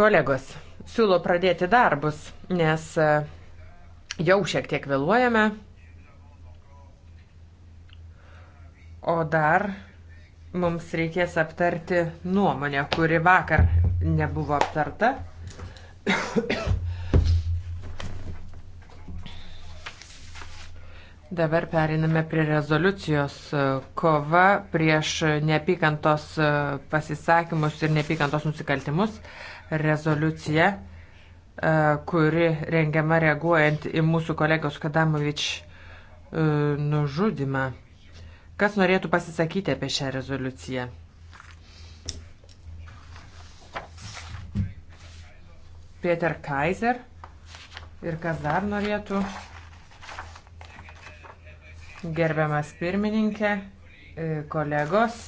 Kolegos, siūlo pradėti darbus, nes e, jau šiek tiek vėluojame. O dar mums reikės aptarti nuomonę, kuri vakar nebuvo aptarta. Dabar periname prie rezoliucijos. Kova prieš neapykantos pasisakymus ir neapykantos nusikaltimus. Rezoliucija, e, kuri rengiama reaguojant į mūsų kolegos Kadamovič e, nužudimą. Kas norėtų pasisakyti apie šią rezoliuciją? Peter Kaiser. Ir kas dar norėtų? Gerbiamas pirmininkė, e, kolegos,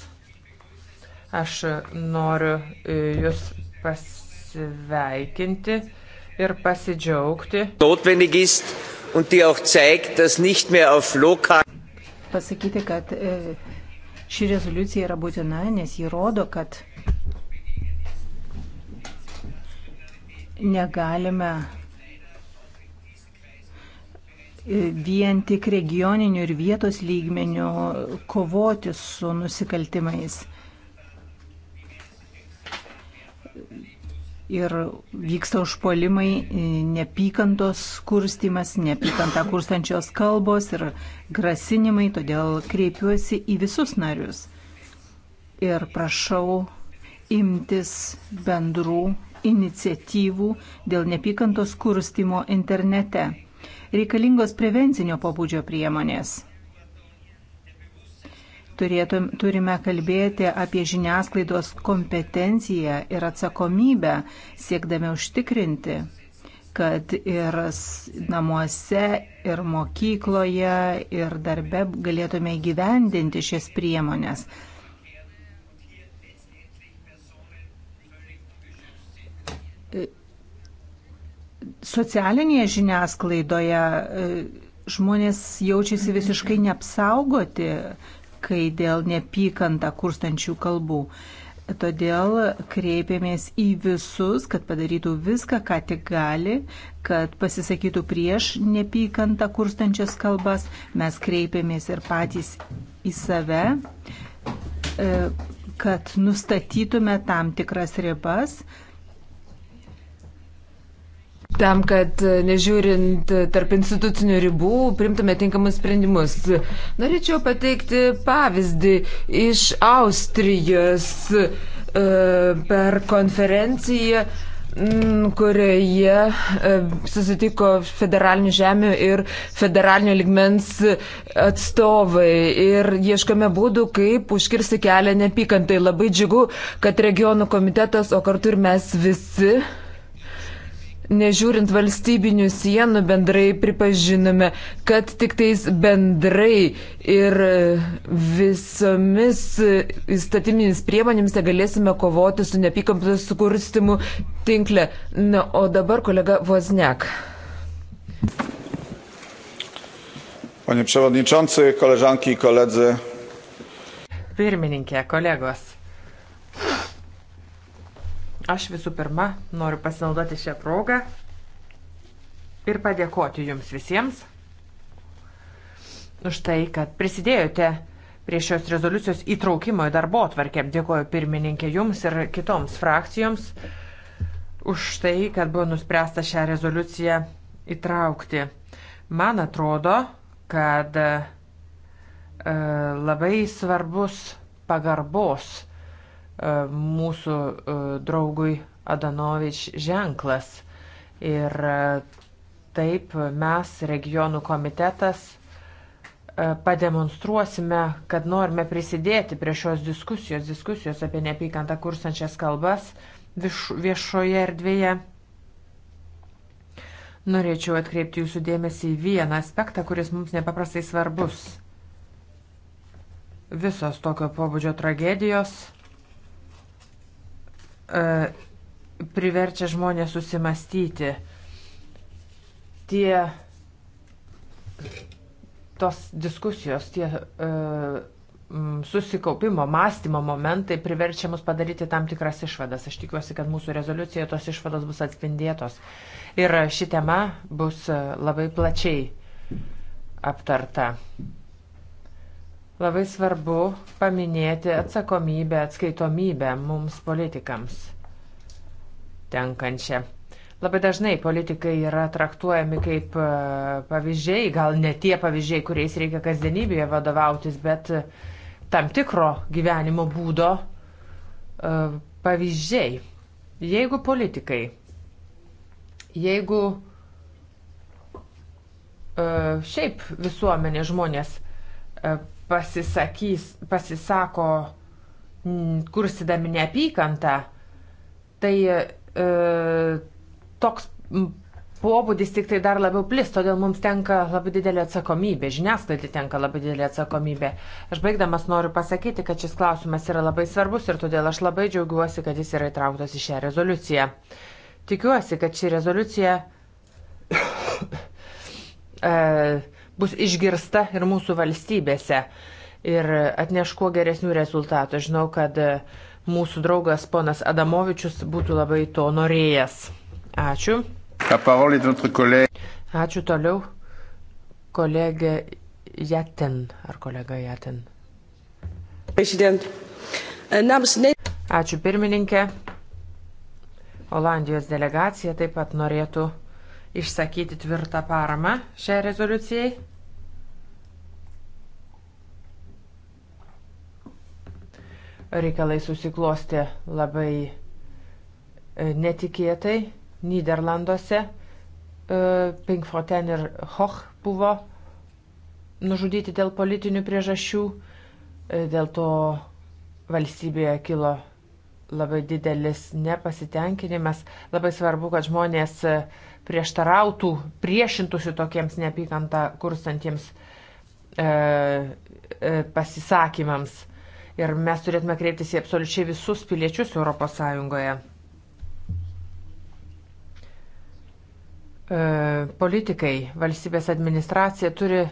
aš noriu e, Jūs pasveikinti ir pasidžiaugti. Notwendig ist und die auch zeigt, dass nicht mehr auf lokal. Pasakyti, kad e, ši rezoliucija yra būtina, nes ji rodo, kad negalime vien tik regioniniu ir vietos lygmeniu kovoti su nusikaltimais. Ir vyksta užpuolimai, nepykantos kurstimas, nepykantą kurstančios kalbos ir grasinimai, todėl kreipiuosi į visus narius ir prašau imtis bendrų iniciatyvų dėl nepykantos kurstimo internete reikalingos prevencinio pobūdžio priemonės. Turėtum, turime kalbėti apie žiniasklaidos kompetenciją ir atsakomybę, siekdami užtikrinti, kad ir namuose, ir mokykloje, ir darbe galėtume įgyvendinti šias priemonės. Socialinėje žiniasklaidoje e, žmonės jaučiasi visiškai neapsaugoti, kai dėl nepykantą kurstančių kalbų. Todėl kreipėmės į visus, kad padarytų viską, ką tik gali, kad pasisakytų prieš nepykantą kurstančias kalbas. Mes kreipėmės ir patys į save, e, kad nustatytume tam tikras ribas, tam, kad e, nežiūrint e, tarp institucinių ribų, primtume tinkamus sprendimus. Norėčiau pateikti pavyzdį iš Austrijos e, per konferenciją kurioje susitiko federalinių žemių ir federalinio ligmens atstovai. Ir ieškame būdų, kaip užkirsti kelią nepykantai. Labai džiugu, kad regionų komitetas, o kartu ir mes visi nežiūrint valstybinių sienų, bendrai pripažinome, kad tik tais bendrai ir visomis įstatyminis priemonėmis negalėsime kovoti su neapykantos sukurstimu tinkle. Na, o dabar kolega Vozniak. Panie Przewodniczący, koleżanki i koledzy. Pirmininkė, kolegos. Aš visų pirma noriu pasinaudoti šią progą ir padėkoti jums visiems už tai, kad prisidėjote prie šios rezoliucijos įtraukimo į darbo atvarkę. Dėkoju pirmininkė jums ir kitoms frakcijoms už tai, kad buvo nuspręsta šią rezoliuciją įtraukti. Man atrodo, kad e, labai svarbus pagarbos E, mūsų e, draugui Adanovič ženklas. Ir e, taip mes, regionų komitetas, pademonstruosime, kad norime prisidėti prie šios diskusijos, diskusijos apie neapykantą kursančias kalbas viš, viešoje erdvėje. Norėčiau atkreipti jūsų dėmesį į vieną aspektą, kuris mums nepaprastai svarbus. Visos tokio pobūdžio tragedijos E, priverčia žmonės susimastyti. Tie tos diskusijos, tie uh, susikaupimo, mąstymo momentai priverčia mus padaryti tam tikras išvadas. Aš tikiuosi, kad mūsų rezoliucijoje tos išvados bus atspindėtos. Ir ši tema bus e, labai plačiai aptarta. Labai svarbu paminėti atsakomybę, atskaitomybę mums politikams tenkančią. Labai dažnai politikai yra traktuojami kaip e, pavyzdžiai, gal ne tie pavyzdžiai, kuriais reikia kasdienybėje vadovautis, bet tam tikro gyvenimo būdo e, pavyzdžiai. Jeigu politikai, jeigu e, šiaip visuomenė žmonės pasisakys, pasisako mm, kursidami neapykantą, tai e, toks pobūdis tik tai dar labiau plis, todėl mums tenka labai didelė atsakomybė, žiniasklaidai tenka labai didelė atsakomybė. Aš baigdamas noriu pasakyti, kad šis klausimas yra labai svarbus ir todėl aš labai džiaugiuosi, kad jis yra įtrauktas į šią rezoliuciją. Tikiuosi, kad ši rezoliucija e, bus išgirsta ir mūsų valstybėse ir atneš kuo geresnių rezultatų. Žinau, kad e, mūsų draugas ponas Adamovičius būtų labai to norėjęs. Ačiū. Ačiū toliau. Kolegė Jatin. Ar kolega Jatin? E, Ačiū pirmininkė. Olandijos delegacija taip pat norėtų išsakyti tvirtą paramą šiai rezoliucijai. Reikalai susiklosti labai e, netikėtai Niderlanduose. E, Pinkfoten ir Hoch buvo nužudyti dėl politinių priežasčių, e, dėl to valstybėje kilo labai didelis nepasitenkinimas. Labai svarbu, kad žmonės uh, prieštarautų, priešintųsi tokiems neapykantą kurstantiems e, e, pasisakymams. Ir mes turėtume kreiptis į absoliučiai visus piliečius ES. E, politikai, valstybės administracija turi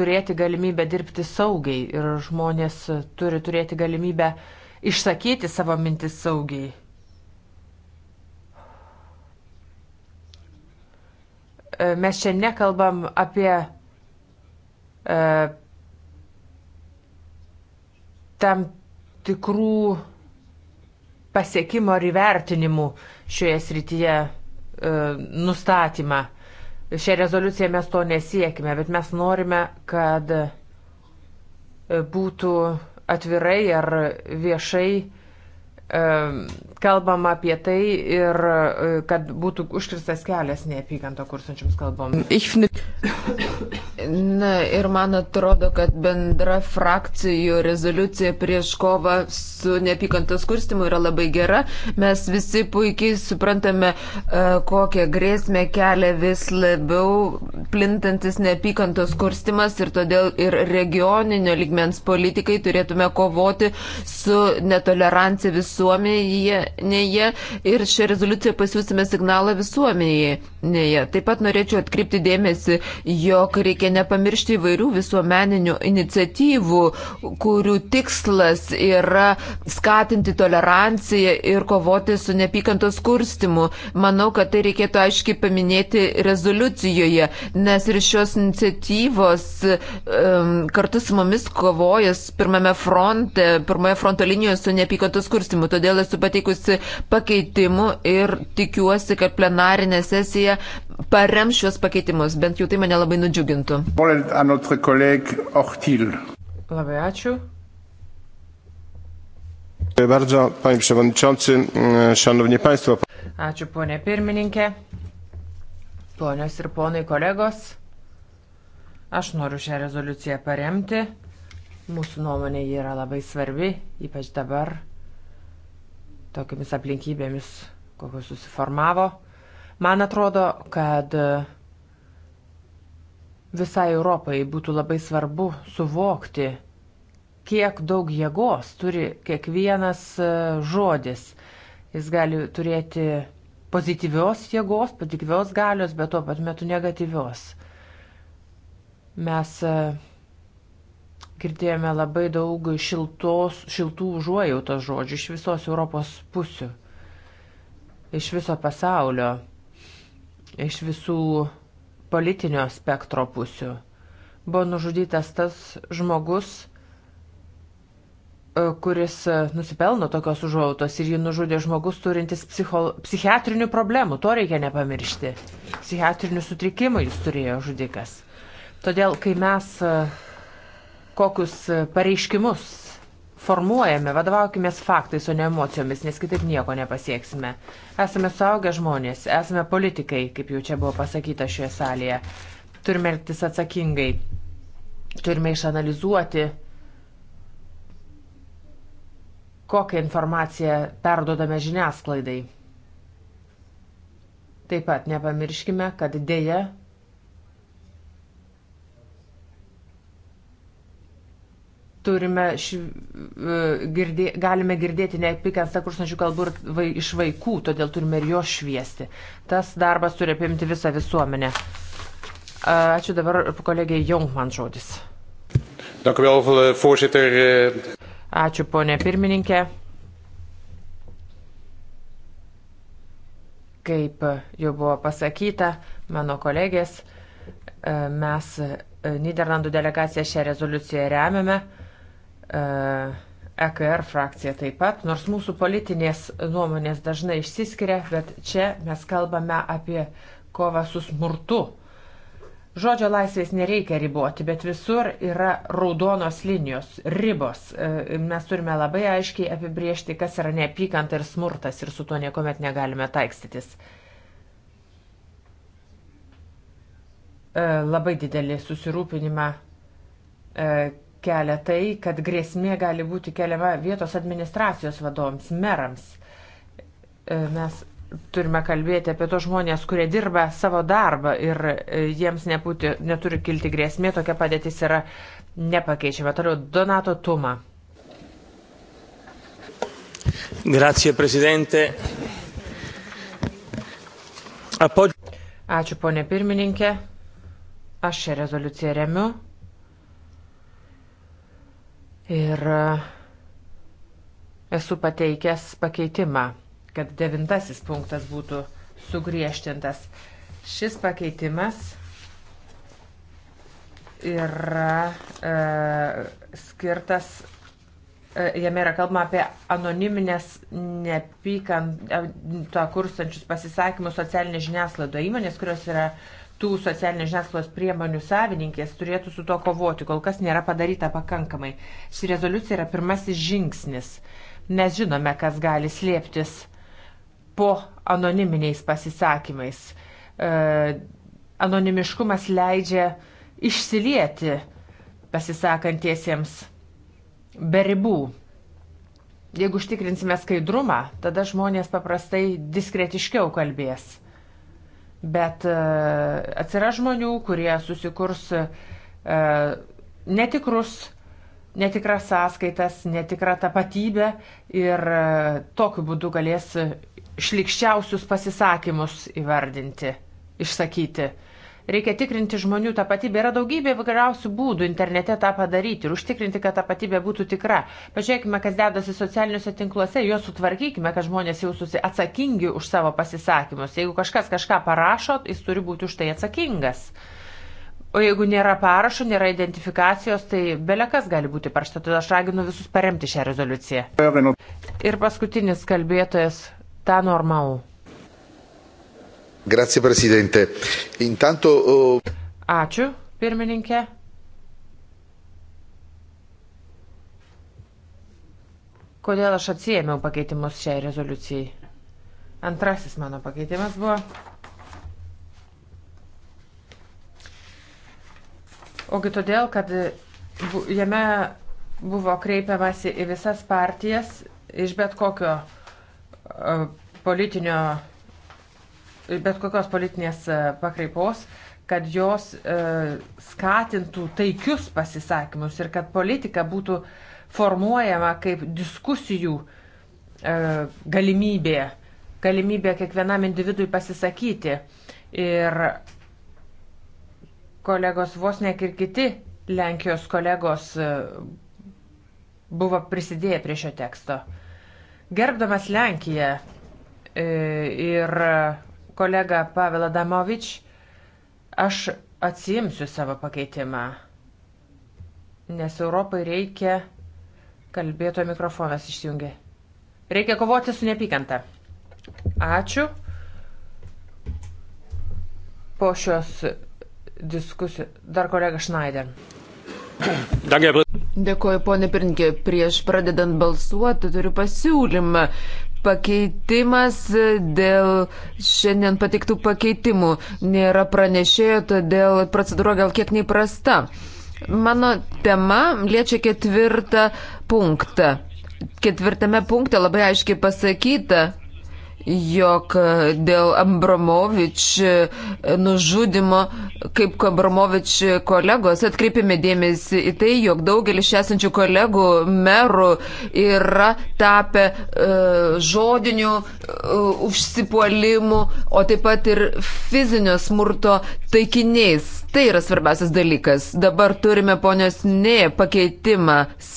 turėti galimybę dirbti saugiai ir žmonės turi turėti galimybę išsakyti savo mintis saugiai. E, mes čia nekalbam apie e, tam tikrų pasiekimo ir įvertinimų šioje srityje e, nustatymą. Šią rezoliuciją mes to nesiekime, bet mes norime, kad būtų atvirai ar viešai kalbam apie tai ir e, kad būtų užkirstas kelias neapykantą kursančiams kalbom. Na ir man atrodo, kad bendra frakcijų rezoliucija prieš kovą su neapykantos kurstimu yra labai gera. Mes visi puikiai suprantame, e, kokią grėsmę kelia vis labiau plintantis neapykantos kurstimas ir todėl ir regioninio ligmens politikai turėtume kovoti su netolerancija visuomenėje visuomenėje ir šią rezoliuciją pasiūsime signalą visuomenėje. Taip pat norėčiau atkreipti dėmesį, jog reikia nepamiršti įvairių visuomeninių iniciatyvų, kurių tikslas yra skatinti toleranciją ir kovoti su nepykantos kurstimu. Manau, kad tai reikėtų aiškiai paminėti rezoliucijoje, nes ir šios iniciatyvos um, kartu su mumis kovojas pirmame fronte, pirmoje fronto linijoje su nepykantos kurstimu. Todėl esu pateikus pateikusi pakeitimų ir tikiuosi, kad plenarinė sesija parem šios pakeitimus, bent jau tai mane labai nudžiugintų. Labai ačiū. Bardzo, panie przewodniczący, mm, szanowni państwo. Ačiū, ponė pirmininkė, ponios ir ponai kolegos. Aš noriu šią rezoliuciją paremti. Mūsų nuomonė yra labai svarbi, ypač dabar, tokiamis aplinkybėmis, kokios susiformavo. Man atrodo, kad visai Europai būtų labai svarbu suvokti, kiek daug jėgos turi kiekvienas e, žodis. Jis gali turėti pozityvios jėgos, pozityvios galios, bet tuo pat metu negatyvios. Mes e, Girdėjome labai daug šiltos, šiltų užuojautos žodžių iš visos Europos pusių, iš viso pasaulio, iš visų politinio spektro pusių. Buvo nužudytas tas žmogus, e, kuris e, nusipelno tokios užuotos ir jį nužudė žmogus turintis psicho, psichiatrinių problemų, to reikia nepamiršti. Psichiatrinių sutrikimų jis turėjo žudikas. Todėl, kai mes e, kokius e, pareiškimus formuojame, vadovaukimės faktais, o ne emocijomis, nes kitaip nieko nepasieksime. Esame suaugę žmonės, esame politikai, kaip jau čia buvo pasakyta šioje salėje. Turime elgtis atsakingai, turime išanalizuoti, kokią informaciją perdodame žiniasklaidai. Taip pat nepamirškime, kad dėja turime š, e, girdė, galime girdėti neapykantą kursančių kalbų vai, iš vaikų, todėl turime ir juos šviesti. Tas darbas turi apimti visą visuomenę. Ačiū dabar kolegiai Jung man žodis. Eh, eh. Ačiū ponė pirmininkė. Kaip jau buvo pasakyta mano kolegės, e, mes e, Niderlandų delegaciją šią rezoliuciją remiame. EKR e frakcija taip pat, nors mūsų politinės nuomonės dažnai išsiskiria, bet čia mes kalbame apie kovą su smurtu. Žodžio laisvės nereikia riboti, bet visur yra raudonos linijos, ribos. E, mes turime labai aiškiai apibriežti, kas yra neapykanta ir smurtas ir su tuo niekuomet negalime taikstytis. E, labai didelį susirūpinimą kelia tai, kad grėsmė gali būti keliama vietos administracijos vadovams, merams. E, mes turime kalbėti apie tos žmonės, kurie dirba savo darbą ir e, jiems nebūti, neturi kilti grėsmė, tokia padėtis yra nepakeičiama. Toliau Donato Tuma. Grazie, prezidente. Apo... Ačiū, ponė pirmininkė. Aš šią rezoliuciją remiu. Ir e, esu pateikęs pakeitimą, kad devintasis punktas būtų sugriežtintas. Šis pakeitimas yra e, skirtas e, jame yra kalbama apie anoniminės nepykantą e, kurstančius pasisakymus socialinė žiniaslaida įmonės, kurios yra tų socialinės žiniasklaidos priemonių savininkės turėtų su to kovoti. Kol kas nėra padaryta pakankamai. Ši rezoliucija yra pirmasis žingsnis. Mes žinome, kas gali slėptis po anoniminiais pasisakymais. E, anonimiškumas leidžia išsilieti pasisakantiesiems be ribų. Jeigu užtikrinsime skaidrumą, tada žmonės paprastai diskretiškiau kalbės bet e, atsiras žmonių, kurie susikurs e, netikrus, netikras sąskaitas, netikrą tapatybę ir e, tokiu būdu galės šlikščiausius pasisakymus įvardinti, išsakyti. Reikia tikrinti žmonių tapatybę. Yra daugybė įvairiausių būdų internete tą padaryti ir užtikrinti, kad tapatybė būtų tikra. Pažiūrėkime, kas dedasi socialiniuose tinkluose, juos sutvarkykime, kad žmonės jaustųsi atsakingi už savo pasisakymus. Jeigu kažkas kažką parašo, jis turi būti už tai atsakingas. O jeigu nėra parašo, nėra identifikacijos, tai belekas gali būti parašta. Todėl aš raginu visus paremti šią rezoliuciją. Ir paskutinis kalbėtojas Tanormau. Grazie, prezidente. Intanto... Uh... Ačiū, pirmininkė. Kodėl aš atsijėmiau pakeitimus šiai rezoliucijai? Antrasis mano pakeitimas buvo. Ogi todėl, kad jame buvo kreipiamasi į visas partijas iš bet kokio e, politinio bet kokios politinės e, pakraipos, kad jos e, skatintų taikius pasisakymus ir kad politika būtų formuojama kaip diskusijų e, galimybė, galimybė kiekvienam individui pasisakyti. Ir kolegos Vosnek ir kiti Lenkijos kolegos buvo prisidėję prie šio teksto. Gerbdamas Lenkiją ir kolegą Pavelą Damovič, aš atsijimsiu savo pakeitimą, nes Europai reikia kalbėtojo mikrofonas išjungia. Reikia kovoti su nepykanta. Ačiū. Po šios diskusijos dar kolega Schneider. Dėkuoju, ponė Pirinkė. Prieš pradedant balsuoti turiu pasiūlymą pakeitimas dėl šiandien pateiktų pakeitimų. Nėra pranešėjo, todėl procedūra gal kiek neįprasta. Mano tema liečia ketvirtą punktą. Ketvirtame punkte labai aiškiai pasakyta, jog dėl Ambramovič e, nužudimo, kaip Ambramovič kolegos, atkreipėme dėmesį į tai, jog daugelis esančių kolegų merų yra tapę e, žodinių e, užsipuolimų, o taip pat ir fizinio smurto taikiniais. Tai yra svarbiausias dalykas. Dabar turime ponios ne pakeitimas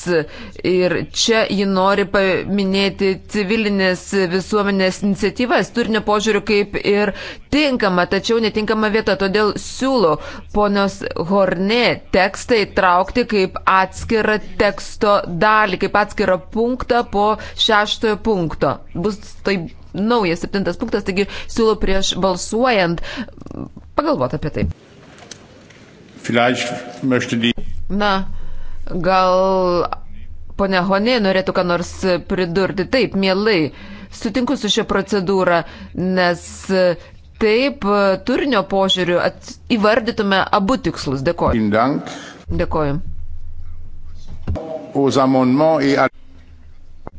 ir čia ji nori paminėti civilinės visuomenės iniciatyvas, turinio požiūrių kaip ir tinkama, tačiau netinkama vieta. Todėl siūlau ponios Horne tekstą įtraukti kaip atskirą teksto dalį, kaip atskirą punktą po šeštojo punkto. Bus tai naujas septintas punktas, taigi siūlau prieš balsuojant pagalvoti apie tai. Na, gal ponia Honė norėtų ką nors pridurti. Taip, mielai, sutinku su šia procedūra, nes taip turinio požiūriu at, įvardytume abu tikslus. Dėkoju. Dėkoju.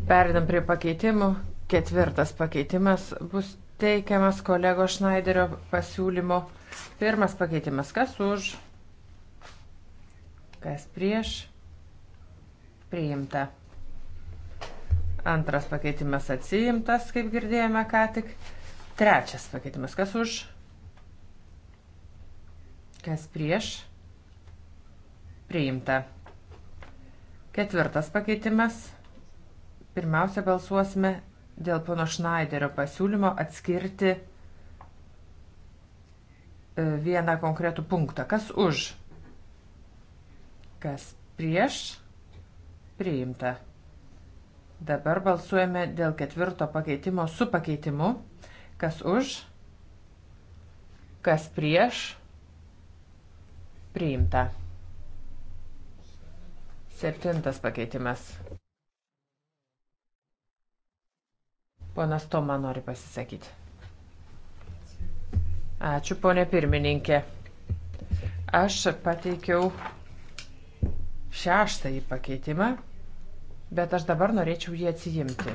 Perinam prie pakeitimų. Ketvirtas pakeitimas bus teikiamas kolego Šnaiderio pasiūlymo. Pirmas pakeitimas. Kas už? kas prieš, priimta. Antras pakeitimas atsiimtas, kaip girdėjome ką tik. Trečias pakeitimas, kas už, kas prieš, priimta. Ketvirtas pakeitimas. Pirmiausia, balsuosime dėl pono Schneiderio pasiūlymo atskirti e, vieną konkretų punktą. Kas už? Kas prieš? Priimta. Dabar balsuojame dėl ketvirto pakeitimo su pakeitimu. Kas už? Kas prieš? Priimta. Septintas pakeitimas. Ponas Toma nori pasisakyti. Ačiū, ponė pirmininkė. Aš pateikiau šeštąjį pakeitimą, bet aš dabar norėčiau jį atsijimti.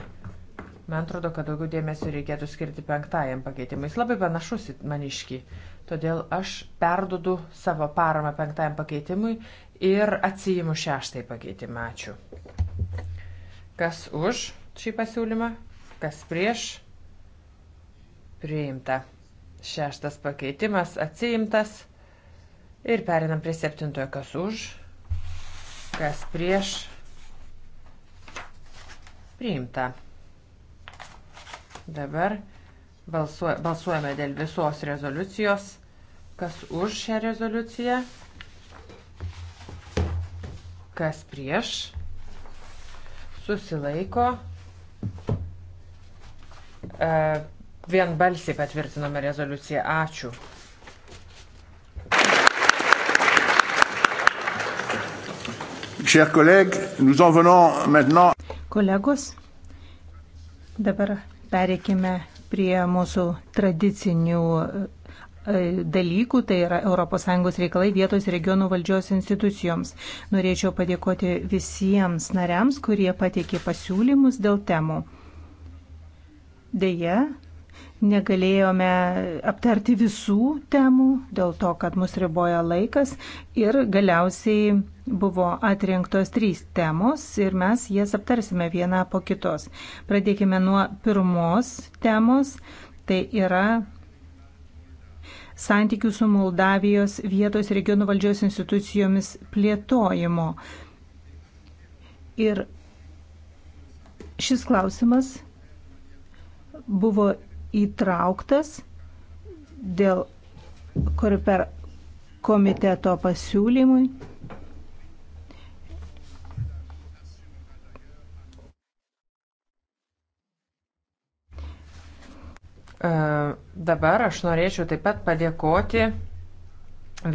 Man atrodo, kad daugiau dėmesio reikėtų skirti penktajam pakeitimui. Jis labai panašus į maniškį. Todėl aš perdodu savo paramą penktajam pakeitimui ir atsijimu šeštąjį pakeitimą. Ačiū. Kas už šį pasiūlymą? Kas prieš? Priimta. Šeštas pakeitimas atsiimtas. Ir perinam prie septintojo. Kas už? Kas prieš? Priimta. Dabar balsuojame dėl visos rezoliucijos. Kas už šią rezoliuciją? Kas prieš? Susilaiko. E, vienbalsiai patvirtinome rezoliuciją. Ačiū. Kolegos, dabar pereikime prie mūsų tradicinių e, dalykų, tai yra ES reikalai vietos regionų valdžios institucijoms. Norėčiau padėkoti visiems nariams, kurie pateikė pasiūlymus dėl temų. Deja, negalėjome aptarti visų temų dėl to, kad mus riboja laikas ir galiausiai buvo atrinktos trys temos ir mes jas aptarsime vieną po kitos. Pradėkime nuo pirmos temos, tai yra santykių su Moldavijos vietos regionų valdžios institucijomis plėtojimo. Ir šis klausimas buvo įtrauktas dėl Koriper komiteto pasiūlymui E, dabar aš norėčiau taip pat padėkoti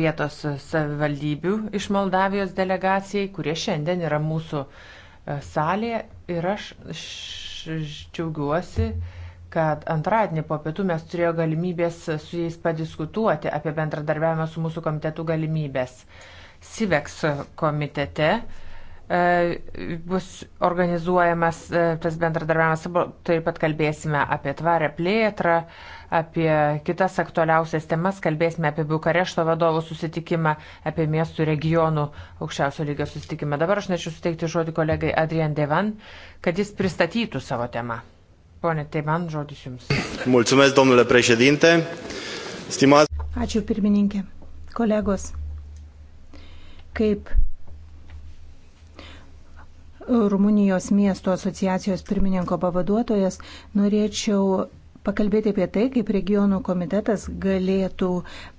vietos savivaldybių iš Moldavijos delegacijai, kurie šiandien yra mūsų e, salėje. Ir aš džiaugiuosi, kad antradienį po pietų mes turėjo galimybės su jais padiskutuoti apie bendradarbiavimą su mūsų komitetų galimybės. SIVEX komitete E, bus organizuojamas e, tas bendradarbiavimas. Taip pat kalbėsime apie tvarę plėtrą, apie kitas aktualiausias temas, kalbėsime apie Bukarešto vadovų susitikimą, apie miestų regionų aukščiausio lygio susitikimą. Dabar aš norėčiau suteikti žodį kolegai Adrian Devan, kad jis pristatytų savo temą. Pone Teiman, žodis jums. Mulțumesc, domnule președinte. Stimați. Ačiū pirmininkė. Kolegos, kaip Rumunijos miesto asociacijos pirmininko pavaduotojas, norėčiau pakalbėti apie tai, kaip regionų komitetas galėtų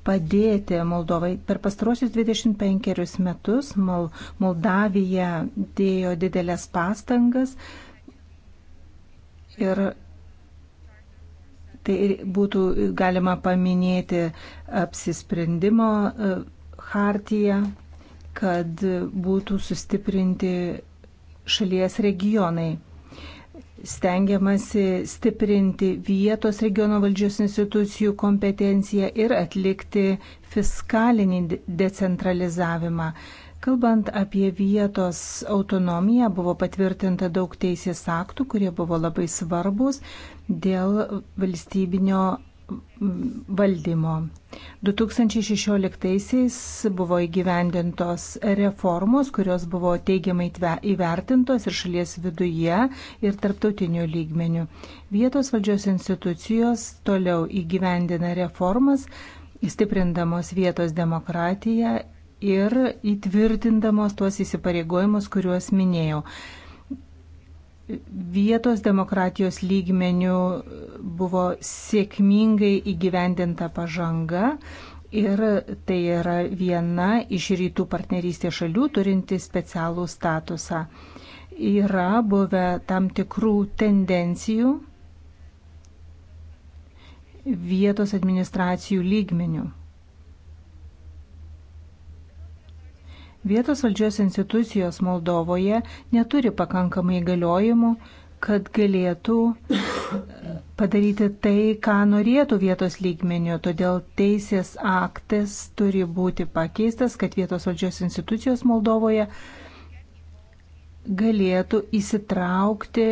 padėti Moldovai. Per pastarosius 25 metus Mol Moldavija dėjo didelės pastangas ir tai būtų galima paminėti apsisprendimo e, hartiją, kad būtų sustiprinti šalies regionai. Stengiamasi stiprinti vietos regiono valdžios institucijų kompetenciją ir atlikti fiskalinį decentralizavimą. Kalbant apie vietos autonomiją, buvo patvirtinta daug teisės aktų, kurie buvo labai svarbus dėl valstybinio valdymo. 2016-aisiais buvo įgyvendintos reformos, kurios buvo teigiamai įvertintos ir šalies viduje, ir tarptautinių lygmenių. Vietos valdžios institucijos toliau įgyvendina reformas, stiprindamos vietos demokratiją ir įtvirtindamos tuos įsipareigojimus, kuriuos minėjau vietos demokratijos lygmenių buvo sėkmingai įgyvendinta pažanga ir tai yra viena iš rytų partnerystės šalių turinti specialų statusą. Yra buvę tam tikrų tendencijų vietos administracijų lygmenių. Vietos valdžios institucijos Moldovoje neturi pakankamai įgaliojimų, kad galėtų e, padaryti tai, ką norėtų vietos lygmenių. Todėl teisės aktas turi būti pakeistas, kad vietos valdžios institucijos Moldovoje galėtų įsitraukti,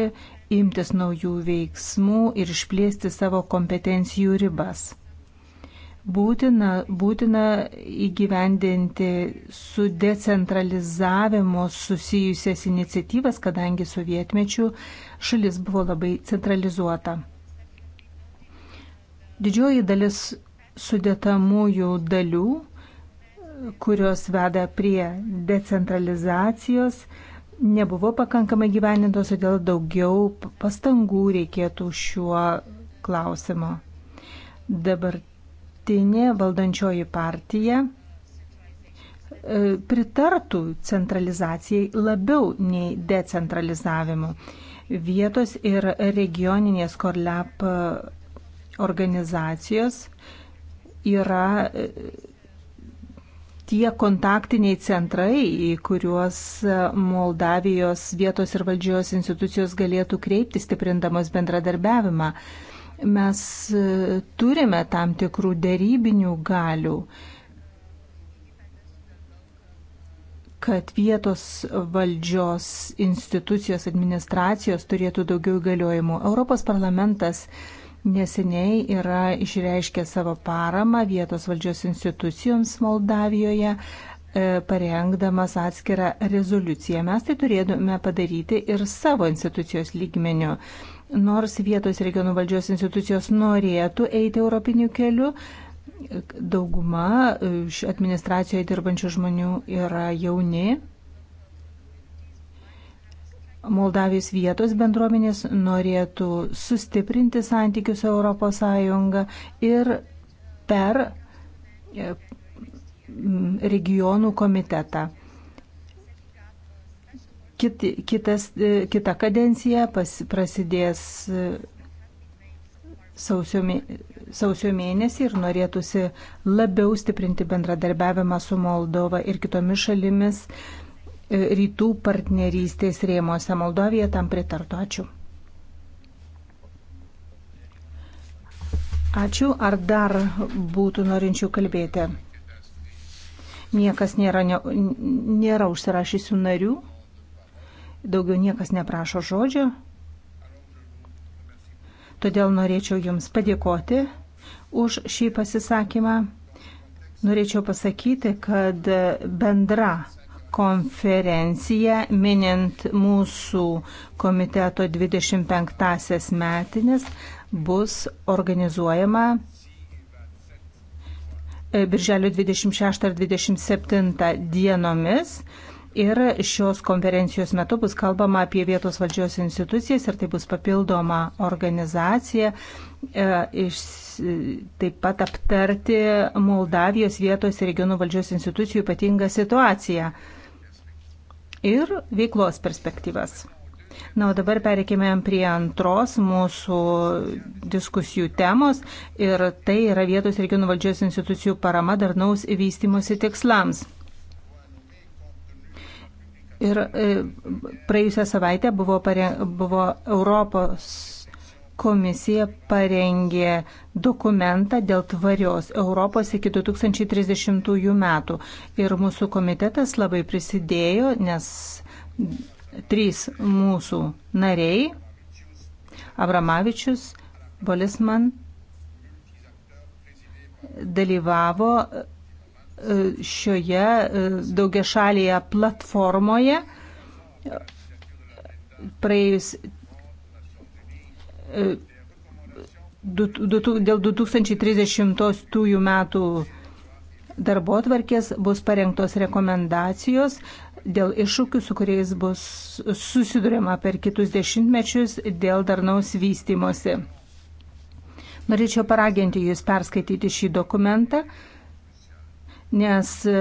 imtis naujų veiksmų ir išplėsti savo kompetencijų ribas būtina, būtina įgyvendinti su decentralizavimu susijusias iniciatyvas, kadangi sovietmečių šalis buvo labai centralizuota. Didžioji dalis sudėtamųjų dalių, kurios veda prie decentralizacijos, nebuvo pakankamai gyvenintos, todėl daugiau pastangų reikėtų šiuo klausimu. Dabar dabartinė valdančioji partija e, pritartų centralizacijai labiau nei decentralizavimu. Vietos ir regioninės korlep organizacijos yra e, tie kontaktiniai centrai, į kuriuos Moldavijos vietos ir valdžios institucijos galėtų kreipti, stiprindamos bendradarbiavimą. Mes e, turime tam tikrų dėrybinių galių, kad vietos valdžios institucijos administracijos turėtų daugiau įgaliojimų. Europos parlamentas neseniai yra išreiškę savo paramą vietos valdžios institucijoms Moldavijoje, e, parengdamas atskirą rezoliuciją. Mes tai turėtume padaryti ir savo institucijos lygmeniu. Nors vietos regionų valdžios institucijos norėtų eiti europiniu keliu, dauguma e, administracijoje dirbančių žmonių yra jauni. Moldavijos vietos bendruomenės norėtų sustiprinti santykius ES ir per e, regionų komitetą. Kit, kitas, e, kita kadencija pas, prasidės e, sausio, sausio mėnesį ir norėtųsi labiau stiprinti bendradarbiavimą su Moldova ir kitomis šalimis e, rytų partnerystės rėmose. Moldovija tam pritartų. Ačiū. Ačiū. Ar dar būtų norinčių kalbėti? Niekas nėra, nėra užsirašysių narių. Daugiau niekas neprašo žodžio. Todėl norėčiau Jums padėkoti už šį pasisakymą. Norėčiau pasakyti, kad bendra konferencija minint mūsų komiteto 25-asias metinės bus organizuojama e, Birželio 26 ir 27 dienomis. Ir šios konferencijos metu bus kalbama apie vietos valdžios institucijas ir tai bus papildoma organizacija. E, iš, taip pat aptarti Moldavijos vietos ir regionų valdžios institucijų ypatingą situaciją ir veiklos perspektyvas. Na, o dabar pereikime prie antros mūsų diskusijų temos ir tai yra vietos regionų valdžios institucijų parama darnaus vystimosi tikslams. Ir e, praėjusią savaitę buvo, pareng, buvo Europos komisija parengė dokumentą dėl tvarios Europos iki 2030 metų. Ir mūsų komitetas labai prisidėjo, nes trys mūsų nariai - Abramavičius, Bolisman dalyvavo šioje e, daugiašalėje platformoje praėjus e, dėl 2030 metų darbo atvarkės bus parengtos rekomendacijos dėl iššūkių, su kuriais bus susidurima per kitus dešimtmečius dėl darnaus vystimosi. Norėčiau paraginti Jūs perskaityti šį dokumentą nes e,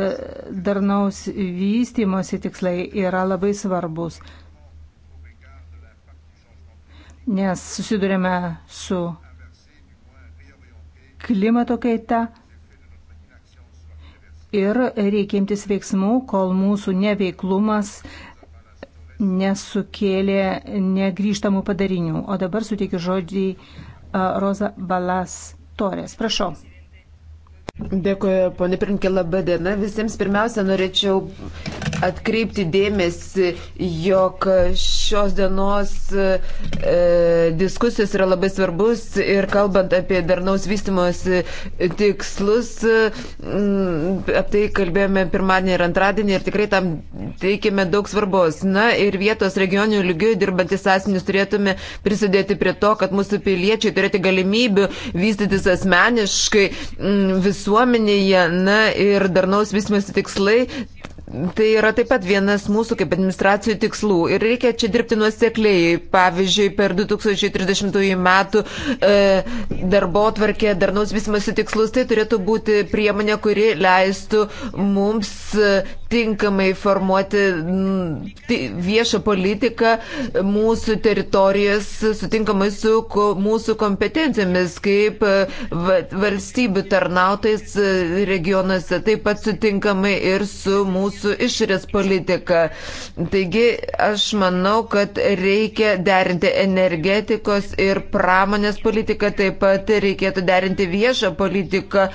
darnaus vystimosi tikslai yra labai svarbus, nes susidurėme su klimato kaita ir reikimtis veiksmų, kol mūsų neveiklumas nesukėlė negryžtamų padarinių. O dabar suteikiu žodį e, Roza Balas Torės. Prašau. Dėkuoju, ponė Pirinkė, laba diena. Visiems pirmiausia, norėčiau atkreipti dėmesį, jog šios dienos e, diskusijos yra labai svarbus ir kalbant apie darnaus vystimosi tikslus, mm, apie tai kalbėjome pirmadienį ir antradienį ir tikrai tam teikėme daug svarbos. Na ir vietos regioninių lygių dirbantis asmenys turėtume prisidėti prie to, kad mūsų piliečiai turėtų galimybių vystytis asmeniškai mm, visuomenėje. Na ir darnaus vystimosi tikslai Tai yra taip pat vienas mūsų kaip administracijų tikslų ir reikia čia dirbti nuosekliai. Pavyzdžiui, per 2030 metų e, darbo tvarkė darnaus visimasi tikslus, tai turėtų būti priemonė, kuri leistų mums e, tinkamai formuoti viešą politiką mūsų teritorijos sutinkamai su mūsų kompetencijomis, kaip e, valstybių tarnautais e, regionuose, taip pat sutinkamai ir su mūsų su išorės politika. Taigi aš manau, kad reikia derinti energetikos ir pramonės politiką, taip pat reikėtų derinti viešą politiką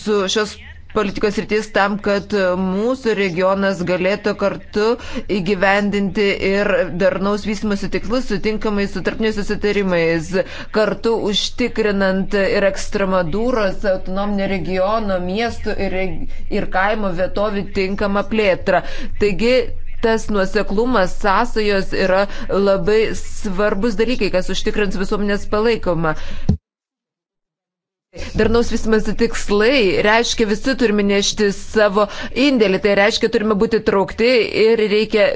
su šios politikos rytis tam, kad mūsų regionas galėtų kartu įgyvendinti ir darnaus vystimosi tikslus sutinkamai su tarpniais susitarimais, kartu užtikrinant ir ekstremadūros autonominio regiono, miestų ir, ir kaimo vietovių tinkamą plėtrą. Taigi, tas nuoseklumas, sąsajos yra labai svarbus dalykai, kas užtikrins visuomenės palaikomą. Darnaus visimas tikslai reiškia visi turime nešti savo indėlį, tai reiškia turime būti traukti ir reikia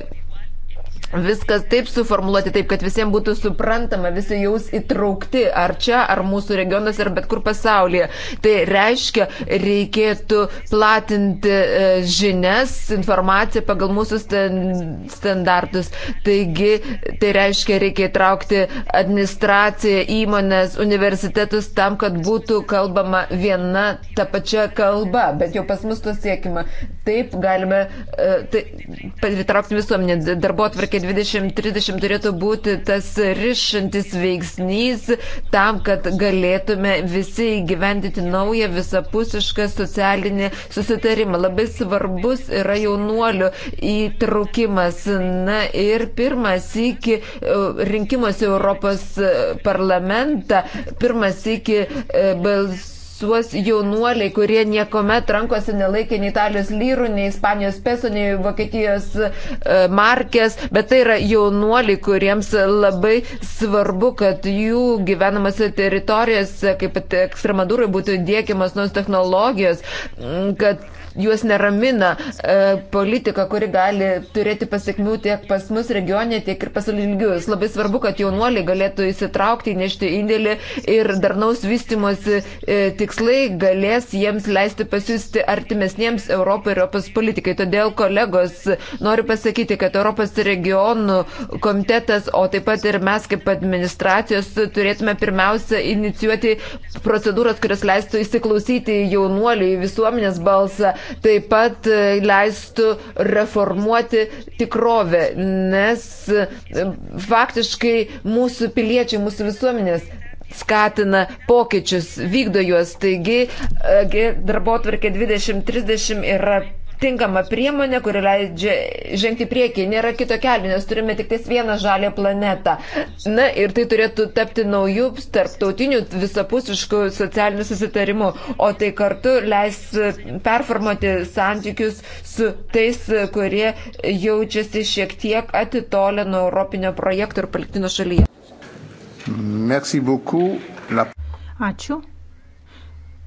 viskas taip suformuoluoti, taip, kad visiems būtų suprantama, visi jaus įtraukti, ar čia, ar mūsų regionuose, ar bet kur pasaulyje. Tai reiškia, reikėtų platinti e, žinias, informaciją pagal mūsų standartus. Taigi, tai reiškia, reikia įtraukti administraciją, įmonės, universitetus tam, kad būtų kalbama viena ta pačia kalba, bet jau pas mus to siekima. Taip galime, e, tai, įtraukti visuomenę, darbo atvarkė strategija 2030 turėtų būti tas ryšantis veiksnys tam, kad galėtume visi įgyvendyti naują visapusišką socialinį susitarimą. Labai svarbus yra jaunuolių įtraukimas. Na ir pirmas iki e, rinkimuose Europos e, parlamentą, pirmas iki e, balsų tuos jaunuoliai, kurie niekuomet rankose nelaikė nei Italijos lyrų, nei Ispanijos peso, nei Vokietijos e, markės, bet tai yra jaunuoliai, kuriems labai svarbu, kad jų gyvenamose teritorijose, kaip Ekstremadūrai, būtų dėkiamas naus technologijos, kad juos neramina e, politika, kuri gali turėti pasiekmių tiek pas mus regione, tiek ir pasaulygius. Labai svarbu, kad jaunuoliai galėtų įsitraukti, nešti indėlį ir darnaus vystimosi e, tikslai galės jiems leisti pasiūsti artimesniems Europai ir Europos politikai. Todėl, kolegos, noriu pasakyti, kad Europos regionų komitetas, o taip pat ir mes kaip administracijos turėtume pirmiausia inicijuoti procedūras, kurios leistų įsiklausyti jaunuoliui visuomenės balsą, taip pat e, leistų reformuoti tikrovę, nes e, faktiškai mūsų piliečiai, mūsų visuomenės skatina pokyčius, vykdo juos. Taigi darbo atvarkė 2030 yra tinkama priemonė, kuri leidžia žengti priekį. Nėra kito kelio, nes turime tik tais vieną žalę planetą. Na ir tai turėtų tapti naujų tarptautinių visapusiškų socialinių susitarimų, o tai kartu leis performuoti santykius su tais, kurie jaučiasi šiek tiek atitolę nuo europinio projekto ir palikti nuo šalyje. Merci beaucoup. La... Ačiū.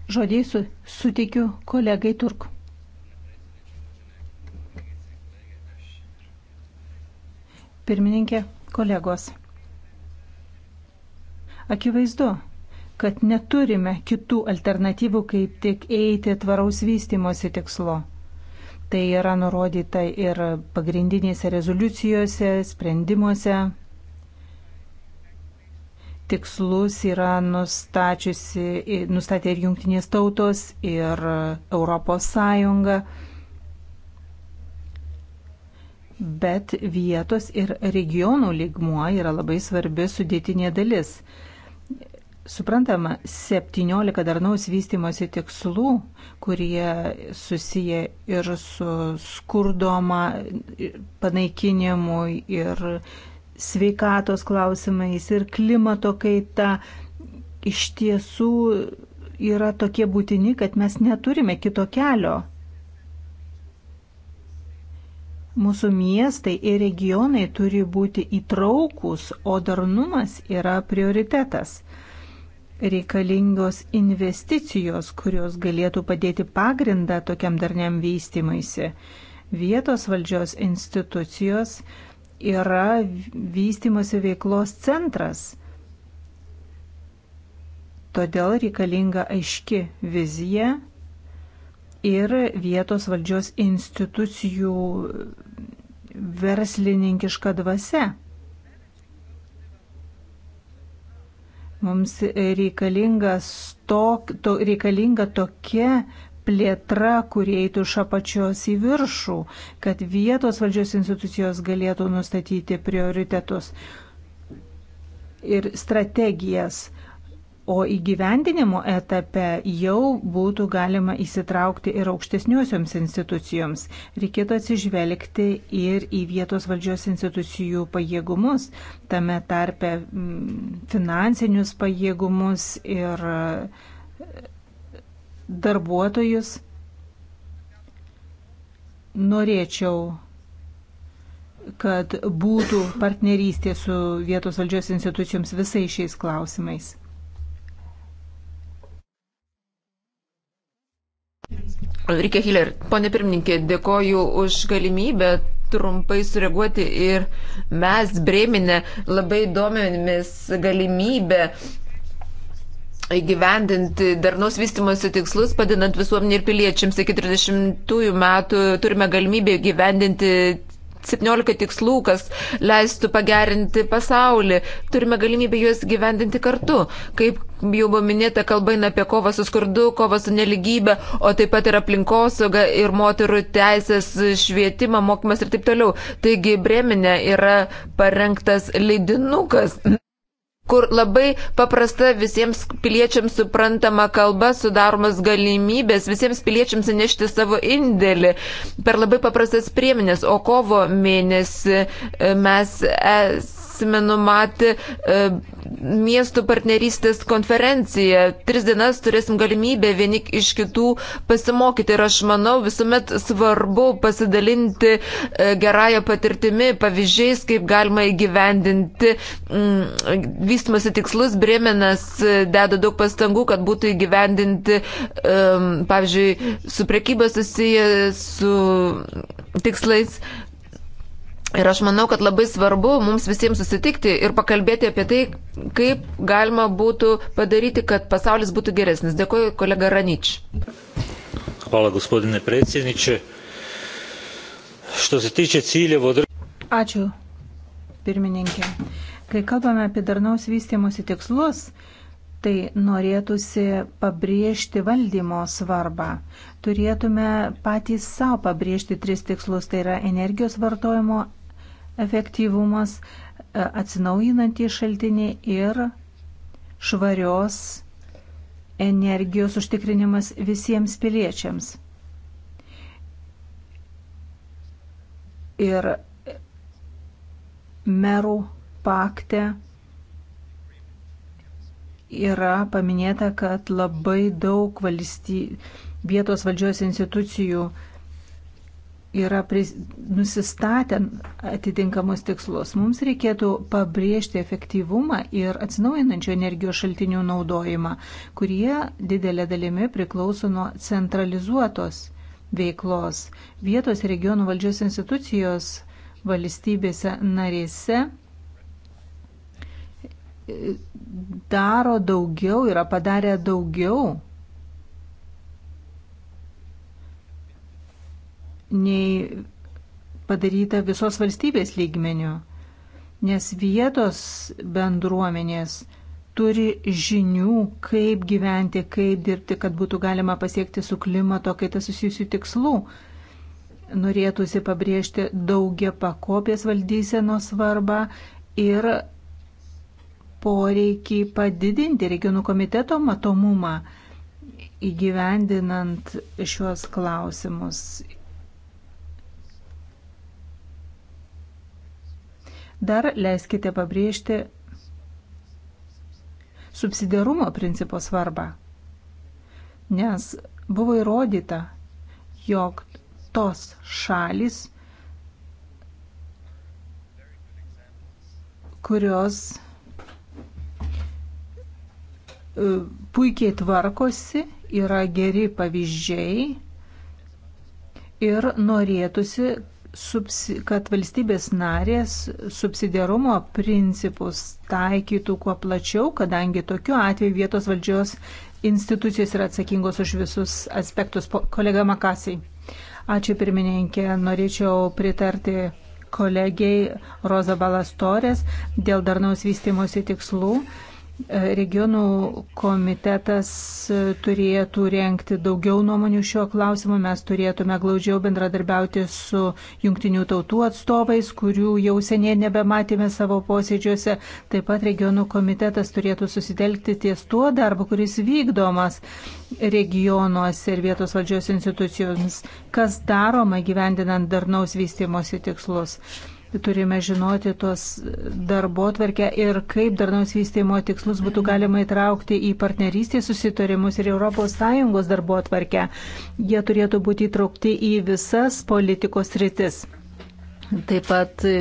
Žodžiai su, suteikiu kolegai Turku. Pirmininkė, kolegos. Akivaizdu, kad neturime kitų alternatyvų, kaip tik eiti tvaraus vystimosi tikslo. Tai yra nurodyta ir pagrindinėse rezoliucijose, sprendimuose. Tikslus yra nustatė ir jungtinės tautos, ir Europos Sąjunga bet vietos ir regionų lygmuo yra labai svarbi sudėtinė dalis. Suprantama, 17 darnaus vystimosi tikslų, kurie susiję ir su skurdoma panaikinimu, ir sveikatos klausimais, ir klimato kaita, iš tiesų yra tokie būtini, kad mes neturime kito kelio Mūsų miestai ir regionai turi būti įtraukus, o darnumas yra prioritetas reikalingos investicijos, kurios galėtų padėti pagrindą tokiam darniam vystimuisi. Vietos valdžios institucijos yra vystimosi veiklos centras. Todėl reikalinga aiški vizija ir vietos valdžios institucijų verslininkiška dvasia. Mums reikalinga, stok, to, reikalinga tokia plėtra, kurie eitų iš apačios į viršų, kad vietos valdžios institucijos galėtų nustatyti prioritetus ir strategijas o įgyvendinimo etape jau būtų galima įsitraukti ir aukštesniuosioms institucijoms. Reikėtų atsižvelgti ir į vietos valdžios institucijų pajėgumus, tame tarpe mm, finansinius pajėgumus ir e, darbuotojus. Norėčiau kad būtų partnerystė su vietos valdžios institucijoms visais šiais klausimais. Rikė Hiller, ponė pirmininkė, dėkoju už galimybę trumpai sureaguoti ir mes Breminė labai domėmės galimybę įgyvendinti darnaus vystimosi tikslus, padinant visuomenį ir piliečiams. Iki 30 metų turime galimybę įgyvendinti 17 tikslų, kas leistų pagerinti pasaulį. Turime galimybę juos gyvendinti kartu. Kaip jau buvo minėta, kalba eina apie kovą su skurdu, kovą su neligybė, o taip pat ir aplinkosauga ir moterų teisės švietimą, mokymas ir taip toliau. Taigi Breminė yra parengtas leidinukas kur labai paprasta visiems piliečiams suprantama kalba sudaromas galimybės visiems piliečiams nešti savo indėlį per labai paprastas priemonės. O kovo mėnesį e, mes es esame numatę e, miestų partnerystės konferenciją. Tris dienas turėsim galimybę vieni iš kitų pasimokyti ir aš manau visuomet svarbu pasidalinti e, gerąją patirtimi, pavyzdžiais, kaip galima įgyvendinti mm, vystimosi tikslus. Brėmenas e, deda daug pastangų, kad būtų įgyvendinti, e, pavyzdžiui, su prekyba susiję, su tikslais. Ir aš manau, kad labai svarbu mums visiems susitikti ir pakalbėti apie tai, kaip galima būtų padaryti, kad pasaulis būtų geresnis. Dėkuoju, kolega Ranič. Hvala, gospodine predsjedniče. Što se tiče ciljevo... Ačiū, pirmininkė. Kai kalbame apie darnaus vystimosi tikslus, tai norėtųsi pabrėžti valdymo svarbą. Turėtume patys savo pabrėžti tris tikslus - tai yra energijos vartojimo efektyvumas, e, atsinaujinantys šaltiniai ir švarios energijos užtikrinimas visiems piliečiams. Ir merų pakte yra paminėta, kad labai daug valsty, vietos valdžios institucijų uh, yra pris, nusistatę atitinkamus tikslus. Mums reikėtų pabrėžti efektyvumą ir atsinaujinančių energijos šaltinių naudojimą, kurie didelė dalimi priklauso nuo centralizuotos veiklos. Vietos regionų valdžios institucijos valstybėse narėse e, daro daugiau, yra padarę daugiau nei padaryta visos valstybės lygmenių, nes vietos bendruomenės turi žinių, kaip gyventi, kaip dirbti, kad būtų galima pasiekti su klimato kaita susijusių tikslų. Norėtųsi pabrėžti daugia pakopės valdysenos svarbą ir poreikį padidinti regionų komiteto matomumą įgyvendinant šiuos klausimus Dar leiskite pabrėžti subsidiarumo principo svarbą, nes buvo įrodyta, jog tos šalis, kurios e, puikiai tvarkosi, yra geri pavyzdžiai ir norėtųsi, kad valstybės narės subsidiarumo principus taikytų kuo plačiau, kadangi tokiu atveju vietos valdžios institucijos yra atsakingos už visus aspektus. Kolega Makasai, ačiū pirmininkė, norėčiau pritarti kolegiai Roza Balastorės dėl darnaus vystimosi tikslų Regionų komitetas turėtų renkti daugiau nuomonių šio klausimu. Mes turėtume glaudžiau bendradarbiauti su jungtinių tautų atstovais, kurių jau seniai nebematėme savo posėdžiuose. Taip pat regionų komitetas turėtų susitelkti ties tuo darbu, kuris vykdomas regionuose ir vietos valdžios institucijoms, kas daroma gyvendinant darnaus vystimosi tikslus turime žinoti tos darbo tvarkę ir kaip darnaus vystymo tikslus būtų galima įtraukti į partnerystės susitarimus ir ES darbo tvarkę. Jie turėtų būti įtraukti į visas politikos rytis. Taip pat e,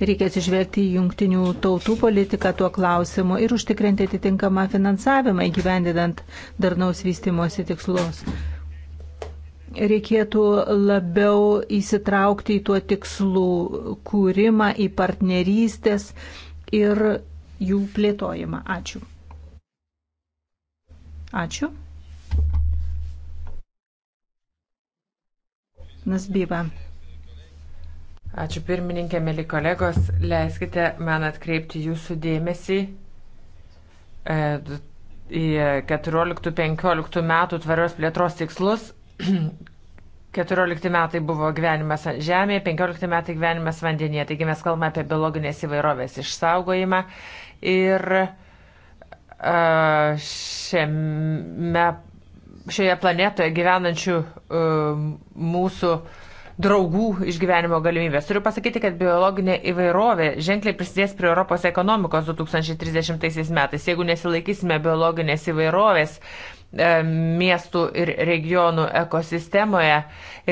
reikia atsižvelgti į jungtinių tautų politiką tuo klausimu ir užtikrinti atitinkamą finansavimą įgyvendinant darnaus vystimosi tikslus reikėtų labiau įsitraukti į tuo tikslų kūrimą, į partnerystės ir jų plėtojimą. Ačiū. Ačiū. Nasbyba. Ačiū pirmininkė, mėly kolegos. Leiskite man atkreipti jūsų dėmesį e, į 14-15 metų tvarios plėtros tikslus 14 metai buvo gyvenimas žemėje, 15 metai gyvenimas vandenyje. Taigi mes kalbame apie biologinės įvairovės išsaugojimą ir šiame, šioje planetoje gyvenančių mūsų draugų išgyvenimo galimybės. Turiu pasakyti, kad biologinė įvairovė ženkliai prisidės prie Europos ekonomikos 2030 metais. Jeigu nesilaikysime biologinės įvairovės, E, miestų ir regionų ekosistemoje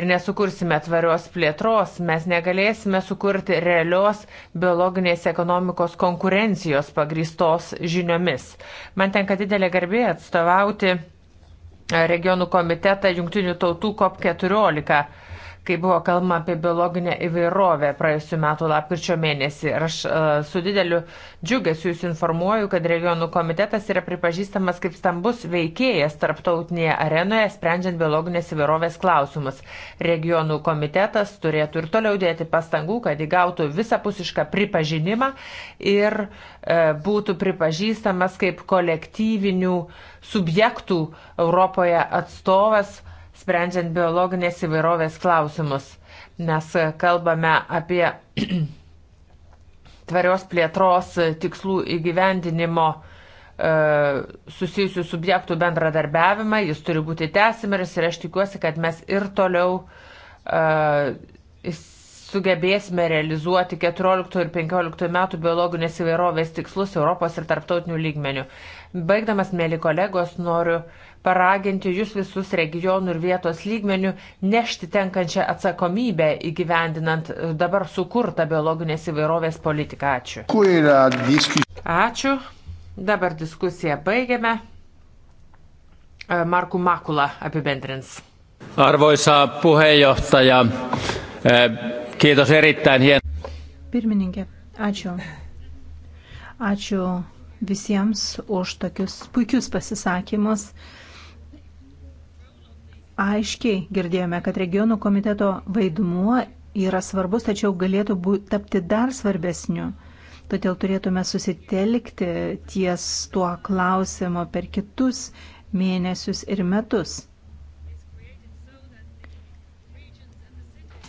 ir nesukursime tvarios plėtros, mes negalėsime sukurti realios biologinės ekonomikos konkurencijos pagristos žiniomis. Man tenka didelė garbė atstovauti regionų komitetą Junktinių tautų COP14 kai buvo kalbama apie biologinę įvairovę praėjusiu metu lapkričio mėnesį. Ir aš uh, su dideliu džiugesiu jūs informuoju, kad regionų komitetas yra pripažįstamas kaip stambus veikėjas tarptautinėje arenoje, sprendžiant biologinės įvairovės klausimus. Regionų komitetas turėtų ir toliau dėti pastangų, kad įgautų visapusišką pripažinimą ir uh, būtų pripažįstamas kaip kolektyvinių subjektų Europoje atstovas, sprendžiant biologinės įvairovės klausimus. Mes kalbame apie tvarios plėtros tikslų įgyvendinimo e, susijusių subjektų bendradarbiavimą, jis turi būti tęsimeris ir aš tikiuosi, kad mes ir toliau uh, sugebėsime realizuoti 14 ir 15 metų biologinės įvairovės tikslus Europos ir tarptautinių lygmenių. Baigdamas, mėly kolegos, noriu uh, paraginti jūs visus regionų ir vietos lygmenių nešti tenkančią atsakomybę įgyvendinant e, dabar sukurtą biologinės įvairovės politiką. Ačiū. Ačiū. Dabar diskusiją baigiame. E, Marku Makula apibendrins. Arvoisa puheenjohtaja, e, kiitos erittäin hien. Pirmininkė, ačiū. Ačiū visiems už tokius puikius pasisakymus aiškiai girdėjome, kad regionų komiteto vaidmuo yra svarbus, tačiau galėtų būt, tapti dar svarbesniu. Todėl turėtume susitelkti ties tuo klausimo per kitus mėnesius ir metus.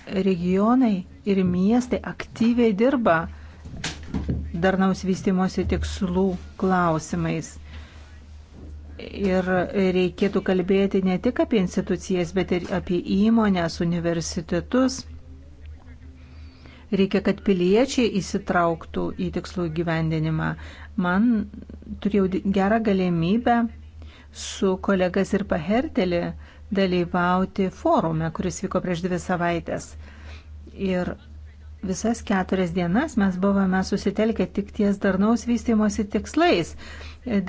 Regionai ir miestai aktyviai dirba darnaus vystimosi tikslų klausimais Ir reikėtų kalbėti ne tik apie institucijas, bet ir apie įmonės, universitetus. Reikia, kad piliečiai įsitrauktų į tikslų gyvendinimą. Man turėjau gerą galimybę su kolegas ir pahertelį dalyvauti forume, kuris vyko prieš dvi savaitės. Ir visas keturias dienas mes buvome susitelkę tik ties darnaus vystimosi tikslais.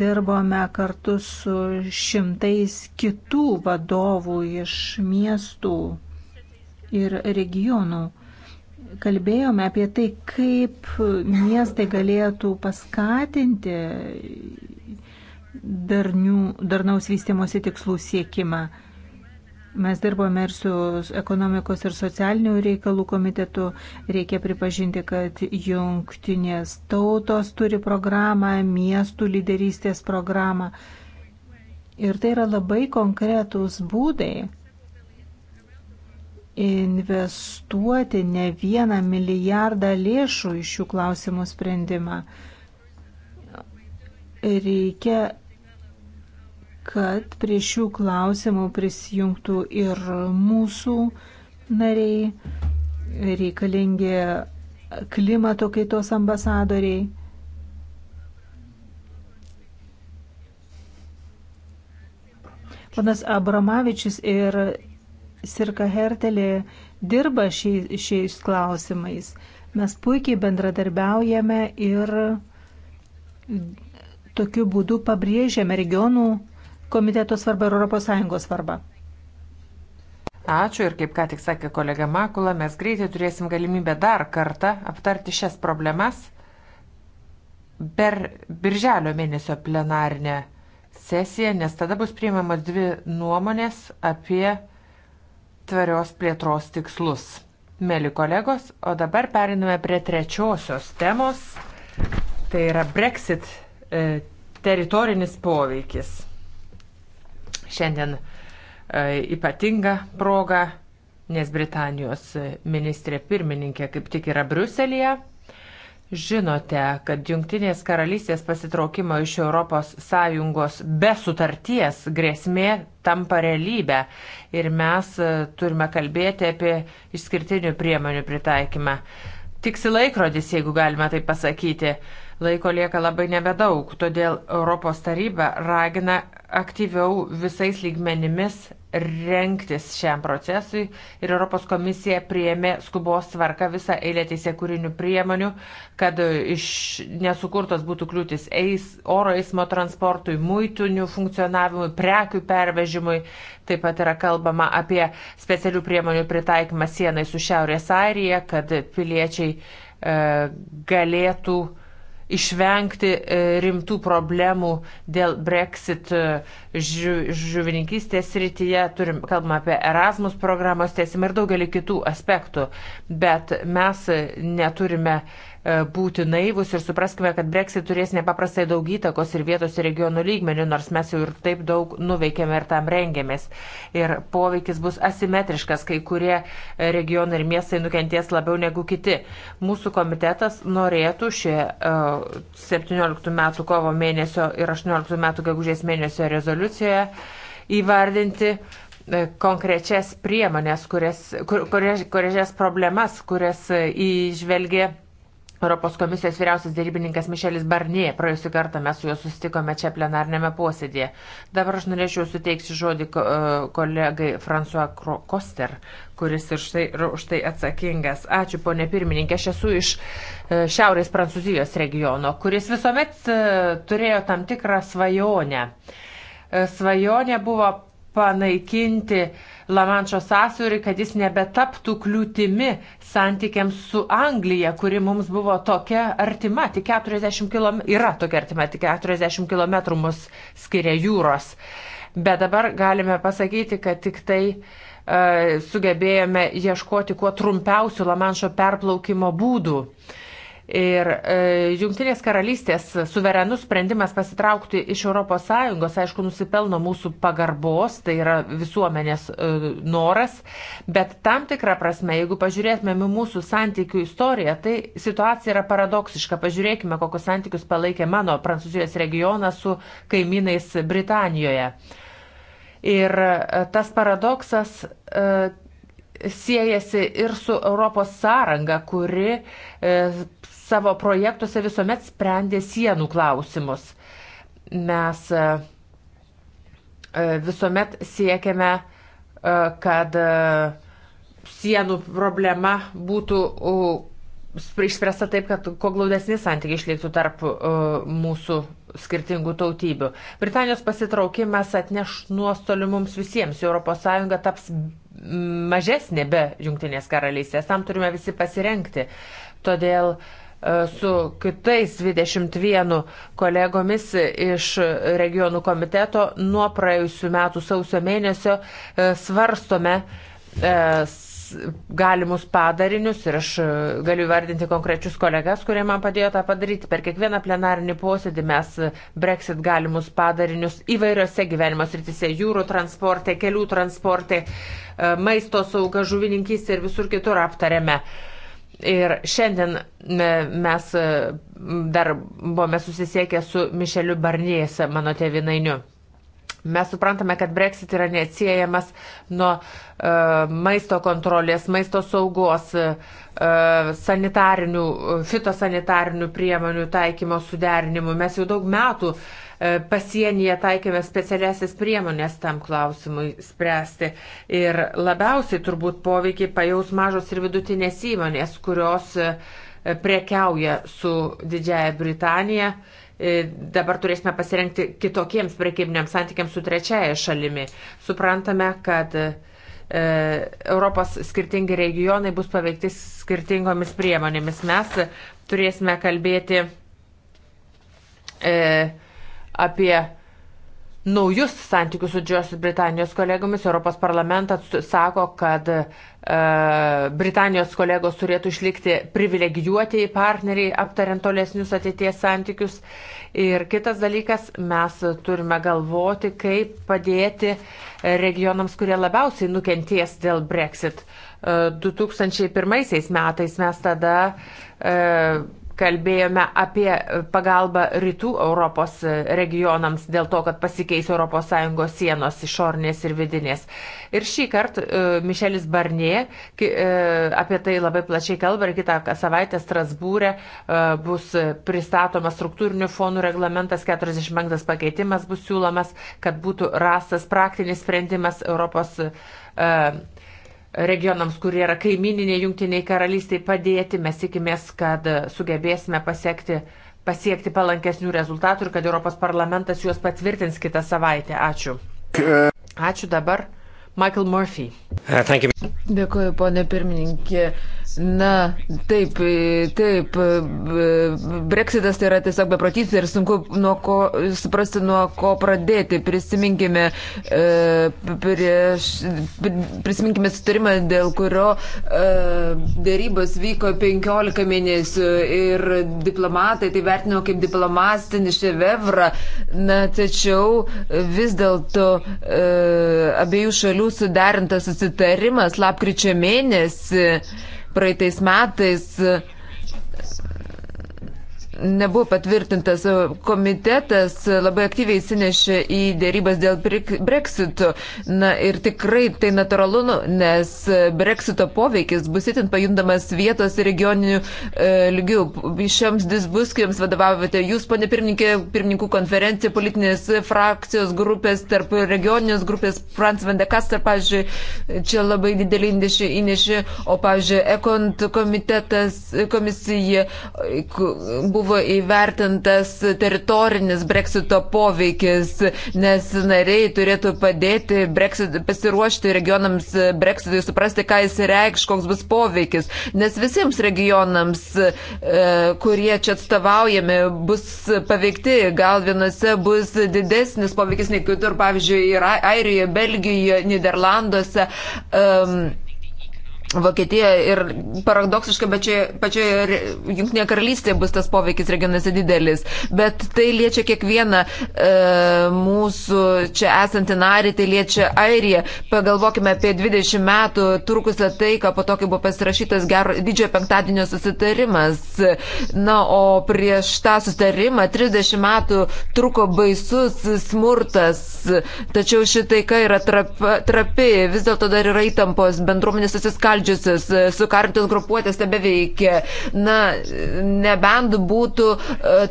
Dirbome kartu su šimtais kitų vadovų iš miestų ir regionų. Kalbėjome apie tai, kaip miestai galėtų paskatinti darnių, darnaus vystimosi tikslų siekimą. Mes dirbome ir su ekonomikos ir socialinių reikalų komitetu. Reikia pripažinti, kad jungtinės tautos turi programą, miestų lyderystės programą. Ir tai yra labai konkretūs būdai investuoti ne vieną milijardą lėšų iš šių klausimų sprendimą. Reikia kad prie šių klausimų prisijungtų ir mūsų nariai, reikalingi klimato kaitos ambasadoriai. Panas Abramavičius ir Sirka Hertelė dirba šiais, šiais klausimais. Mes puikiai bendradarbiaujame ir tokiu būdu pabrėžiame regionų komiteto svarbą ir ES svarbą. Ačiū ir kaip ką tik sakė kolega Makula, mes greitai turėsim galimybę dar kartą aptarti šias problemas per birželio mėnesio plenarinę sesiją, nes tada bus priimamos dvi nuomonės apie tvarios plėtros tikslus. Mėly kolegos, o dabar periname prie trečiosios temos, tai yra Brexit e, teritorinis poveikis šiandien e, ypatinga proga, nes Britanijos e, ministrė pirmininkė kaip tik yra Bruselėje. Žinote, kad Junktinės karalystės pasitraukimo iš ES be sutarties grėsmė tampa realybė ir mes e, turime kalbėti apie išskirtinių priemonių pritaikymą. Tiksi laikrodis, jeigu galime tai pasakyti. Laiko lieka labai nebedaug, todėl Europos taryba ragina aktyviau visais lygmenimis renktis šiam procesui ir Europos komisija prieėmė skubos tvarką visą eilę teisėkūrinių priemonių, kad iš nesukurtos būtų kliūtis eis, oro eismo transportui, muitinių funkcionavimui, prekių pervežimui. Taip pat yra kalbama apie specialių priemonių pritaikymą sienai su Šiaurės Airija, kad piliečiai e, galėtų e, išvengti e, rimtų problemų dėl Brexit e, ži žuvininkystės srityje, turim, kalbam apie Erasmus programos tiesimą ir daugelį kitų aspektų, bet mes neturime uh, E, būti naivus ir supraskime, kad Brexit turės nepaprastai daug įtakos ir vietos ir regionų lygmenių, nors mes jau ir taip daug nuveikėme ir tam rengėmės. Ir poveikis bus asimetriškas, kai kurie regionai ir miestai nukenties labiau negu kiti. Mūsų komitetas norėtų šį 17 e, metų kovo mėnesio ir 18 metų gegužės mėnesio rezoliucijoje įvardinti e, konkrečias priemonės, kurias, kur, kurias, kurias problemas, kurias įžvelgia Europos komisijos vyriausias dėrybininkas Mišelis Barnė. Praėjusį kartą mes su juo susitikome čia plenarnėme posėdėje. Dabar aš norėčiau suteikti žodį e, kolegai François Koster, kuris ir štai, už tai atsakingas. Ačiū, ponė pirmininkė. Aš esu iš e, Šiaurės Prancūzijos regiono, kuris visuomet e, turėjo tam tikrą svajonę. Svajonė buvo panaikinti Lamanšo sąsiaurį, kad jis nebetaptų kliūtimi santykiams su Anglija, kuri mums buvo tokia artima, tik 40 km, yra tokia artima, tik 40 km mus skiria jūros. Bet dabar galime pasakyti, kad tik tai e, sugebėjome ieškoti kuo trumpiausių Lamanšo perplaukimo būdų. E, Ir e, Junktinės karalystės suverenus sprendimas pasitraukti iš ES, aišku, nusipelno mūsų pagarbos, tai yra visuomenės e, noras, bet tam tikrą prasme, jeigu pažiūrėtumėm į mūsų santykių istoriją, tai situacija yra paradoksiška. Pažiūrėkime, kokius santykius palaikė mano Prancūzijos regionas su kaimynais Britanijoje. Ir e, tas paradoksas e, siejasi ir su Europos sąranga, kuri e, savo projektuose visuomet sprendė sienų klausimus. Mes e, e, visuomet siekiame, e, kad sienų problema būtų išspręsta taip, kad kuo glaudesni santykiai išliktų tarp mūsų skirtingų tautybių. Britanijos pasitraukimas atneš nuostolių mums visiems. ES taps mažesnė be Junktinės karalystės. Tam turime visi pasirenkti. Todėl uh, E, su kitais 21 kolegomis iš regionų komiteto nuo praėjusių metų sausio mėnesio e, svarstome e, galimus padarinius ir aš galiu vardinti konkrečius kolegas, kurie man padėjo tą padaryti. Per kiekvieną plenarinį posėdį mes Brexit galimus padarinius įvairiose gyvenimo srityse - jūrų transporte, kelių transporte, maisto sauga, žuvininkystė ir visur kitur aptarėme. Ir šiandien mes e, dar buvome susisiekę su Mišeliu Barnėjas, mano tėvinainiu. Mes suprantame, kad Brexit yra neatsiejamas nuo uh, maisto kontrolės, maisto saugos, uh, sanitarinių, fitosanitarinių priemonių taikymo suderinimų. Mes jau daug metų uh, Pasienyje taikėme specialiasias priemonės tam klausimui spręsti. Ir labiausiai turbūt poveikį pajaus mažos ir vidutinės įmonės, kurios e, prekiauja su Didžiaja Britanija e, dabar turėsime pasirengti kitokiems prekybiniams santykiams su trečiaja šalimi. Suprantame, kad e, Europos skirtingi regionai bus paveikti skirtingomis priemonėmis. Mes turėsime kalbėti e, apie naujus santykius su Didžiosios Britanijos kolegomis. Europos parlamentas sako, kad e, Britanijos kolegos turėtų išlikti privilegijuotieji partneriai, aptariant tolesnius ateities santykius. Ir kitas dalykas, mes turime galvoti, kaip padėti regionams, kurie labiausiai nukenties dėl Brexit. E, 2001 metais mes tada e, kalbėjome apie pagalbą rytų Europos regionams dėl to, kad pasikeis ES sienos išornės ir vidinės. Ir šį kartą e, Mišelis Barnie e, apie tai labai plačiai kalba ir kitą savaitę Strasbūrė e, bus pristatomas struktūrinių fonų reglamentas, 45 pakeitimas bus siūlomas, kad būtų rastas praktinis sprendimas Europos. Uh, regionams, kurie yra kaimininiai jungtiniai karalystiai padėti. Mes tikimės, kad sugebėsime pasiekti, pasiekti palankesnių rezultatų ir kad Europos parlamentas juos patvirtins kitą savaitę. Ačiū. Ačiū dabar. Michael Murphy. Uh, Dėkuoju, ponė pirmininkė. Na, taip, e, taip, e, breksitas tai yra tiesiog beprotystė ir sunku nuo ko, suprasti, nuo ko pradėti. Prisiminkime, e, prieš, prisiminkime sutarimą, dėl kurio dėrybos vyko 15 mėnesių ir diplomatai tai vertino kaip diplomatinį ševevrą. Na, tačiau vis dėlto abiejų šalių suderintas susitarimas lapkričio mėnesį praeitais metais nebuvo patvirtintas komitetas, labai aktyviai įsinešė į dėrybas dėl breksito. Na ir tikrai tai natūralu, nu, nes breksito poveikis bus itin pajuntamas vietos ir regioninių e, lygių. Šioms disbuskijoms vadovavote jūs, ponė pirmininkė, pirmininkų konferencija, politinės frakcijos grupės, tarp regioninės grupės, Frans Vandekastar, pavyzdžiui, čia labai didelį indėšį įnešė, o pavyzdžiui, Ekont komitetas, komisija e, buvo buvo įvertintas teritorinis breksito poveikis, nes nariai turėtų padėti Brexit, pasiruošti regionams breksitui, suprasti, ką jis reikš, koks bus poveikis. Nes visiems regionams, e, kurie čia atstovaujami, bus paveikti, gal vienose bus didesnis poveikis nei kitur, pavyzdžiui, Airijoje, Belgijoje, Niderlanduose. Um, Vokietijoje ir paradoksiškai, bet čia, pačioje Junktinėje karalystėje bus tas poveikis regionuose didelis. Bet tai liečia kiekvieną e, mūsų čia esantį narį, tai liečia Airiją. Pagalvokime apie 20 metų turkusią taiką, po to, kai buvo pasirašytas gero, didžiojo penktadienio susitarimas. Na, o prieš tą susitarimą 30 metų truko baisus smurtas. Tačiau ši taika yra trap, trapi, vis dėlto dar yra įtampos bendruomenės susiskaldžimas susiskaldžiusios, e, sukarptos grupuotės tebe veikia. Na, nebent būtų e,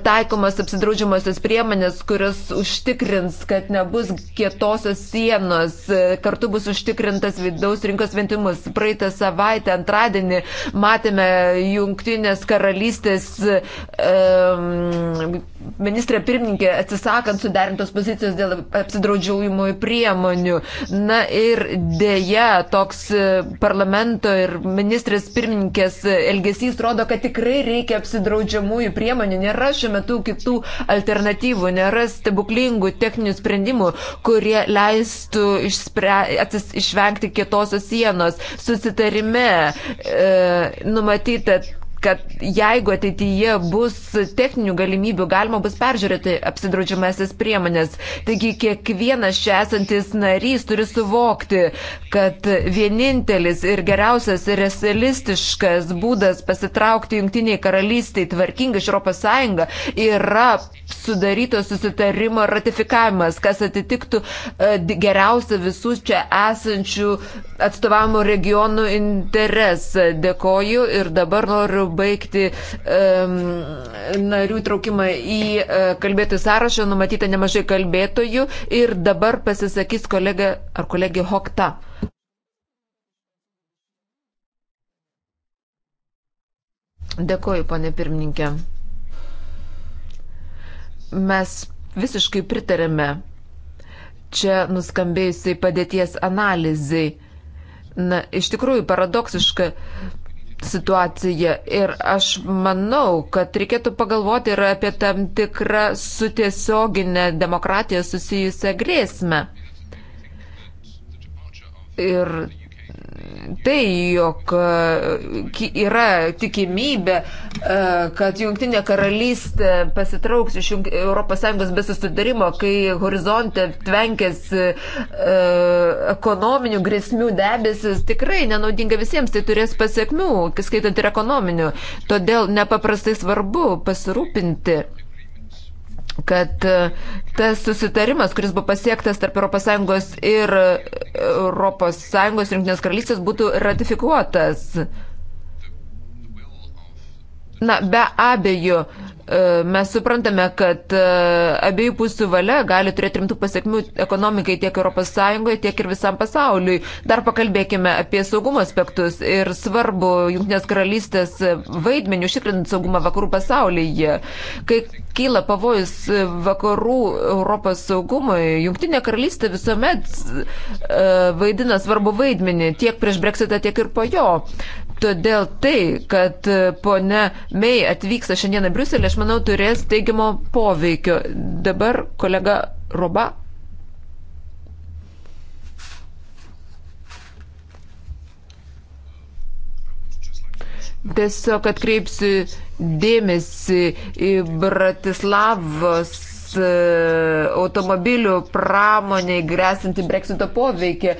taikomas apsidraudžiamosios priemonės, kurios užtikrins, kad nebus kietosios sienos, e, kartu bus užtikrintas vidaus rinkos ventimus. Praeitą savaitę, antradienį, matėme Junktinės karalystės um, ministrė pirmininkė atsisakant suderintos pozicijos dėl apsidraudžiamųjų priemonių. Na ir dėja, toks parlamentas parlamento ir ministrės pirmininkės elgesys rodo, kad tikrai reikia apsidraudžiamųjų priemonių. Nėra šiuo metu kitų alternatyvų, nėra stebuklingų techninių sprendimų, kurie leistų išspre, atsis, išvengti kietosios sienos. Susitarime e, numatyta, kad jeigu ateityje bus techninių galimybių, galima bus peržiūrėti apsidraudžiamasis priemonės. Taigi kiekvienas čia esantis narys turi suvokti, kad vienintelis ir geriausias ir realistiškas būdas pasitraukti jungtiniai karalystiai tvarkingai iš ES yra sudaryto susitarimo ratifikavimas, kas atitiktų e, geriausią visų čia esančių atstovavimo regionų interesą. Dėkoju ir dabar noriu baigti um, narių traukimą į uh, kalbėtojų sąrašą, numatyta nemažai kalbėtojų ir dabar pasisakys kolega ar kolegė Hokta. Dėkoju, ponė pirmininkė. Mes visiškai pritarėme čia nuskambėjusiai padėties analizai. Na, iš tikrųjų paradoksiška, situacija ir aš manau, kad reikėtų pagalvoti ir apie tam tikrą su tiesioginė demokratija susijusią grėsmę. Ir tai, jog e, yra tikimybė, e, kad Junktinė karalystė pasitrauks iš ES be susidarimo, kai horizonte tvenkės e, ekonominių grėsmių debesis, tikrai nenaudinga visiems, tai turės pasiekmių, skaitant ir ekonominių. Todėl nepaprastai svarbu pasirūpinti kad e, tas susitarimas, kuris buvo pasiektas tarp ES ir ES Junktinės karalystės, būtų ratifikuotas. Na, be abejo, e, mes suprantame, kad e, abiejų pusių valia gali turėti rimtų pasiekmių ekonomikai tiek ES, tiek ir visam pasauliui. Dar pakalbėkime apie saugumo aspektus ir svarbu Junktinės karalystės vaidmenių užtikrinant saugumą vakarų pasaulyje. Kai kyla pavojus vakarų Europos saugumui, Junktinė karalystė visuomet e, vaidina svarbu vaidmenį tiek prieš Brexitą, tiek ir po jo. Todėl tai, kad e, ponia Mei atvyksta šiandieną Briuselį, aš manau, turės teigiamo poveikio. Dabar kolega Roba. Tiesiog atkreipsiu dėmesį į Bratislavos E, automobilių pramoniai grėsinti breksito poveikį.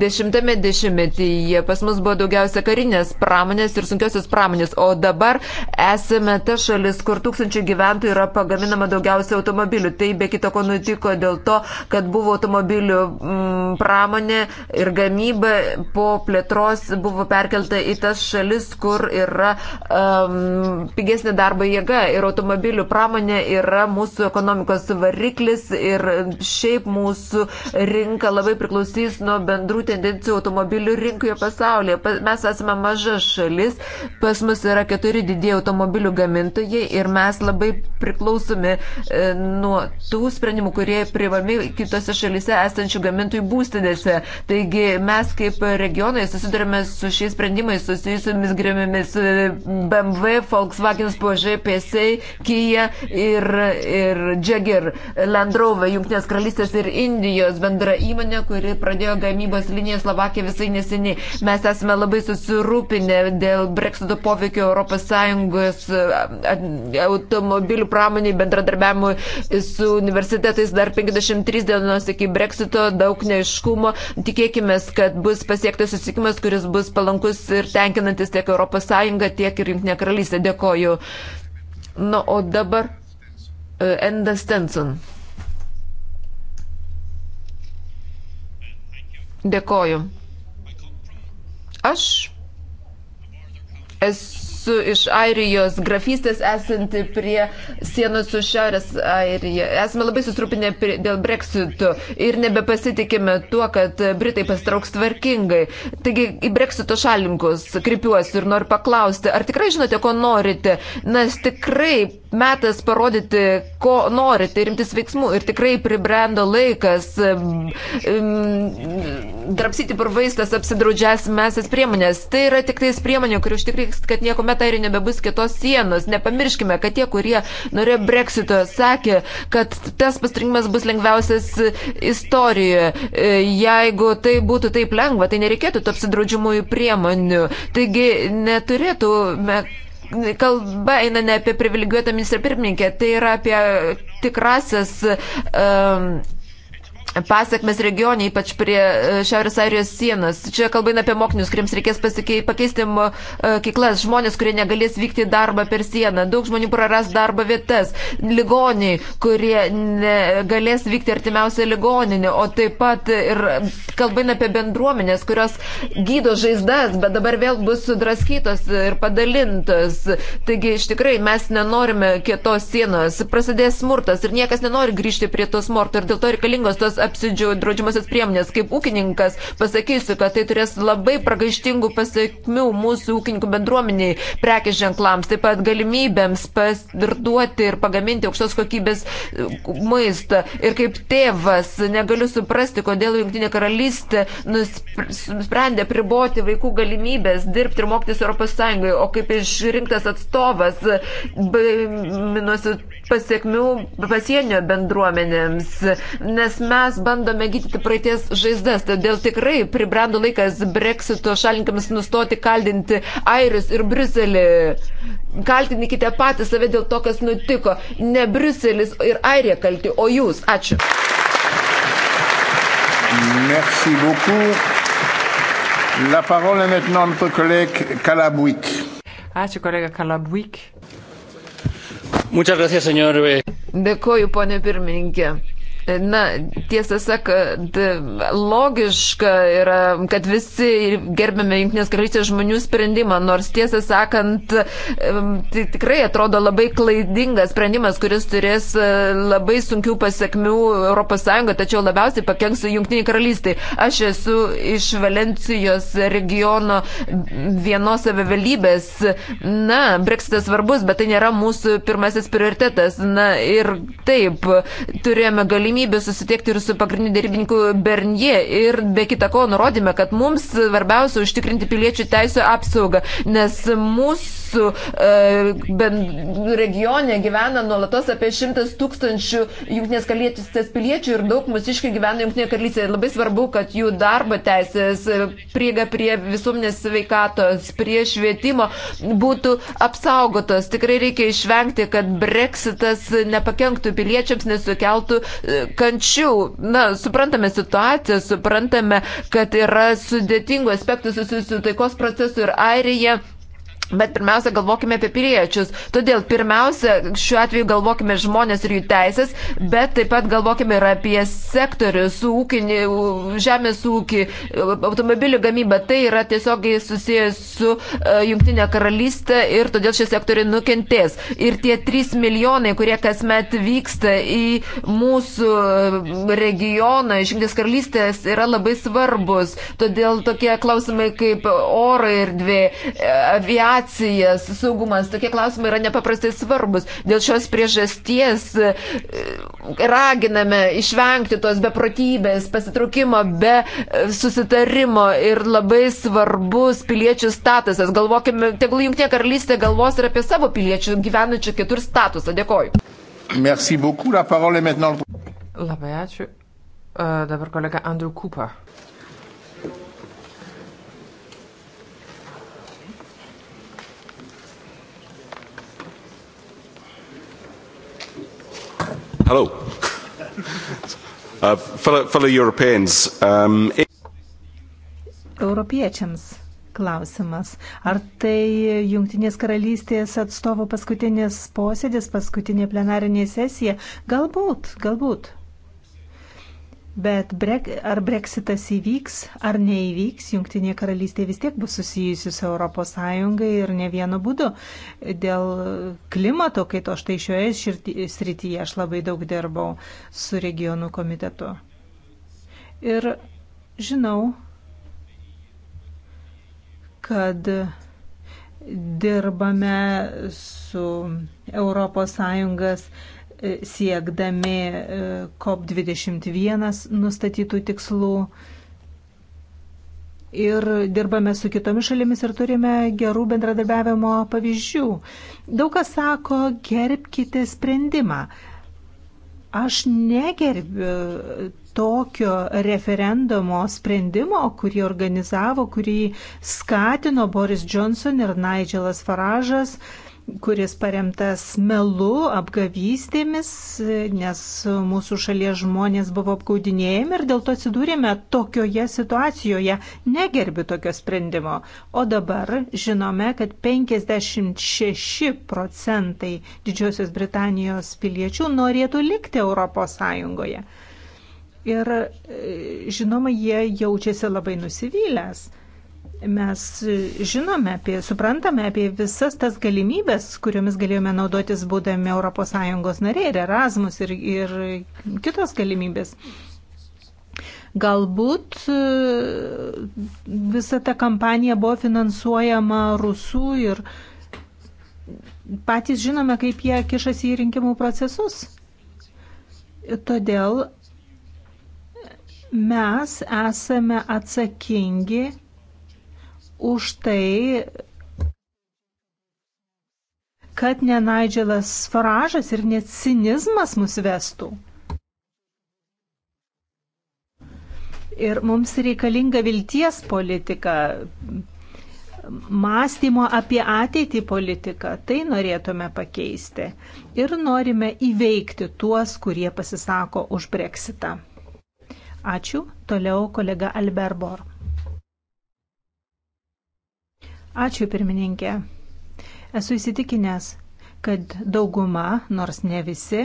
Dešimtame dešimtmetyje pas mus buvo daugiausia karinės pramonės ir sunkiosios pramonės, o dabar esame ta šalis, kur tūkstančių gyventojų yra pagaminama daugiausia automobilių. Tai be kito ko nutiko dėl to, kad buvo automobilių m, mm, pramonė ir gamyba po plėtros buvo perkelta į tas šalis, kur yra um, pigesnė darbo jėga ir automobilių pramonė yra mūsų ekonomikos ekonomikos variklis ir šiaip mūsų rinka labai priklausys nuo bendrų tendencijų automobilių rinkoje pasaulyje. Mes esame maža šalis, pas mus yra keturi didieji automobilių gamintojai ir mes labai priklausomi e, nuo tų sprendimų, kurie privami kitose šalise esančių gamintojų būstinėse. Taigi mes kaip regionai susidurime su šiais sprendimais susijusiamis grėmėmis e, BMW, Volkswagen, Spožė, PSA, Kia ir, ir Jaguar. Berger Land Rover, Junktinės karalystės ir Indijos bendra įmonė, kuri pradėjo gamybos liniją Slovakiją visai neseniai. Mes esame labai susirūpinę dėl breksito poveikio ES automobilių pramoniai bendradarbiavimui su universitetais dar 53 dienos iki breksito, daug neiškumo. Tikėkime, kad bus pasiektas susitikimas, kuris bus palankus ir tenkinantis tiek ES, tiek ir Junktinė karalystė. Dėkoju. Na, nu, o dabar E, Enda Stenson. Dėkoju. Aš esu iš Airijos grafystės esanti prie sienos su Šiaurės Airija. Esame labai susirūpinę dėl breksito ir nebepasitikime tuo, kad Britai pastrauks tvarkingai. Taigi į breksito šalinkus kreipiuosi ir noriu paklausti, ar tikrai žinote, ko norite? Nes tikrai metas parodyti, ko norite ir imtis veiksmų. Ir tikrai pribrendo laikas drapsyti purvais tas apsidraudžias mesės priemonės. Tai yra tik tais priemonė, kuri užtikrins, kad nieko metairių nebebus kitos sienos. Nepamirškime, kad tie, kurie norėjo breksito, sakė, kad tas pasirinkimas bus lengviausias istorijoje. E, jeigu tai būtų taip lengva, tai nereikėtų to apsidraudžiamųjų priemonių. Taigi neturėtume kalba eina ne apie privilegijuotą ministrą pirmininkę, tai yra apie tikrasias um, pasiekmes regione, ypač prie e, Šiaurės Airijos sienos. Čia kalbame apie mokinius, kuriems reikės pasikei, pakeisti mokyklas, e, žmonės, kurie negalės vykti į darbą per sieną, daug žmonių praras darbo vietas, ligoniai, kurie galės vykti artimiausią ligoninę, o taip pat ir kalbame apie bendruomenės, kurios gydo žaizdas, bet dabar vėl bus sudraskytos ir padalintos. Taigi iš tikrai mes nenorime kietos sienos, prasidės smurtas ir niekas nenori grįžti prie to smurto ir dėl to reikalingos tos apsidžių draudžiamosios priemonės. Kaip ūkininkas pasakysiu, kad tai turės labai pragaištingų pasiekmių mūsų ūkininkų bendruomeniai, prekės ženklams, taip pat galimybėms pasidarduoti ir pagaminti aukštos kokybės e, maistą. Ir kaip tėvas negaliu suprasti, kodėl Junktinė karalystė nusprendė priboti vaikų galimybės dirbti ir mokytis Europos Sąjungoje, o kaip išrinktas atstovas baiminuosi pasiekmių pasienio bendruomenėms, nes mes mes bandome gydyti praeities žaizdas. Todėl tikrai pribrendo laikas breksito šalinkams nustoti kaldinti airius ir Briuselį. Kaltinkite patys save dėl to, kas nutiko. Ne Briuselis ir Airija kalti, o jūs. Ačiū. Merci beaucoup. La parole est maintenant à notre collègue Calabouic. Ačiū, kolega Kalabvik. Muchas gracias, señor. Eh. Dėkoju, ponė pirmininkė. Na, tiesą sakant, logiška yra, kad visi gerbėme Junktinės karalystės žmonių sprendimą, nors tiesą sakant, tai tikrai atrodo labai klaidingas sprendimas, kuris turės e, labai sunkių pasiekmių ES, tačiau labiausiai pakenks Junktiniai karalystiai. Aš esu iš Valencijos regiono vienos savivaldybės. Na, Brexitas svarbus, bet tai nėra mūsų pirmasis prioritetas. Na ir taip, turėjome galimybę galimybę susitikti ir su pagrindiniu dėrybininku Bernie ir be kita ko nurodėme, kad mums svarbiausia užtikrinti piliečių teisų apsaugą, nes mūsų mūsų e, regione gyvena nuolatos apie šimtas tūkstančių jungtinės karalystės piliečių ir daug mūsiškių gyvena jungtinėje karalystėje. Labai svarbu, kad jų darbo teisės, e, prieiga prie visuomenės sveikatos, prie švietimo būtų apsaugotos. Tikrai reikia išvengti, kad breksitas nepakenktų piliečiams, nesukeltų e, kančių. Na, suprantame situaciją, suprantame, kad yra sudėtingų aspektų susijusių taikos procesų ir Airija. Bet pirmiausia, galvokime apie piliečius. Todėl pirmiausia, šiuo atveju galvokime žmonės ir jų teisės, bet taip pat galvokime ir apie sektorius, ūkinį, žemės ūkį, automobilių gamybą. Tai yra tiesiogiai susijęs su uh, e, Junktinė karalystė ir todėl šie sektoriai nukentės. Ir tie 3 milijonai, kurie kasmet vyksta į mūsų e, regioną, iš Junktinės karalystės, yra labai svarbus. Todėl tokie klausimai kaip orai ir dvi e, aviacija migracijas, saugumas, tokie klausimai yra nepaprastai svarbus. Dėl šios priežasties e, raginame išvengti tos beprotybės, pasitraukimo be e, susitarimo ir labai svarbus piliečių statusas. Galvokime, tegul Junktinė karalystė galvos ir apie savo piliečių gyvenančių kitur statusą. Dėkoju. Merci beaucoup. La parole est maintenant. Labai ačiū. Uh, dabar kolega Andrew Cooper. Hello. Uh, fellow, fellow Europeans. Um, it... Europiečiams klausimas. Ar tai Junktinės karalystės atstovų paskutinis posėdis, paskutinė plenarinė sesija? Galbūt, galbūt. Bet brek, ar breksitas įvyks ar neįvyks, Junktinė karalystė vis tiek bus susijusi su ES ir ne vienu būdu. Dėl klimato kaito štai šioje srityje aš labai daug dirbau su regionų komitetu. Ir žinau, kad dirbame su ES siekdami e, COP21 nustatytų tikslų. Ir dirbame su kitomis šalimis ir turime gerų bendradarbiavimo pavyzdžių. Daug kas sako, gerbkite sprendimą. Aš negerbiu e, tokio referendumo sprendimo, kurį organizavo, kurį skatino Boris Johnson ir Nigelas Faražas. Uh, kuris paremtas melu, apgavystėmis, nes mūsų šalies žmonės buvo apgaudinėjami ir dėl to atsidūrėme tokioje situacijoje, negerbi tokio sprendimo. O dabar žinome, kad 56 procentai Didžiosios Britanijos piliečių norėtų likti Europos Sąjungoje. Ir e, žinoma, jie jaučiasi labai nusivylęs mes žinome apie, suprantame apie visas tas galimybės, kuriomis galėjome naudotis būdami ES nariai ir Erasmus ir, ir kitos galimybės. Galbūt e, visa ta kampanija buvo finansuojama rusų ir patys žinome, kaip jie kišasi į rinkimų procesus. Todėl mes esame atsakingi už tai, kad ne Nigelas Faražas ir net cinizmas mus vestų. Ir mums reikalinga vilties politika, mąstymo apie ateitį politiką. Tai norėtume pakeisti. Ir norime įveikti tuos, kurie pasisako už breksitą. Ačiū. Toliau kolega Alberbor. Ačiū pirmininkė. Esu įsitikinęs, kad dauguma, nors ne visi,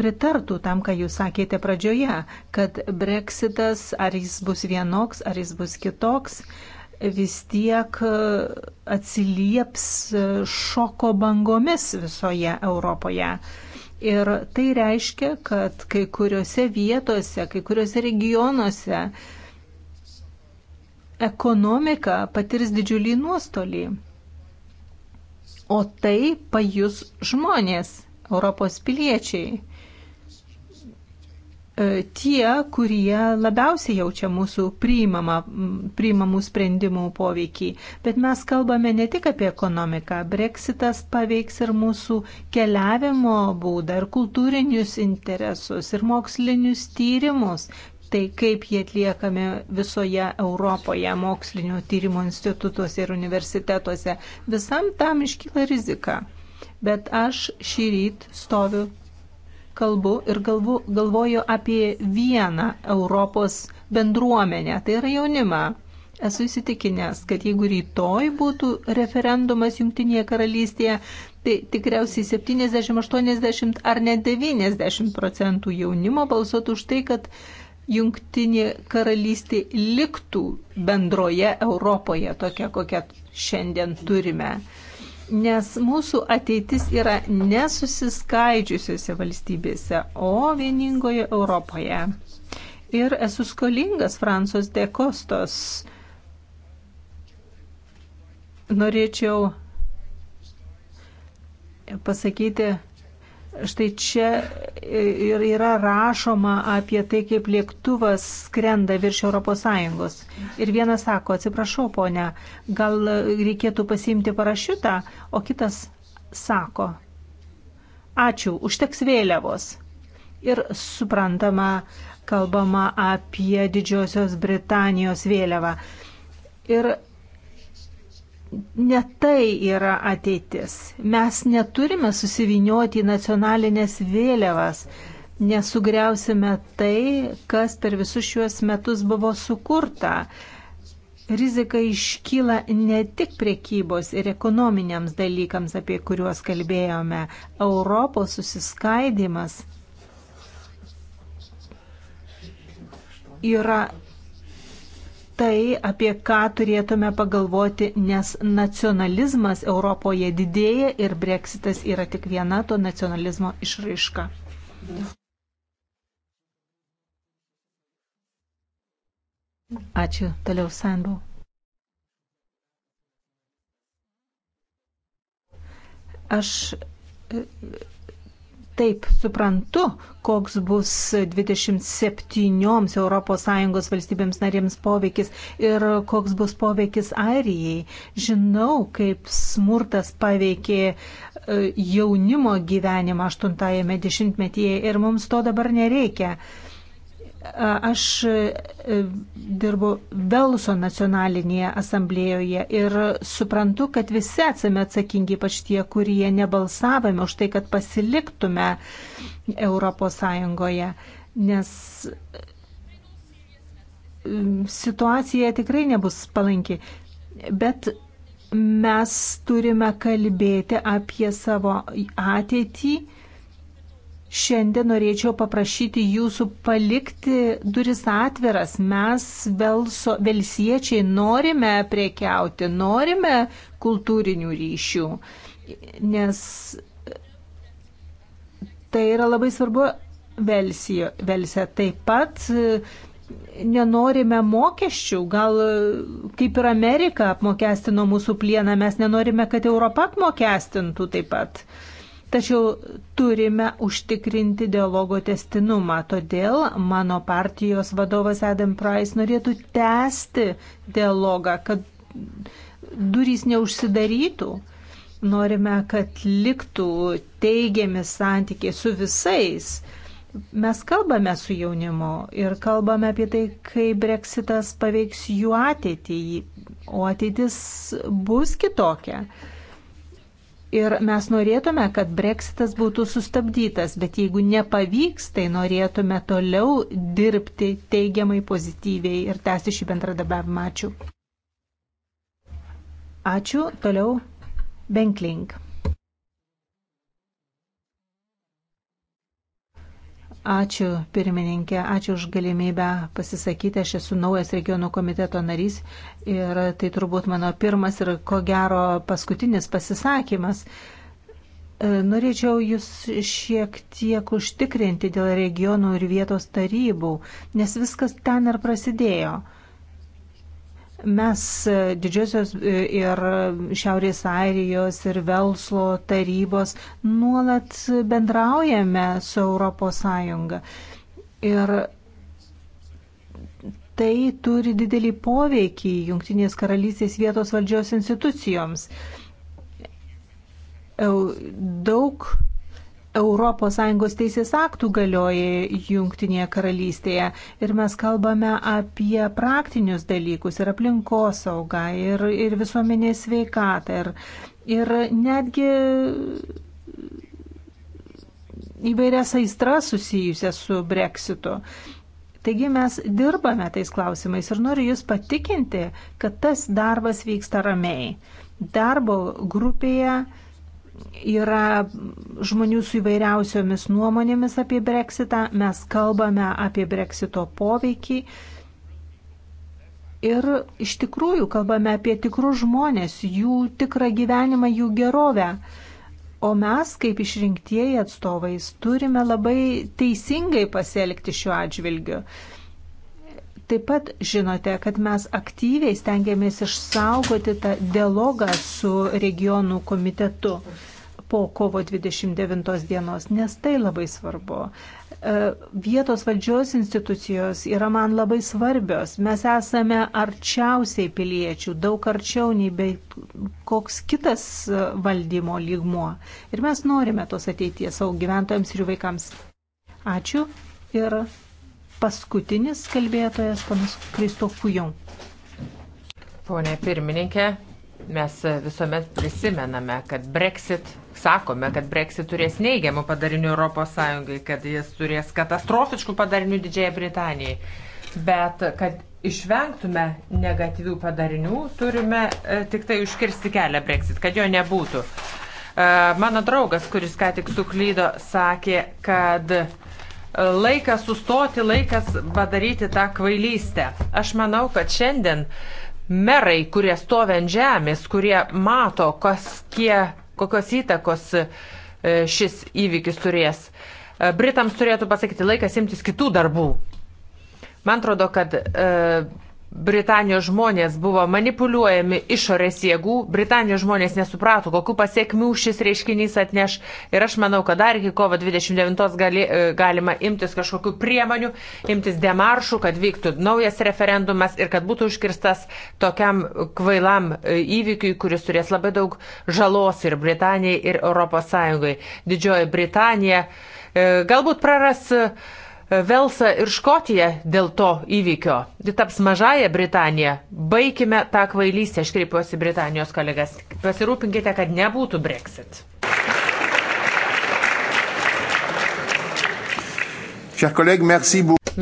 pritartų tam, ką jūs sakėte pradžioje, kad breksitas, ar jis bus vienoks, ar jis bus kitoks, vis tiek e, atsilieps šoko bangomis visoje Europoje. Ir tai reiškia, kad kai kuriuose vietose, kai kuriuose regionuose ekonomika patirs didžiulį nuostolį. O tai pajus žmonės, Europos piliečiai. E, tie, kurie labiausiai jaučia mūsų priimama, priimamų sprendimų poveikį. Bet mes kalbame ne tik apie ekonomiką. Brexitas paveiks ir mūsų keliavimo būdą, ir kultūrinius interesus, ir mokslinius tyrimus tai kaip jie atliekami visoje Europoje mokslinio tyrimo institutuose ir universitetuose. Visam tam iškyla rizika. Bet aš šį ryt stoviu, kalbu ir galvu, galvoju apie vieną Europos bendruomenę, tai yra jaunimą. Esu įsitikinęs, kad jeigu rytoj būtų referendumas Junktinėje karalystėje, tai tikriausiai 70, 80 ar net 90 procentų jaunimo balsuotų už tai, kad jungtinė karalystė liktų bendroje Europoje, tokia kokią šiandien turime. Nes mūsų ateitis yra nesusiskaidžiusiose valstybėse, o vieningoje Europoje. Ir esu skolingas Fransos de Kostos. Norėčiau pasakyti, Štai čia ir yra rašoma apie tai, kaip lėktuvas skrenda virš ES. Ir vienas sako, atsiprašau, ponia, gal reikėtų pasiimti parašiutą, o kitas sako, ačiū, užteks vėliavos. Ir suprantama, kalbama apie Didžiosios Britanijos vėliavą. Ir ne tai yra ateitis. Mes neturime susivinioti į nacionalinės vėliavas, nesugriausime tai, kas per visus šiuos metus buvo sukurta. Rizika iškyla ne tik priekybos ir ekonominiams dalykams, apie kuriuos kalbėjome. Europos susiskaidimas yra tai, apie ką turėtume pagalvoti, nes nacionalizmas Europoje didėja ir breksitas yra tik viena to nacionalizmo išraiška. Ačiū. Toliau Sandau. Aš taip suprantu, koks bus 27 ES valstybėms narėms poveikis ir koks bus poveikis Airijai. Žinau, kaip smurtas paveikė e, jaunimo gyvenimą 80-metyje ir mums to dabar nereikia. Aš e, dirbu Velso nacionalinėje asamblėjoje ir suprantu, kad visi esame atsakingi, ypač tie, kurie nebalsavome už tai, kad pasiliktume Europos Sąjungoje, nes situacija tikrai nebus palanki. Bet mes turime kalbėti apie savo ateitį Šiandien norėčiau paprašyti jūsų palikti duris atviras. Mes velso, velsiečiai norime priekiauti, norime kultūrinių ryšių, nes tai yra labai svarbu Velsija. Velsė taip pat e, nenorime mokesčių, gal e, kaip ir Amerika apmokestino mūsų plieną, mes nenorime, kad Europa apmokestintų taip pat. Tačiau turime užtikrinti dialogo testinumą. Todėl mano partijos vadovas Adam Price norėtų tęsti dialogą, kad durys neužsidarytų. Norime, kad liktų teigiami santykiai su visais. Mes kalbame su jaunimu ir kalbame apie tai, kaip breksitas paveiks jų ateitį, o ateitis bus kitokia ir mes norėtume, kad breksitas būtų sustabdytas, bet jeigu nepavyks, tai norėtume toliau dirbti teigiamai, pozityviai ir tęsti šį bendradarbiavimą. Ačiū. Ačiū. Toliau Benklink. Ačiū pirmininkė, ačiū už galimybę pasisakyti. Aš esu naujas regionų komiteto narys ir tai turbūt mano pirmas ir ko gero paskutinis pasisakymas. E, norėčiau jūs šiek tiek užtikrinti dėl regionų ir vietos tarybų, nes viskas ten ir prasidėjo. Mes e, didžiosios e, ir Šiaurės Airijos ir Velslo tarybos nuolat bendraujame su Europos Sąjunga. Ir tai turi didelį poveikį Junktinės karalystės vietos valdžios institucijoms. Daug ES teisės aktų galioja Junktinėje karalystėje ir mes kalbame apie praktinius dalykus ir aplinkosaugą ir, ir visuomenės sveikatą ir, ir netgi įvairias aistras susijusias su breksitu. Taigi mes dirbame tais klausimais ir noriu Jūs patikinti, kad tas darbas vyksta ramiai. Darbo grupėje yra žmonių su įvairiausiomis nuomonėmis apie breksitą, mes kalbame apie breksito poveikį ir iš tikrųjų kalbame apie tikrus žmonės, jų tikrą gyvenimą, jų gerovę. O mes, kaip išrinktieji atstovais, turime labai teisingai pasielgti šiuo atžvilgiu. Taip pat žinote, kad mes aktyviai stengiamės išsaugoti tą dialogą su regionų komitetu po kovo 29 dienos, nes tai labai svarbu. E, vietos valdžios institucijos yra man labai svarbios. Mes esame arčiausiai piliečių, daug arčiau nei bet koks kitas e, valdymo lygmuo. Ir mes norime tos ateities savo gyventojams ir jų vaikams. Ačiū ir Paskutinis kalbėtojas panas Kristofujon. Pone pirmininkė, mes visuomet prisimename, kad Brexit, sakome, kad Brexit turės neigiamų padarinių ES, kad jis turės katastrofiškų padarinių Didžiai Britanijai. Bet kad išvengtume negatyvių padarinių, turime e, tik tai užkirsti kelią Brexit, kad jo nebūtų. E, mano draugas, kuris ką tik suklydo, sakė, kad Laikas sustoti, laikas padaryti tą kvailystę. Aš manau, kad šiandien merai, kurie stovi ant žemės, kurie mato, kas tie, kokios įtakos e, šis įvykis turės, e, Britams turėtų pasakyti laikas imtis kitų darbų. Man atrodo, kad e, Britanijos žmonės buvo manipuliuojami išorės jėgų, Britanijos žmonės nesuprato, kokiu pasiekmių šis reiškinys atneš ir aš manau, kad dar iki kovo 29 gali, e, galima imtis kažkokių priemonių, imtis demaršų, kad vyktų naujas referendumas ir kad būtų užkirstas tokiam kvailam e, įvykiui, kuris turės labai daug žalos ir Britanijai, ir ES. Didžioji Britanija e, galbūt praras Velsą ir Škotiją dėl to įvykio. Ji taps mažąją Britaniją. Baikime tą kvailystę, aš kreipiuosi Britanijos kolegas. Pasirūpinkite, kad nebūtų Brexit.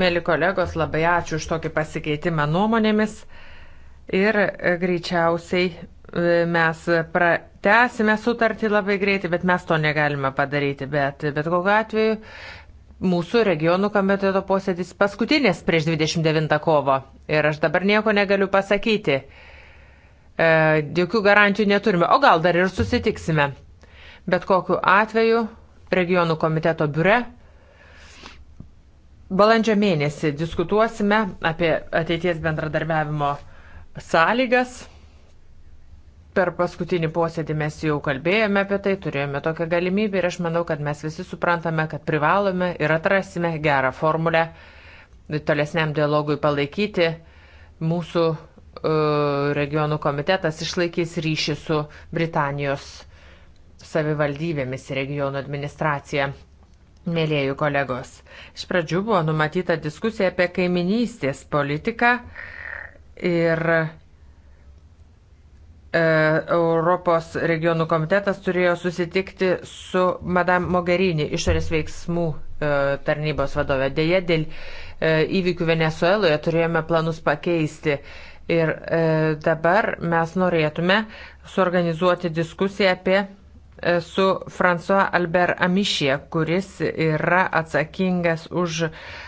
Mėly kolegos, labai ačiū už tokį pasikeitimą nuomonėmis ir e, greičiausiai e, mes pratesime sutartį labai greitai, bet mes to negalime padaryti. Bet, bet kokiu atveju mūsų regionų komiteto posėdis paskutinis prieš 29 kovo. Ir aš dabar nieko negaliu pasakyti. E, jokių garantijų neturime. O gal dar ir susitiksime. Bet kokiu atveju regionų komiteto biure balandžio mėnesį diskutuosime apie ateities bendradarbiavimo sąlygas. Per paskutinį posėdį mes jau kalbėjome apie tai, turėjome tokią galimybę ir aš manau, kad mes visi suprantame, kad privalome ir atrasime gerą formulę tolesniam dialogui palaikyti. Mūsų uh, regionų komitetas išlaikys ryšį su Britanijos savivaldybėmis ir regionų administracija. Mėlėjų kolegos, iš pradžių buvo numatyta diskusija apie kaiminystės politiką ir E, Europos regionų komitetas turėjo susitikti su Madame Mogherini, išorės veiksmų e, tarnybos vadovė. Deja, dėl e, įvykių Venezueloje turėjome planus pakeisti. Ir dabar mes norėtume suorganizuoti diskusiją apie su François Albert Amišė, kuris yra atsakingas už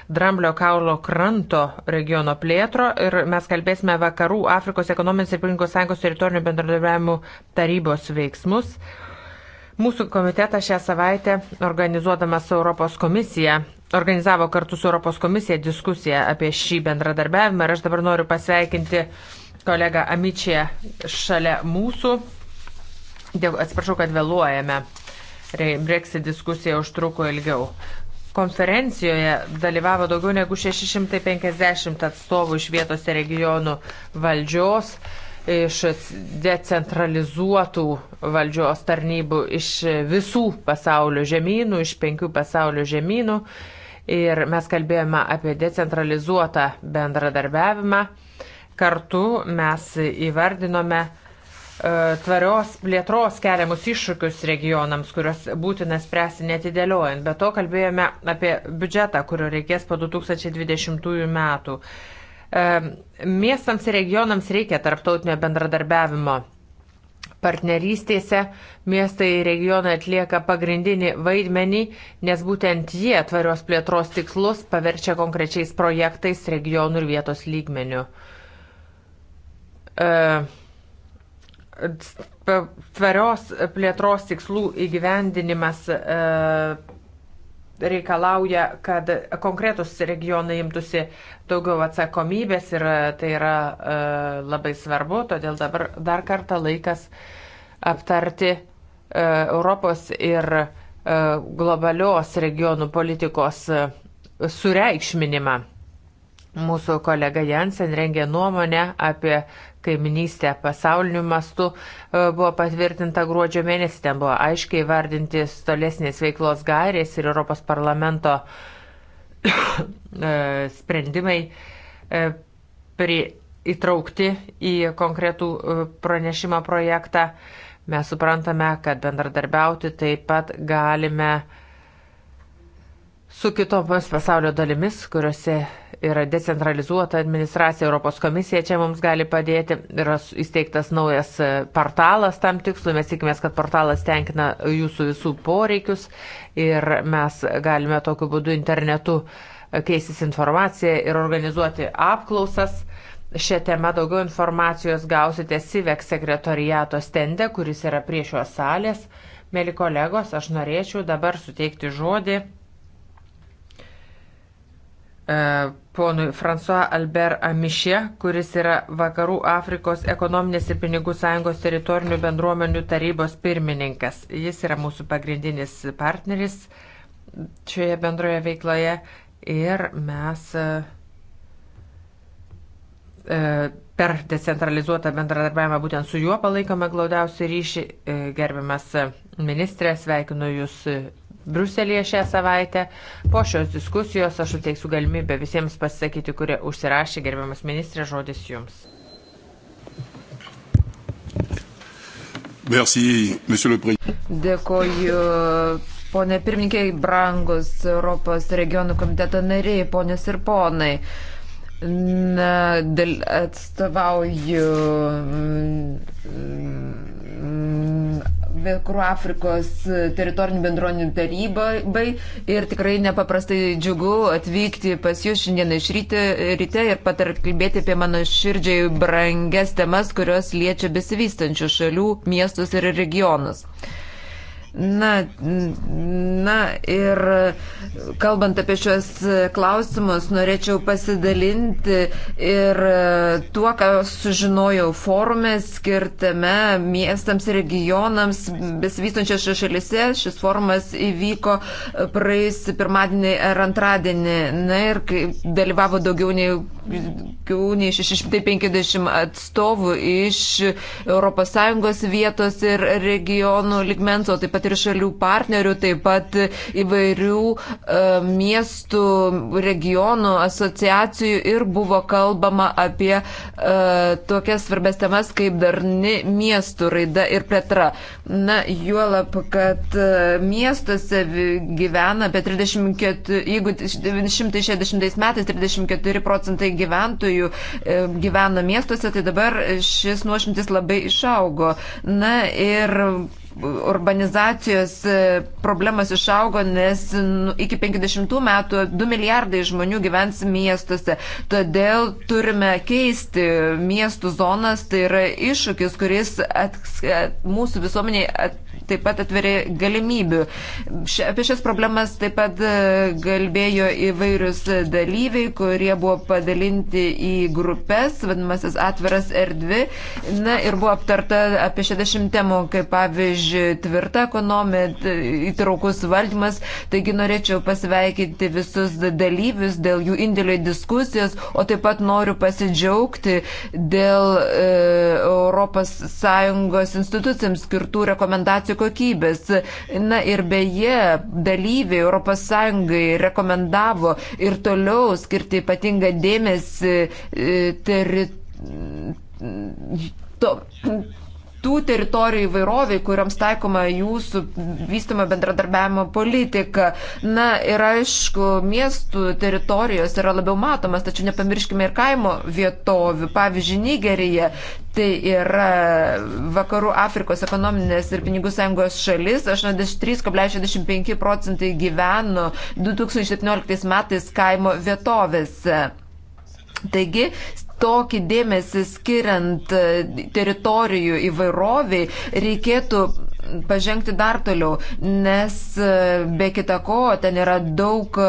Dramblio kaulo kranto regiono plėtro ir mes kalbėsime vakarų Afrikos ekonominės ir pilinkos sąjungos teritorinių bendradarbiavimų tarybos veiksmus. Mūsų komitetas šią savaitę, organizuodamas Europos komisiją, organizavo kartu su Europos komisija diskusiją apie šį bendradarbiavimą ir aš dabar noriu pasveikinti kolegą Amičią šalia mūsų. Dėl, atsiprašau, kad vėluojame. Brexit diskusija užtruko ilgiau. Konferencijoje dalyvavo daugiau negu 650 atstovų iš vietos regionų valdžios, iš decentralizuotų valdžios tarnybų, iš visų pasaulio žemynų, iš penkių pasaulio žemynų. Ir mes kalbėjome apie decentralizuotą bendradarbiavimą. Kartu mes įvardinome E, tvarios plėtros keliamus iššūkius regionams, kuriuos būtina spręsti netidėliojant. Be to kalbėjome apie biudžetą, kurio reikės po 2020 metų. E, miestams ir regionams reikia tarptautinio bendradarbiavimo. Partnerystėse miestai ir regionai atlieka pagrindinį vaidmenį, nes būtent jie tvarios plėtros tikslus paverčia konkrečiais projektais regionų ir vietos lygmenių. Uh, e, tvarios plėtros tikslų įgyvendinimas e, reikalauja, kad konkretus regionai imtųsi daugiau atsakomybės ir e, tai yra e, labai svarbu, todėl dabar dar kartą laikas aptarti Europos ir globalios regionų politikos sureikšminimą. Mūsų kolega Jansen rengė nuomonę apie kaiminystę pasauliniu mastu e, buvo patvirtinta gruodžio mėnesį. Ten buvo aiškiai vardinti tolesnės veiklos gairės ir Europos parlamento e, sprendimai e, pri, įtraukti į konkretų pranešimo projektą. Mes suprantame, kad bendradarbiauti taip pat galime su kitomis pasaulio dalimis, kuriuose yra decentralizuota administracija, Europos komisija čia mums gali padėti, yra įsteigtas naujas e, portalas tam tikslui, mes tikimės, kad portalas tenkina jūsų visų poreikius ir mes galime tokiu būdu internetu e, keistis informaciją ir organizuoti apklausas. Šią temą daugiau informacijos gausite SIVEK sekretoriato stende, kuris yra prie šios salės. Mėly kolegos, aš norėčiau dabar suteikti žodį E, ponui François Albert Amišė, kuris yra Vakarų Afrikos ekonominės ir pinigų sąjungos teritorinių bendruomenių tarybos pirmininkas. Jis yra mūsų pagrindinis partneris šioje bendroje veikloje ir mes e, e, per decentralizuotą bendradarbiavimą būtent su juo palaikome glaudiausią ryšį. Gerbiamas ministrė, sveikinu Jūs Bruselėje šią savaitę. Po šios diskusijos aš suteiksiu galimybę visiems pasisakyti, kurie užsirašė, gerbiamas ministrė, žodis jums. Merci, Dėkoju, ponė pirmininkiai, brangus Europos regionų komiteto nariai, ponės ir ponai. Na, dėl atstovauju. Mm, Vakarų Afrikos teritorinių bendroninių tarybai ir tikrai nepaprastai džiugu atvykti pas jūs šiandieną iš ryte, ryte ir patarkalbėti apie mano širdžiai brangias temas, kurios liečia besivystančių šalių, miestus ir regionus. Na, na ir kalbant apie šios klausimus, norėčiau pasidalinti ir tuo, ką sužinojau forume skirtame miestams, regionams, besivystančiose šalise. Šis forumas įvyko praėjusį pirmadienį ar antradienį. Na ir dalyvavo daugiau nei daugiau nei 650 atstovų iš ES vietos ir regionų ligmens, o taip pat ir šalių partnerių, taip pat įvairių e, miestų, regionų asociacijų ir buvo kalbama apie e, tokias svarbės temas kaip darni miestų raida ir plėtra. Na, juolab, kad e, miestuose gyvena apie 34, jeigu 160 metais 34 procentai gyventojų e, gyvena miestuose, tai dabar šis nuošimtis labai išaugo. Na ir urbanizacijos e, problemas išaugo, nes nu, iki 50 metų 2 milijardai žmonių gyvens miestuose. Todėl turime keisti miestų zonas, tai yra iššūkis, kuris at, e, mūsų visuomeniai at, taip pat atveria galimybių. Šia, apie šias problemas taip pat e, kalbėjo įvairius dalyviai, kurie buvo padalinti į grupės, vadinamasis atviras R2, na ir buvo aptarta apie 60 temų, kaip pavyzdžiui, pavyzdžiui, tvirta ekonomija, įtraukus valdymas. Taigi norėčiau pasveikinti visus dalyvius dėl jų indėlio į diskusijas, o taip pat noriu pasidžiaugti dėl e, ES institucijams skirtų rekomendacijų kokybės. Na ir beje, dalyviai ES rekomendavo ir toliau skirti ypatingą dėmesį e, teritorijai to, tų teritorijų įvairoviai, kuriams taikoma jūsų vystoma bendradarbiavimo politika. Na ir aišku, miestų teritorijos yra labiau matomas, tačiau nepamirškime ir kaimo vietovių. Pavyzdžiui, Nigerija tai yra vakarų Afrikos ekonominės ir pinigų sąjungos šalis. 83,65 procentai gyveno 2017 metais kaimo vietovėse. Taigi, tokį dėmesį skiriant e, teritorijų įvairoviai, reikėtų pažengti dar toliau, nes e, be kita ko ten yra daug e,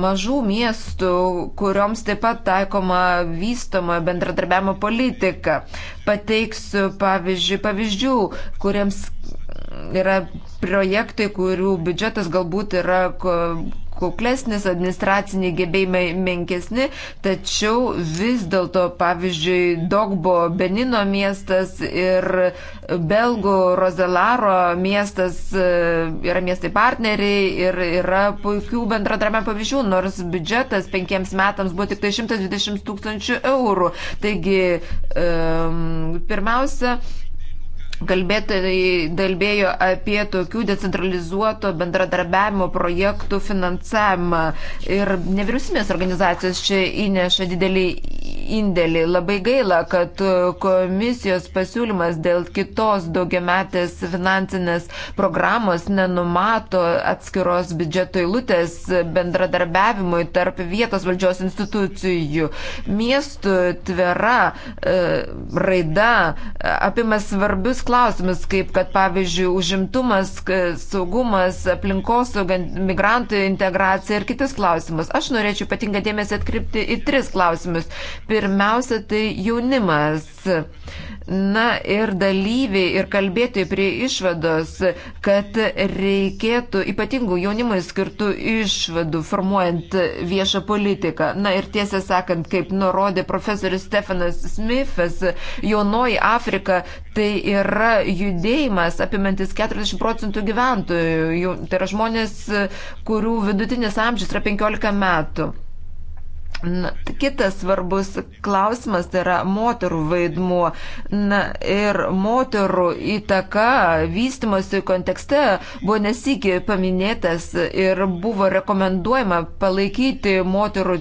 mažų miestų, kurioms taip pat taikoma vystoma bendradarbiavimo politika. Pateiksiu pavyzdžiui, pavyzdžių, kuriems yra projektai, kurių biudžetas galbūt yra kuklesnis, administraciniai gebėjimai menkesni, tačiau vis dėlto, pavyzdžiui, Dogbo Benino miestas ir Belgų Rozelaro miestas e, yra miestai partneriai ir yra puikių bendradarbiavimo pavyzdžių, nors biudžetas penkiems metams buvo tik tai 120 tūkstančių eurų. Taigi, um, pirmiausia, Kalbėtojai dalbėjo apie tokių decentralizuoto bendradarbiavimo projektų finansavimą ir nevyriausybės organizacijos čia įneša didelį indėlį. Labai gaila, kad komisijos pasiūlymas dėl kitos daugiametės finansinės programos nenumato atskiros biudžeto įlutės bendradarbiavimui tarp vietos valdžios institucijų. Miestų tvera e, raida apima svarbius klausimus, kaip kad pavyzdžiui užimtumas, saugumas, aplinkosauga, migrantų integracija ir kitus klausimus. Aš norėčiau ypatingą dėmesį atkreipti į tris klausimus. Pirmiausia, tai jaunimas. Na ir dalyviai ir kalbėtojai prie išvados, kad reikėtų ypatingų jaunimui skirtų išvadų formuojant viešą politiką. Na ir tiesą sakant, kaip nurodė profesorius Stefanas Smithas, jaunoji Afrika tai yra judėjimas apimantis 40 procentų gyventojų. Tai yra žmonės, kurių vidutinis amžius yra 15 metų. Na, kitas svarbus klausimas tai yra moterų vaidmuo. Na, ir moterų įtaka vystimosi kontekste buvo nesikį paminėtas ir buvo rekomenduojama palaikyti moterų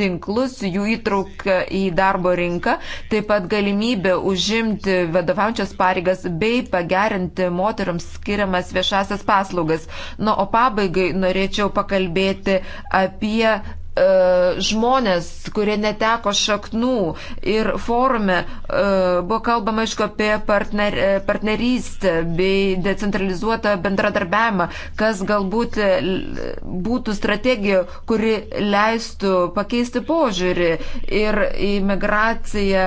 tinklus, jų įtrauką į darbo rinką, taip pat galimybę užimti vadovaujančias pareigas bei pagerinti moteriams skiriamas viešasias paslaugas. Na, nu, o pabaigai norėčiau pakalbėti apie E, žmonės, kurie neteko šaknų ir forume e, buvo kalbama, aišku, apie partner, e, partnerystę bei decentralizuotą bendradarbiavimą, kas galbūt būtų strategija, kuri leistų pakeisti požiūrį ir į migraciją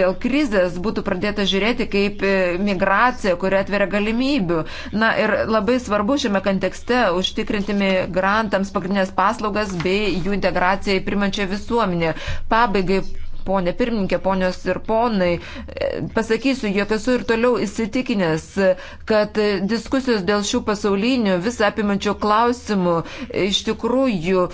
dėl krizės būtų pradėta žiūrėti kaip migracija, kuri atveria galimybių. Na ir labai svarbu šiame kontekste užtikrinti migrantams pagrindinės paslaugas bei jų integraciją į primančią visuomenę. Pabaigai ponė pirmininkė, ponios ir ponai. E, pasakysiu, jog esu ir toliau įsitikinęs, kad diskusijos dėl šių pasaulinių visą apimančių klausimų iš tikrųjų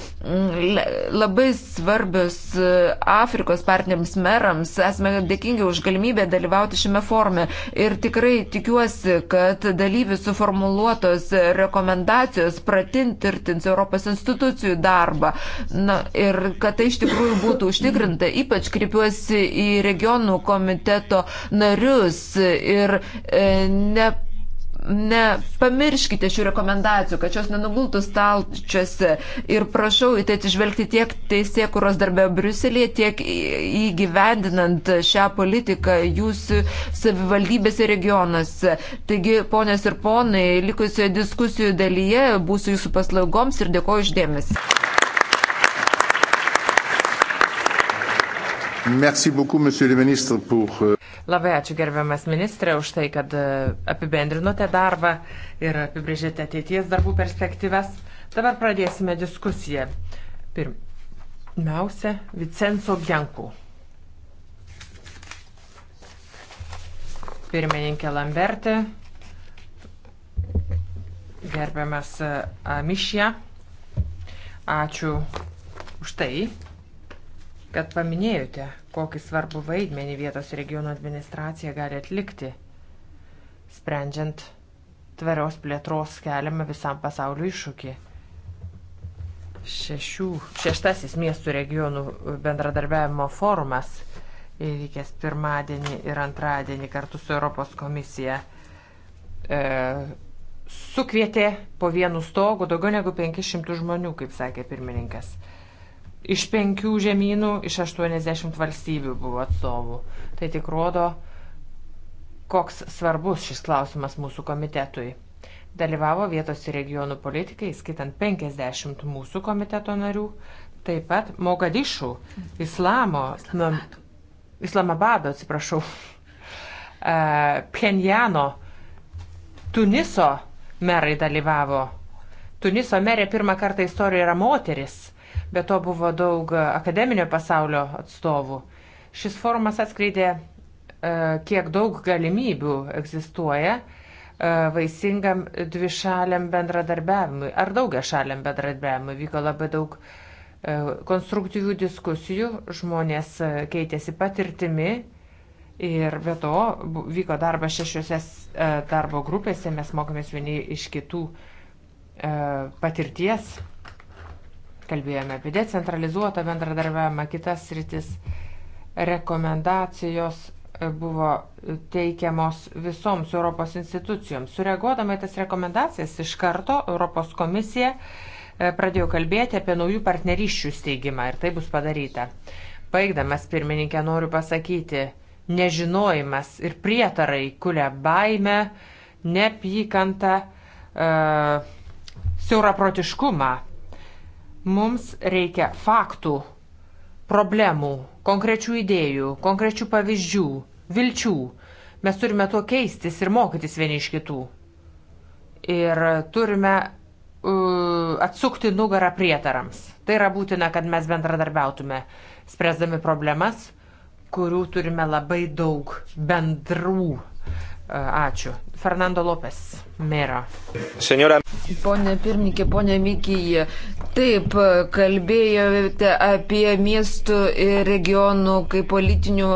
labai svarbios e, Afrikos partneriams merams. Esame dėkingi už galimybę dalyvauti šiame forume ir tikrai tikiuosi, kad dalyvių suformuluotos rekomendacijos pratintirtins Europos institucijų darbą. Na, ir kad tai iš tikrųjų būtų užtikrinta, ypač kri kreipiuosi į regionų komiteto narius ir e, ne nepamirškite šių rekomendacijų, kad šios nenugultų stalčiuose ir prašau į tai atsižvelgti tiek teisėkuros darbę Briuselėje, tiek įgyvendinant šią politiką jūsų savivaldybėse regionuose. Taigi, ponės ir ponai, likusioje diskusijų dalyje būsiu jūsų paslaugoms ir dėkoju uždėmesi. Merci beaucoup, monsieur le ministre, pour. Euh, Labai ačiū gerbiamas ministrė už tai, kad e, apibendrinote darbą ir apibrėžėte ateities darbų perspektyvas. Dabar pradėsime diskusiją. Pirmiausia, Vicenzo Gianku. Pirmininkė Lambertė, gerbiamas e, Mišė, ačiū už tai, kad paminėjote, kokį svarbų vaidmenį vietos regionų administracija gali atlikti, sprendžiant tvarios plėtros keliamą visam pasauliu iššūkį. Šešių, šeštasis miestų regionų bendradarbiavimo forumas įvykęs pirmadienį ir antradienį kartu su Europos komisija e, sukvietė po vienu stogu daugiau negu 500 žmonių, kaip sakė pirmininkas iš penkių žemynų, iš 80 valstybių buvo atstovų. Tai tik rodo, koks svarbus šis klausimas mūsų komitetui. Dalyvavo vietos ir regionų politikai, skaitant 50 mūsų komiteto narių, taip pat Mogadišų, Islamo, Islamabado, Islamabado atsiprašau, e, Pjenjano, Tuniso merai dalyvavo. Tuniso merė pirmą kartą istorijoje yra moteris Be to buvo daug akademinio pasaulio atstovų. Šis forumas atskleidė, e, kiek daug galimybių egzistuoja e, vaisingam dvišaliam bendradarbiavimui ar daugia šaliam bendradarbiavimui. Vyko labai daug e, konstruktyvių diskusijų, žmonės keitėsi patirtimi ir be to vyko darbas šešiuose darbo grupėse, mes mokomės vieni iš kitų patirties Kalbėjome apie decentralizuotą bendradarbiavimą, kitas rytis. Rekomendacijos e, buvo teikiamos visoms Europos institucijoms. Sureaguodama į tas rekomendacijas iš karto Europos komisija e, pradėjo kalbėti apie naujų partnerysčių steigimą ir tai bus padaryta. Baigdamas pirmininkę noriu pasakyti, nežinojimas ir prietarai kuria baimę, neapykantą, e, siauraprotiškumą Mums reikia faktų, problemų, konkrečių idėjų, konkrečių pavyzdžių, vilčių. Mes turime tuo keistis ir mokytis vieni iš kitų. Ir turime uh, atsukti nugarą prietarams. Tai yra būtina, kad mes bendradarbiautume, spręsdami problemas, kurių turime labai daug bendrų. Uh, ačiū. Fernando Lopes, mėra. Senora. Pone pirmininkė, pone Mikyje, taip, kalbėjote apie miestų ir regionų kaip politinių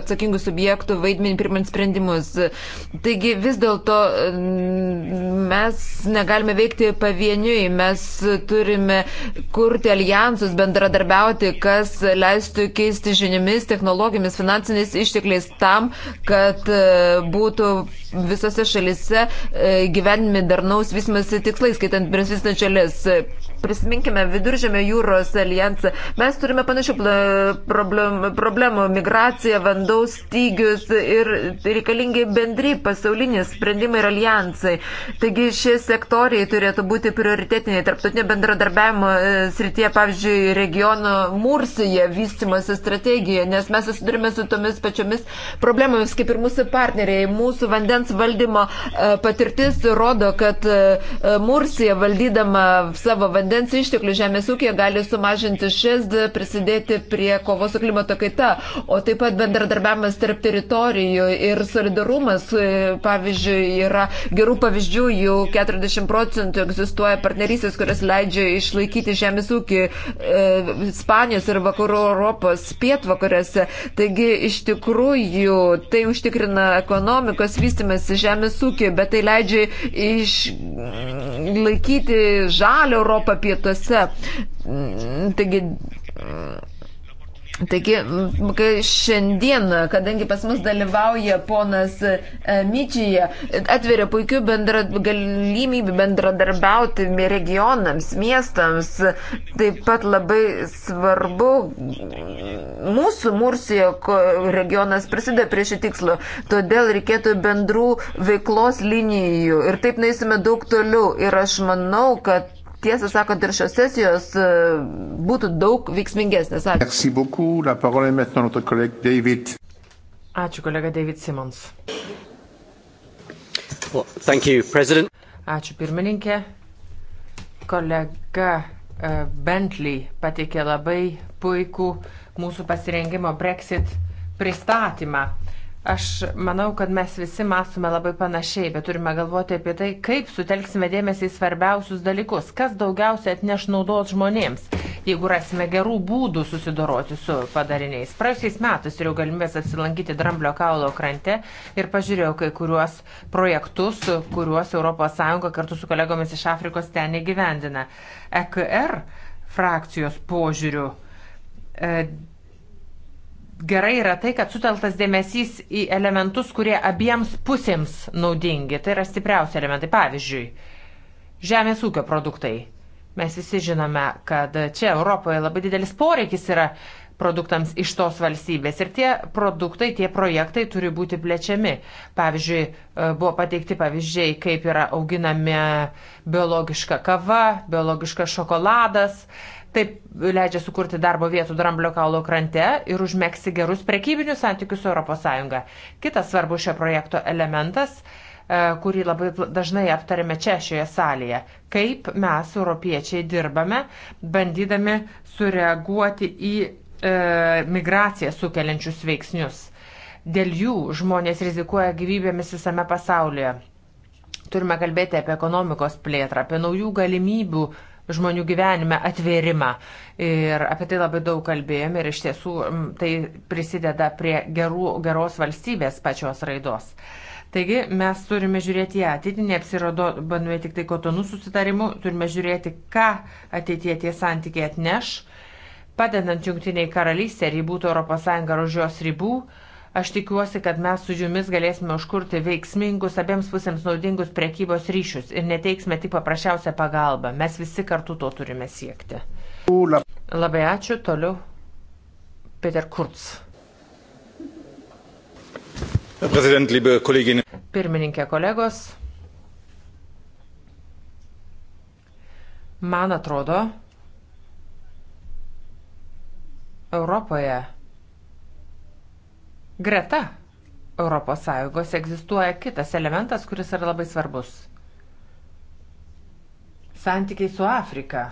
atsakingų subjektų vaidmenį pirmant sprendimus. Taigi vis dėlto mm, mes negalime veikti pavieniui, mes turime kurti alijansus, bendradarbiauti, kas leistų keisti žiniomis, technologijomis, finansiniais ištekliais tam, kad e, būtų visose šalise e, gyvenime darnaus vystimasi tikslais, skaitant besistančias Prisiminkime viduržėmio jūros alijansą. Mes turime panašių problemų, problemų - migracija, vandaus stygius ir reikalingi bendri pasauliniai sprendimai ir alijansai. Taigi šie sektoriai turėtų būti prioritetiniai tarptautinio bendradarbiavimo e, srityje, pavyzdžiui, regiono Mursijoje vystimosi strategija, nes mes susidurime su tomis pačiomis problemomis kaip ir mūsų partneriai. Mūsų vandens valdymo e, patirtis rodo, kad e, Mursija valdydama savo vandens vandens išteklių žemės ūkija gali sumažinti šias, prisidėti prie kovos su klimato kaita, o taip pat bendradarbiavimas tarp teritorijų ir solidarumas, e, pavyzdžiui, yra gerų pavyzdžių, jau 40 procentų egzistuoja partnerystės, kurios leidžia išlaikyti žemės ūkį e, Ispanijos ir vakarų Europos pietvakariuose. Taigi, iš tikrųjų, tai užtikrina ekonomikos vystimasi žemės ūkį, bet tai leidžia išlaikyti žalę Europą, pietuose. Taigi, Taigi, šiandien, kadangi pas mus dalyvauja ponas Myčyje, atveria puikių bendra, galimybių bendradarbiauti regionams, miestams. Taip pat labai svarbu, mūsų Mursijo regionas prisideda prie šį tikslą, todėl reikėtų bendrų veiklos linijų ir taip naisime daug toliau. Ir aš manau, kad tiesą sakant, ir šios sesijos e, būtų daug veiksmingesnės. Ačiū. Ačiū, kolega David Simons. Well, thank you, President. Ačiū, pirmininkė. Kolega e, Bentley pateikė labai puikų mūsų pasirengimo Brexit pristatymą. Aš manau, kad mes visi mąstome labai panašiai, bet turime galvoti apie tai, kaip sutelksime dėmesį į svarbiausius dalykus, kas daugiausiai atneš naudos žmonėms, jeigu rasime gerų būdų susidoroti su padariniais. Praėjusiais metais turėjau galimybės apsilankyti Dramblio kaulo krante ir pažiūrėjau kai kuriuos projektus, kuriuos ES kartu su kolegomis iš Afrikos ten įgyvendina. EKR frakcijos požiūrių e, gerai yra tai, kad suteltas dėmesys į elementus, kurie abiems pusėms naudingi. Tai yra stipriausi elementai. Pavyzdžiui, žemės ūkio produktai. Mes visi žinome, kad čia Europoje labai didelis poreikis yra produktams iš tos valstybės. Ir tie produktai, tie projektai turi būti plečiami. Pavyzdžiui, e, buvo pateikti pavyzdžiai, kaip yra auginami biologiška kava, biologiškas šokoladas. Taip leidžia sukurti darbo vietų Dramblio kaulo krante ir užmėgsi gerus prekybinius santykius su ES. Kitas svarbus šio projekto elementas, e, kurį labai dažnai aptarėme čia šioje salėje, kaip mes, europiečiai, dirbame, bandydami sureaguoti į e, migraciją sukeliančius veiksnius. Dėl jų žmonės rizikuoja gyvybėmis visame pasaulyje. Turime kalbėti apie ekonomikos plėtrą, apie naujų galimybių žmonių gyvenime atvėrimą. Ir apie tai labai daug kalbėjome ir iš tiesų tai prisideda prie gerų, geros valstybės pačios raidos. Taigi mes turime žiūrėti į ateitį, neapsirodobanui tik tai kotonų susitarimu, turime žiūrėti, ką ateitie tie santykiai atneš, padedant jungtiniai karalystė, ar jį būtų ES ar už jos ribų, Aš tikiuosi, kad mes su jumis galėsime užkurti veiksmingus, abiems pusėms naudingus prekybos ryšius ir neteiksime tik paprasčiausią pagalbą. Mes visi kartu to turime siekti. Ula. Labai ačiū. Toliau Peter Kurz. Pirmininkė kolegos. Man atrodo, Europoje Greta ES egzistuoja kitas elementas, kuris yra labai svarbus. Santykiai su Afrika.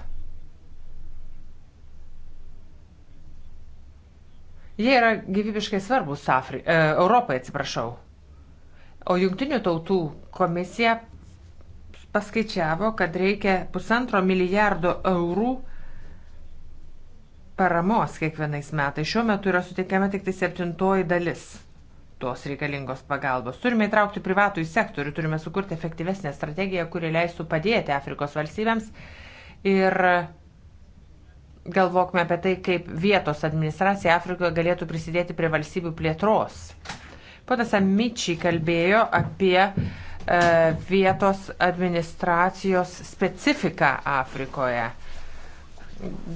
Jie yra gyvybiškai svarbus Afri e, Europai, atsiprašau. O jungtinių tautų komisija paskaičiavo, kad reikia pusantro milijardo eurų paramos kiekvienais metais. Šiuo metu yra suteikiama tik tai septintoji dalis tos reikalingos pagalbos. Turime įtraukti privatų į sektorių, turime sukurti efektyvesnę strategiją, kuri leistų padėti Afrikos valstybėms ir galvokime apie tai, kaip vietos administracija Afrikoje galėtų prisidėti prie valstybių plėtros. Ponas Amičiai kalbėjo apie e, vietos administracijos specifiką Afrikoje.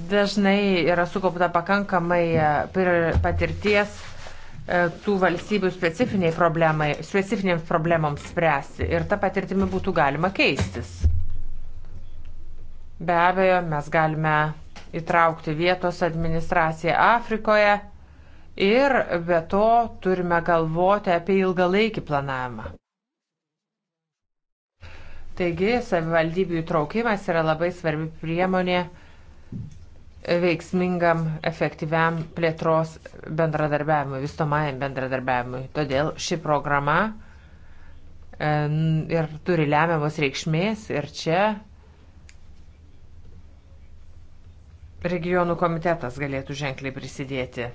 Dažnai yra sukaupta pakankamai e, patirties e, tų valstybių specifiniai problemai, specifinėms problemams spręsti ir tą patirtimį būtų galima keistis. Be abejo, mes galime įtraukti vietos administraciją Afrikoje ir be to turime galvoti apie ilgalaikį planavimą. Taigi, savivaldybių įtraukimas yra labai svarbi priemonė veiksmingam, efektyviam plėtros bendradarbiavimui, vystomajam bendradarbiavimui. Todėl ši programa e, ir turi lemiamos reikšmės ir čia regionų komitetas galėtų ženkliai prisidėti.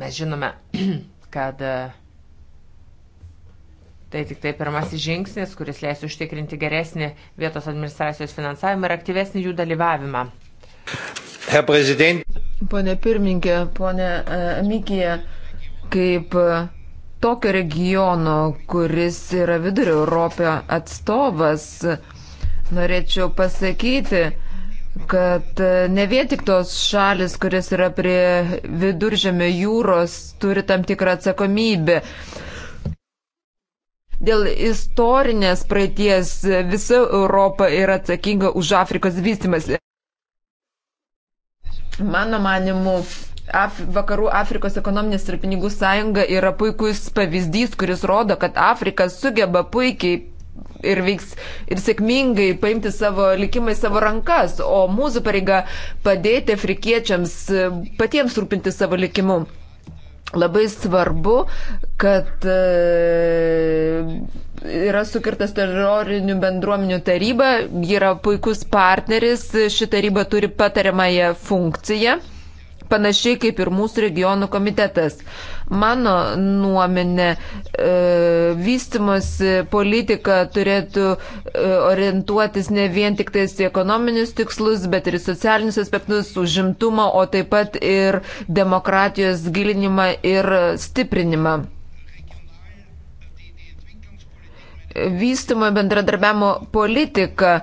Mes žinome, kad e, tai tik tai pirmasis žingsnis, kuris leis užtikrinti geresnį vietos administracijos finansavimą ir aktyvesnį jų dalyvavimą. Herr Präsident. Pone pirmininkė, pone e, Mikija, kaip e, tokio regiono, kuris yra vidurio Europio atstovas, norėčiau pasakyti, kad e, ne vien tik tos šalis, kuris yra prie viduržėmio jūros, turi tam tikrą atsakomybę. Dėl istorinės praeities visa Europa yra atsakinga už Afrikos vystimąsi. Mano manimu, Af vakarų Afrikos ekonominės ir pinigų sąjunga yra puikus pavyzdys, kuris rodo, kad Afrika sugeba puikiai ir veiks ir sėkmingai paimti savo likimą į savo rankas, o mūsų pareiga padėti afrikiečiams patiems rūpinti savo likimu labai svarbu, kad e, yra sukirtas terorinių bendruomenių taryba, ji yra puikus partneris, ši taryba turi patariamąją funkciją, panašiai kaip ir mūsų regionų komitetas. Mano nuomenė, e, vystimosi politika turėtų e, orientuotis ne vien tik tais į ekonominius tikslus, bet ir į socialinius aspektus, užimtumą, o taip pat ir demokratijos gilinimą ir stiprinimą. Vystimo bendradarbiamo politika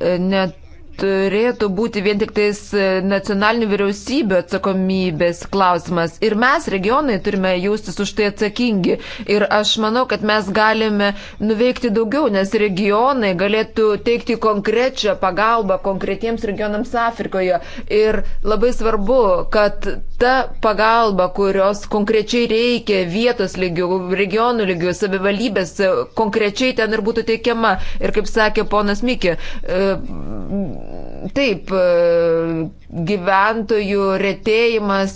e, net turėtų būti vien tik tais e, nacionalinių vyriausybių atsakomybės klausimas. Ir mes, regionai, turime jaustis už tai atsakingi. Ir aš manau, kad mes galime nuveikti daugiau, nes regionai galėtų teikti konkrečią pagalbą konkretiems regionams Afrikoje. Ir labai svarbu, kad ta pagalba, kurios konkrečiai reikia vietos lygių, regionų lygių, savivalybės, e, konkrečiai ten ir būtų teikiama. Ir kaip sakė ponas Mikė, e, Taip, e, gyventojų retėjimas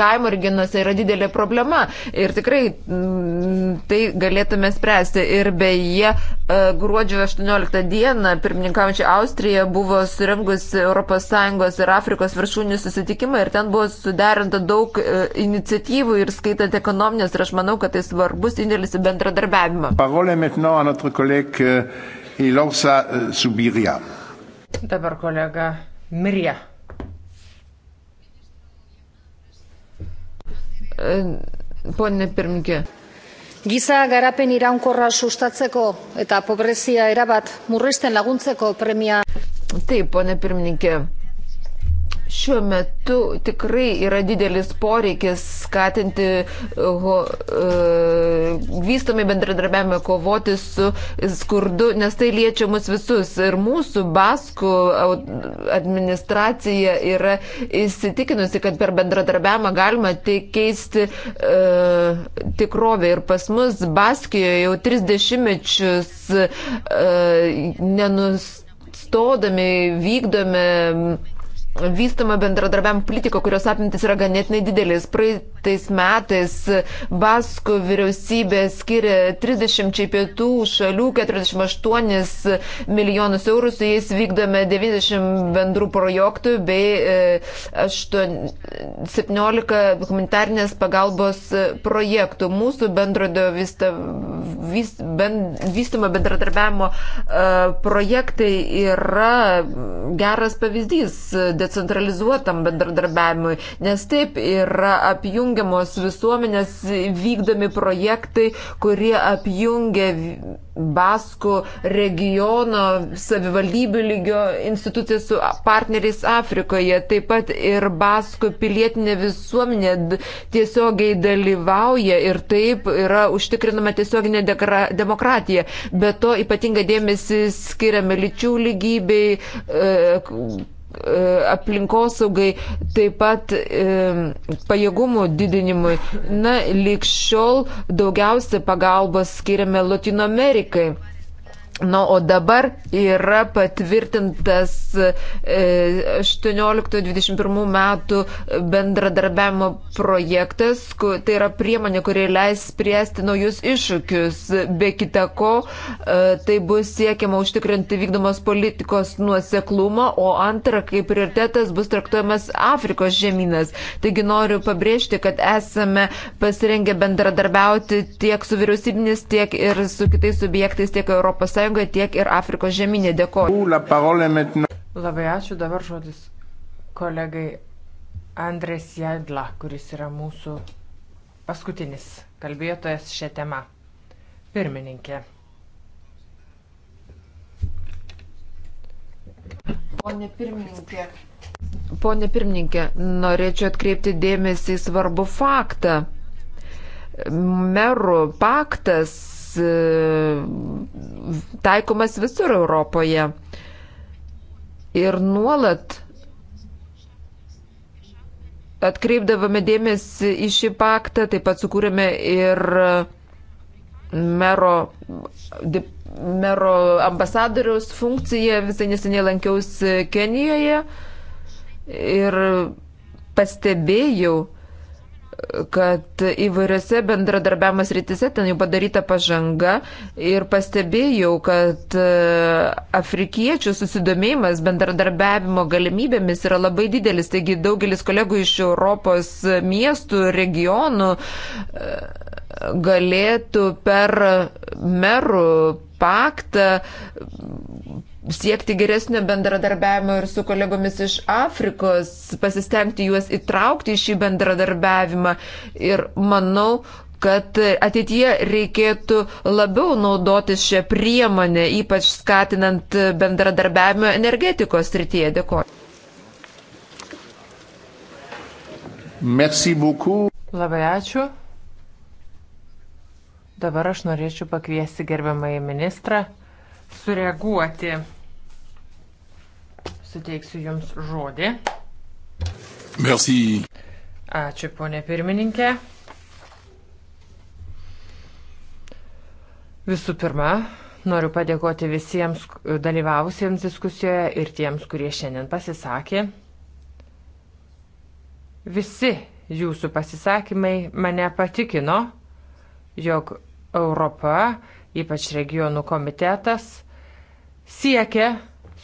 kaimo regionuose yra didelė problema ir tikrai mm, tai galėtume spręsti. Ir beje, e, gruodžio 18 dieną pirmininkaujančia Austrija buvo surengusi ES ir Afrikos viršūnių susitikimą ir ten buvo suderinta daug e, iniciatyvų ir skaitant ekonominės ir aš manau, kad tai svarbus indėlis į bendradarbiavimą. Pavolė, maintenant, à notre collègue Ilosa euh, euh, Subiria. Dabar kolega Mirė. E, pone pirmininkė. Giza garapen iraunkorra sustatzeko eta pobrezia erabat murrizten laguntzeko premia. Taip, pone pirmininkė. Šiuo metu tikrai yra didelis poreikis skatinti ho, e, vystomi bendradarbiavimą kovoti su skurdu, nes tai liečia mus visus. Ir mūsų baskų administracija yra įsitikinusi, kad per bendradarbiavimą galima tik keisti e, tikrovę. Ir pas mus Baskijoje jau 30 mečius e, nenustodami vykdome vystoma bendradarbiavimo politika, kurios apimtis yra ganėtinai didelis. Praeitais metais Baskų vyriausybė skiria 30 pietų šalių 48 milijonus eurų, su jais vykdome 90 bendrų projektų bei 8, e, 17 humanitarnės pagalbos projektų. Mūsų bendrodo vystomo bendradarbiavimo e, projektai yra geras pavyzdys decentralizuotam bendradarbiavimui, nes taip yra apjungiamos visuomenės vykdomi projektai, kurie apjungia Baskų regiono savivaldybių lygio institucijas su partneriais Afrikoje. Taip pat ir Baskų pilietinė visuomenė tiesiogiai dalyvauja ir taip yra užtikrinama tiesioginė demokratija. Be to ypatinga dėmesį skiriame lyčių lygybei, e, E, aplinkosaugai, taip pat e, pajėgumų didinimui. Na, likščiol daugiausia pagalbos skiriame Latino Amerikai. Na, o dabar yra patvirtintas 18-21 e, metų bendradarbiavimo projektas, tai yra priemonė, kuri leis spręsti naujus iššūkius. Be kita ko, e, tai bus siekiama užtikrinti vykdomos politikos nuoseklumą, o antra, kaip prioritetas bus traktuojamas Afrikos žemynas. Taigi noriu pabrėžti, kad esame pasirengę bendradarbiauti tiek su vyriausybinis, tiek ir su kitais subjektais, tiek ES tiek ir Afrikos žemynė. Dėkoju. Labai ačiū dabar žodis kolegai Andrės Jadla, kuris yra mūsų paskutinis kalbėtojas šią temą. Pirmininkė. Pone pirmininkė. Pone pirmininkė, norėčiau atkreipti dėmesį į svarbų faktą. Merų paktas E, taikomas visur Europoje. Ir nuolat atkreipdavome dėmesį į šį paktą, taip pat sukūrėme ir mero, mero ambasadoriaus funkciją, visai neseniai lankiausi Kenijoje ir pastebėjau, kad įvairiose bendradarbiavimas rytise ten jau padaryta pažanga ir pastebėjau, kad e, afrikiečių susidomėjimas bendradarbiavimo galimybėmis yra labai didelis, taigi daugelis kolegų iš Europos miestų, regionų e, galėtų per merų paktą siekti geresnio bendradarbiavimo ir su kolegomis iš Afrikos, pasistengti juos įtraukti į šį bendradarbiavimą. Ir manau, kad ateityje reikėtų labiau naudotis šią priemonę, ypač skatinant bendradarbiavimą energetikos srityje. Dėkuoju. Merci beaucoup. Labai ačiū. Dabar aš norėčiau pakviesti gerbiamąjį ministrą sureaguoti. Suteiksiu Jums žodį. Merci. Ačiū, ponė pirmininkė. Visų pirma, noriu padėkoti visiems dalyvavusiems diskusijoje ir tiems, kurie šiandien pasisakė. Visi jūsų pasisakymai mane patikino, jog Europa ypač regionų komitetas, siekia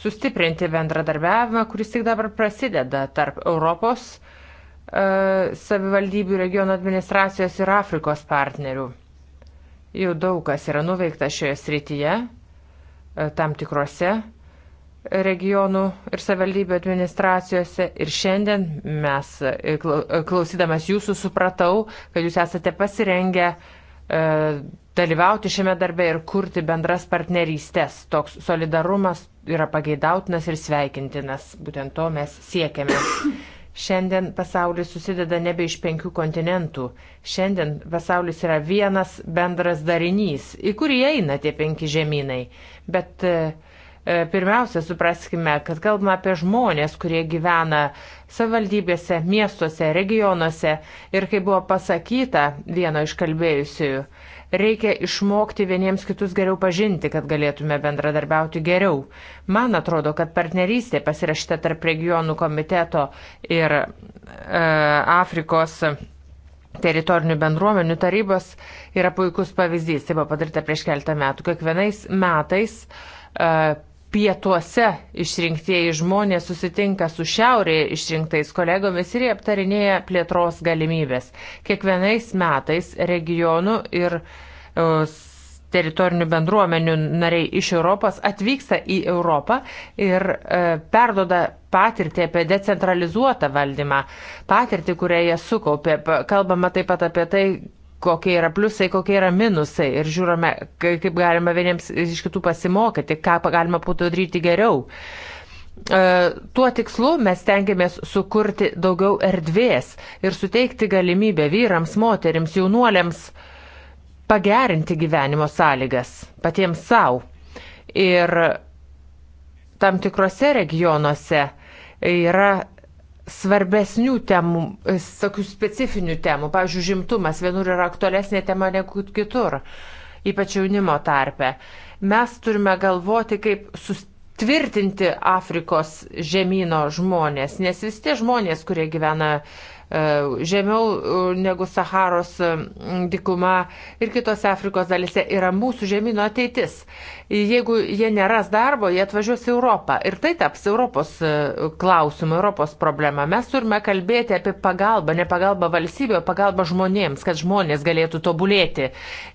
sustiprinti bendradarbiavimą, kuris tik dabar prasideda tarp Europos e, savivaldybių regionų administracijos ir Afrikos partnerių. Jau daug kas yra nuveikta šioje srityje, e, tam tikrose regionų ir savivaldybių administracijose. Ir šiandien mes, e, e, klausydamas jūsų, supratau, kad jūs esate pasirengę e, dalyvauti šiame darbe ir kurti bendras partnerystės. Toks solidarumas yra pageidautinas ir sveikintinas. Būtent to mes siekiame. Šiandien pasaulis susideda nebe iš penkių kontinentų. Šiandien pasaulis yra vienas bendras darinys, į kurį eina tie penki žemynai. Bet e, e pirmiausia, supraskime, kad kalbame apie žmonės, kurie gyvena savivaldybėse, miestuose, regionuose. Ir kaip buvo pasakyta vieno iš kalbėjusiųjų, Reikia išmokti vieniems kitus geriau pažinti, kad galėtume bendradarbiauti geriau. Man atrodo, kad partnerystė pasirašyta tarp regionų komiteto ir e, Afrikos teritorinių bendruomenių tarybos yra puikus pavyzdys. Tai buvo padaryta prieš keltą metų. Kiekvienais metais e, pietuose išrinktieji žmonės susitinka su šiaurėje išrinktais kolegomis ir jie aptarinėja plėtros galimybės. Kiekvienais metais regionų ir e, teritorinių bendruomenių nariai iš Europos atvyksta į Europą ir e, perdoda patirtį apie decentralizuotą valdymą, patirtį, kurią jie sukaupė. Kalbama taip pat apie tai, kokie yra pliusai, kokie yra minusai ir žiūrime, kaip galima vieniems iš kitų pasimokyti, ką galima padaryti geriau. E, tuo tikslu mes tengiamės sukurti daugiau erdvės ir suteikti galimybę vyrams, moteriams, jaunuoliams pagerinti gyvenimo sąlygas patiems savo. Ir tam tikrose regionuose yra svarbesnių temų, e, tokių specifinių temų. Pavyzdžiui, žimtumas vienur yra aktualesnė tema negu kitur, ypač jaunimo tarpe. Mes turime galvoti, kaip sustvirtinti Afrikos žemynų žmonės, nes visi tie žmonės, kurie gyvena uh, E, žemiau e, negu Saharos e, dikuma ir kitose Afrikos dalise yra mūsų žemynų ateitis. Jeigu jie neras darbo, jie atvažiuos į Europą ir tai taps Europos klausimą, Europos problemą. Mes turime kalbėti apie pagalbą, ne pagalbą valstybėje, pagalbą žmonėms, kad žmonės galėtų tobulėti.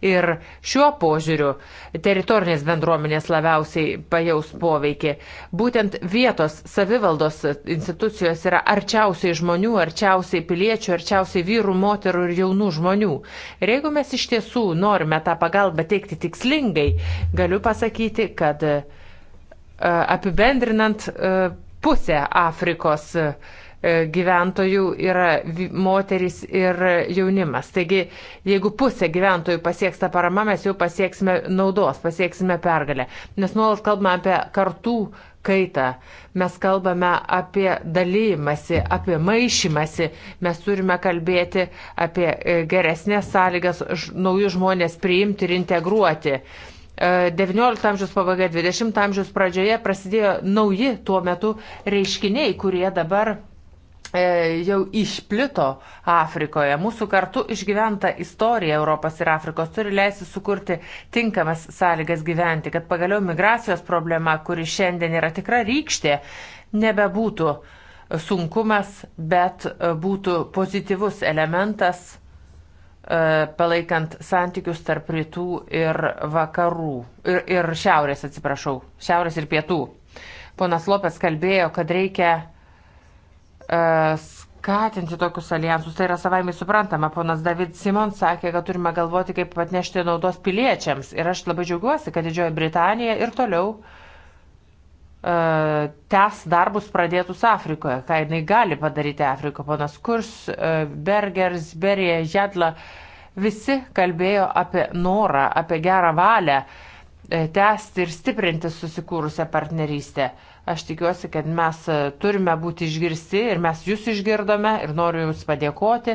Ir šiuo požiūriu uh, teritorinės bendruomenės labiausiai pajaus poveikį. Būtent vietos savivaldos institucijos yra arčiausiai žmonių, arčiausiai piliečių, arčiausiai vyrų, moterų ir jaunų žmonių. Ir jeigu mes iš tiesų norime tą pagalbą teikti tikslingai, galiu pasakyti, kad e, apibendrinant e, pusę Afrikos uh, E, gyventojų yra moterys ir jaunimas. Taigi, jeigu pusė gyventojų pasieks tą paramą, mes jau pasieksime naudos, pasieksime pergalę. Nes nuolat kalbame apie kartų kaitą, mes kalbame apie dalymasi, apie maišymasi, mes turime kalbėti apie e, geresnės sąlygas naujus žmonės priimti ir integruoti. XIX e, amžiaus pabaiga, XX amžiaus pradžioje prasidėjo nauji tuo metu reiškiniai, kurie dabar E, jau išplito Afrikoje. Mūsų kartu išgyventa istorija Europos ir Afrikos turi leisti sukurti tinkamas sąlygas gyventi, kad pagaliau migracijos problema, kuri šiandien yra tikra rykštė, nebebūtų sunkumas, bet e, būtų pozityvus elementas e, palaikant santykius tarp rytų ir vakarų. Ir, ir šiaurės, atsiprašau, šiaurės ir pietų. Ponas Lopes kalbėjo, kad reikia E, skatinti tokius alijansus. Tai yra savaime suprantama. Ponas David Simon sakė, kad turime galvoti, kaip atnešti naudos piliečiams. Ir aš labai džiaugiuosi, kad Didžioji Britanija ir toliau e, tęs darbus pradėtus Afrikoje, ką jinai gali padaryti Afrikoje. Ponas Kurs, e, Bergers, Berija, Žedla, visi kalbėjo apie norą, apie gerą valią tęsti ir stiprinti susikūrusią partnerystę. Uh, Aš tikiuosi, kad mes e, turime būti išgirsti ir mes jūs išgirdome ir noriu Jums padėkoti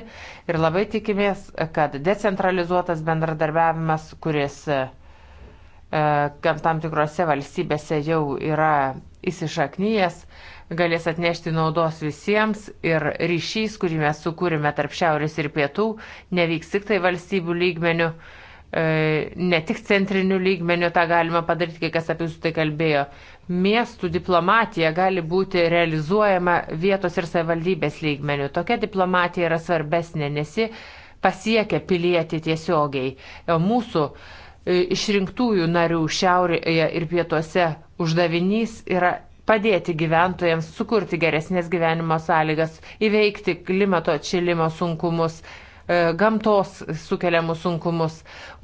ir labai tikimės, kad decentralizuotas bendradarbiavimas, kuris kam e, e, tam tikrose valstybėse jau yra įsišaknyjas, galės atnešti naudos visiems ir ryšys, kurį mes sukūrime tarp šiaurės ir pietų, nevyks tik tai valstybių lygmenių E, ne tik centriniu lygmeniu tą galima padaryti, kai kas apie jūsų tai kalbėjo. Miestų diplomatija gali būti realizuojama vietos ir savivaldybės lygmeniu. Tokia diplomatija yra svarbesnė, nes ji pasiekia pilietį tiesiogiai. E, mūsų e, išrinktųjų narių šiaurėje ir pietuose uždavinys yra padėti gyventojams sukurti geresnės gyvenimo sąlygas, įveikti klimato atšilimo sunkumus, E, gamtos sukeliamus sunkumus.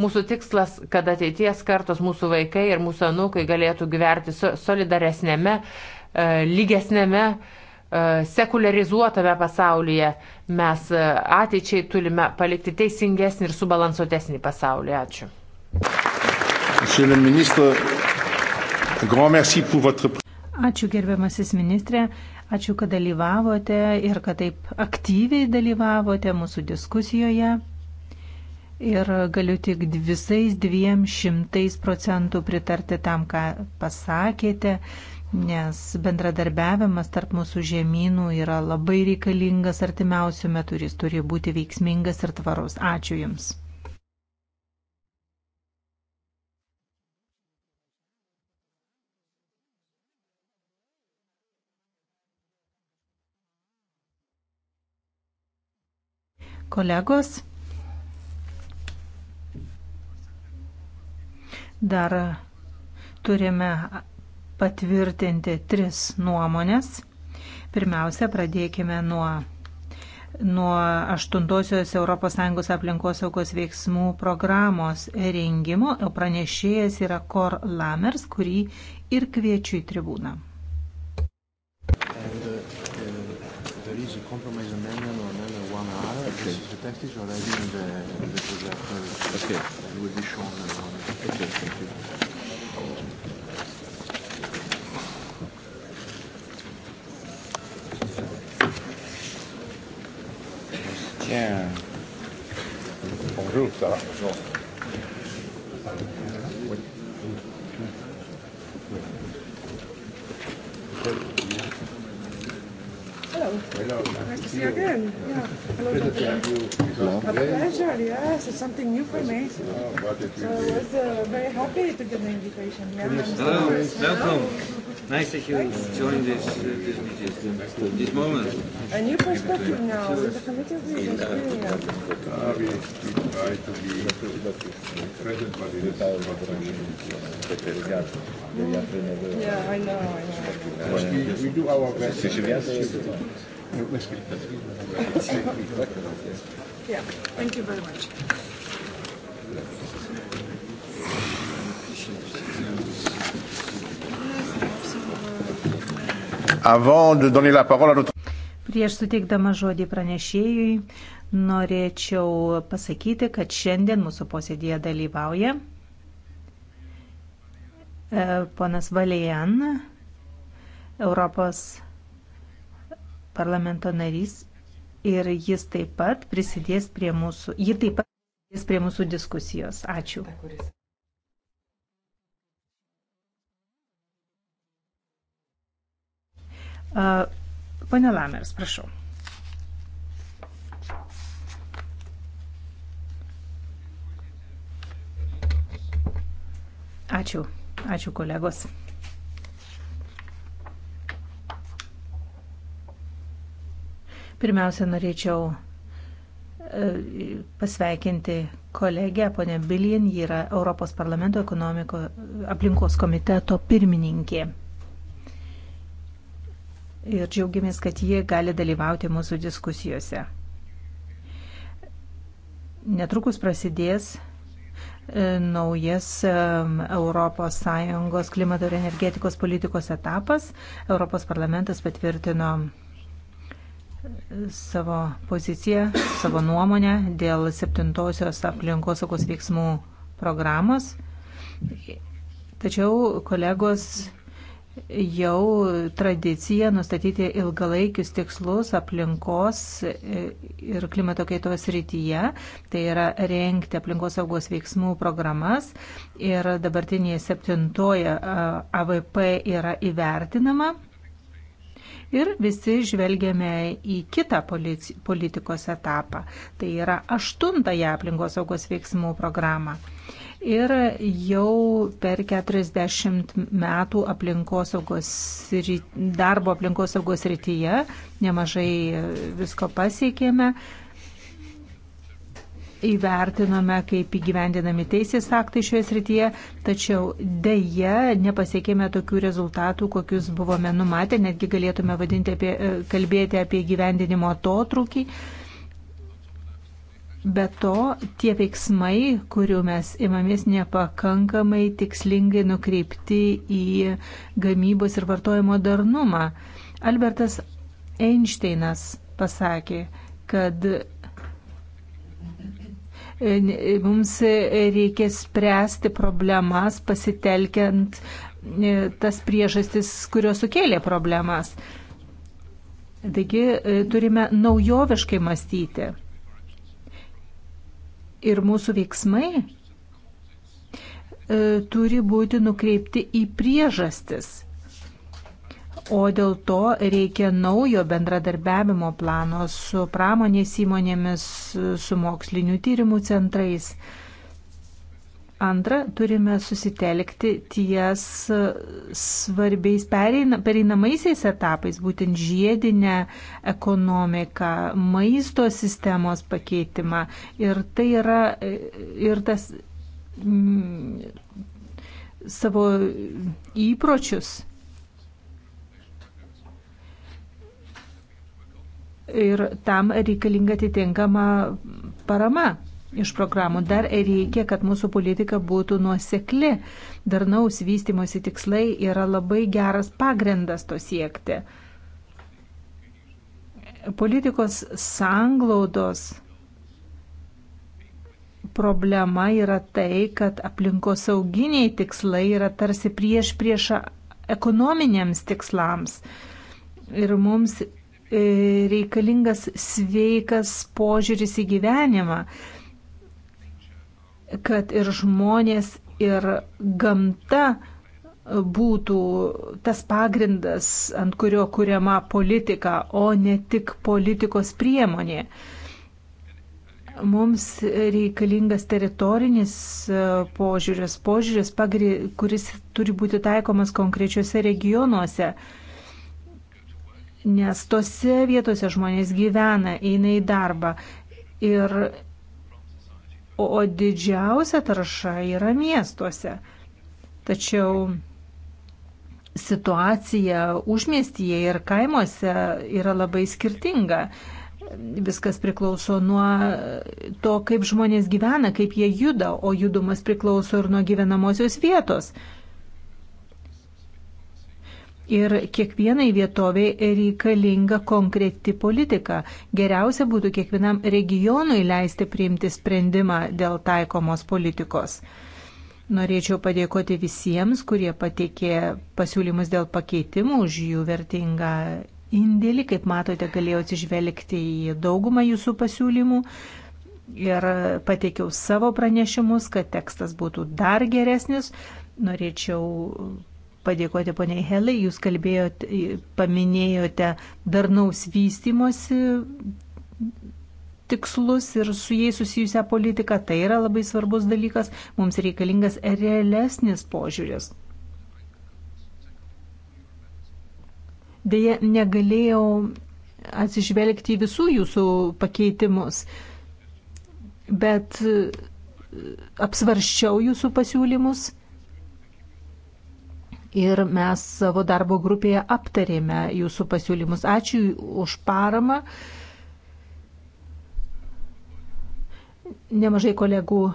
Mūsų tikslas, kad ateities kartos mūsų vaikai ir mūsų anūkai galėtų gyventi solidaresnėme, e, lygesnėme, e, sekularizuotame pasaulyje. Mes ateičiai turime palikti teisingesnį ir subalansuotesnį pasaulį. Ačiū. Ačiū gerbiamasis ministrė. Ačiū, kad dalyvavote ir kad taip aktyviai dalyvavote mūsų diskusijoje. Ir galiu tik visais dviem šimtais procentų pritarti tam, ką pasakėte, nes bendradarbiavimas tarp mūsų žemynų yra labai reikalingas artimiausių metų ir jis turi būti veiksmingas ir tvarus. Ačiū Jums. Kolegos, dar turime patvirtinti tris nuomonės. Pirmiausia, pradėkime nuo nuo 8-osios ES aplinkosaugos veiksmų programos rengimo, o pranešėjas yra Kor Lamers, kurį ir kviečiu į tribūną. And, uh, uh, Euh, okay. The package already in the, in the projector okay. will be shown. Okay, thank you. Tiens. Bonjour, ça va Bonjour. No, nice to see you again. Yeah. Hello, Good to have you. A pleasure, yes. It's something new for me. So, so I was uh, very happy to get the invitation. Yeah, Hello, welcome. Nice that you Thanks. joined this, uh, this, this, this moment. A new perspective now with the committee of the experience. Uh, we, we try to be present, but it is not Mm. Yeah, I know, I know. But we, we do our best. Yeah, thank you very much. Avant de donner la parole à notre Prieš suteikdama žodį pranešėjui, norėčiau pasakyti, kad šiandien mūsų posėdėje dalyvauja e, ponas Valijan, Europos parlamento narys ir jis taip pat prisidės prie mūsų, ji taip pat prisidės prie mūsų diskusijos. Ačiū. Pone Lamers, prašau. Ačiū. Ačiū kolegos. Pirmiausia, norėčiau e, pasveikinti kolegę, ponę Bilin, ji yra Europos parlamento ekonomiko aplinkos komiteto pirmininkė. Ir džiaugiamės, kad ji gali dalyvauti mūsų diskusijose. Netrukus prasidės e, naujas ES klimato ir energetikos politikos etapas. Europos parlamentas patvirtino savo poziciją, savo nuomonę dėl septintosios aplinkosaugos veiksmų programos. Tačiau kolegos jau tradicija nustatyti ilgalaikius tikslus aplinkos ir klimato kaitos rytyje, tai yra renkti aplinkos saugos veiksmų programas ir dabartinėje septintoje AVP yra įvertinama ir visi žvelgiame į kitą politikos etapą, tai yra aštuntąją aplinkosaugos veiksmų programą. Ir jau per 40 metų aplinkosaugos darbo aplinkosaugos rytyje nemažai visko pasiekėme, įvertinome, kaip įgyvendinami teisės aktai šioje srityje, tačiau dėje nepasiekėme tokių rezultatų, kokius buvome numatę, netgi galėtume vadinti apie, e, kalbėti apie įgyvendinimo atotrukį. Be to, tie veiksmai, kurių mes imamės nepakankamai tikslingai nukreipti į gamybos ir vartojimo darnumą. Albertas Einšteinas pasakė, kad Mums reikia spręsti problemas pasitelkiant e, tas priežastis, kurios sukėlė problemas. Taigi e, turime naujoviškai mąstyti. Ir mūsų veiksmai e, turi būti nukreipti į priežastis o dėl to reikia naujo bendradarbiavimo plano su pramonės įmonėmis, su mokslinių tyrimų centrais. Antra, turime susitelkti ties svarbiais pereinamaisiais etapais, būtent žiedinę ekonomiką, maisto sistemos pakeitimą. Ir tai yra ir tas m, savo įpročius ir tam reikalinga atitinkama parama iš programų. Dar reikia, kad mūsų politika būtų nuosekli. Darnaus vystimosi tikslai yra labai geras pagrindas to siekti. Politikos sanglaudos problema yra tai, kad aplinkosauginiai tikslai yra tarsi prieš priešą ekonominiams tikslams. Ir mums E, reikalingas sveikas požiūris į gyvenimą, kad ir žmonės, ir gamta būtų tas pagrindas, ant kurio kuriama politika, o ne tik politikos priemonė. Mums reikalingas teritorinis e, požiūris, požiūris, kuris turi būti taikomas konkrečiose regionuose nes tose vietose žmonės gyvena, eina į darbą. Ir, o, o didžiausia tarša yra miestuose. Tačiau situacija užmiestyje ir kaimuose yra labai skirtinga. Viskas priklauso nuo to, kaip žmonės gyvena, kaip jie juda, o judumas priklauso ir nuo gyvenamosios vietos. Ir kiekvienai vietoviai reikalinga konkreti politika. Geriausia būtų kiekvienam regionui leisti priimti sprendimą dėl taikomos politikos. Norėčiau padėkoti visiems, kurie pateikė pasiūlymus dėl pakeitimų už jų vertingą indėlį. Kaip matote, galėjau atsižvelgti į daugumą jūsų pasiūlymų ir pateikiau savo pranešimus, kad tekstas būtų dar geresnis. Norėčiau padėkoti poniai Helai. Jūs kalbėjot, e, paminėjote darnaus vystimosi tikslus ir su jais susijusią politiką. Tai yra labai svarbus dalykas. Mums reikalingas realesnis požiūris. Deja, negalėjau atsižvelgti į visų jūsų pakeitimus, bet e, apsvarščiau jūsų pasiūlymus ir mes savo darbo grupėje aptarėme jūsų pasiūlymus. Ačiū už paramą. Nemažai kolegų e,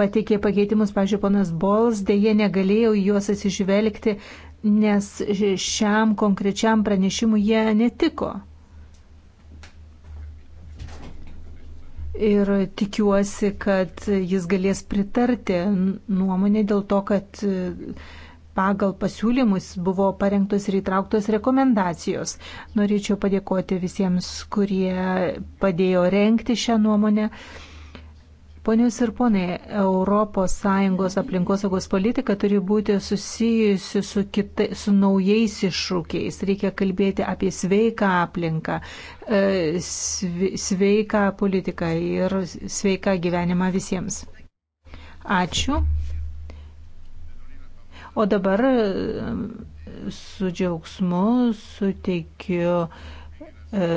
pateikė pakeitimus, pažiūrėjau, ponas Bols, dėje negalėjau juos atsižvelgti, nes šiam konkrečiam pranešimui jie netiko. ir tikiuosi, kad jis galės pritarti nuomonė dėl to, kad e, pagal pasiūlymus buvo parengtos ir įtrauktos rekomendacijos. Norėčiau padėkoti visiems, kurie padėjo renkti šią nuomonę. Ponios ir ponai, ES aplinkosaugos politika turi būti susijusi su, kita, su naujais iššūkiais. Reikia kalbėti apie sveiką aplinką, e, sveiką politiką ir sveiką gyvenimą visiems. Ačiū. O dabar e, su džiaugsmu suteikiu e,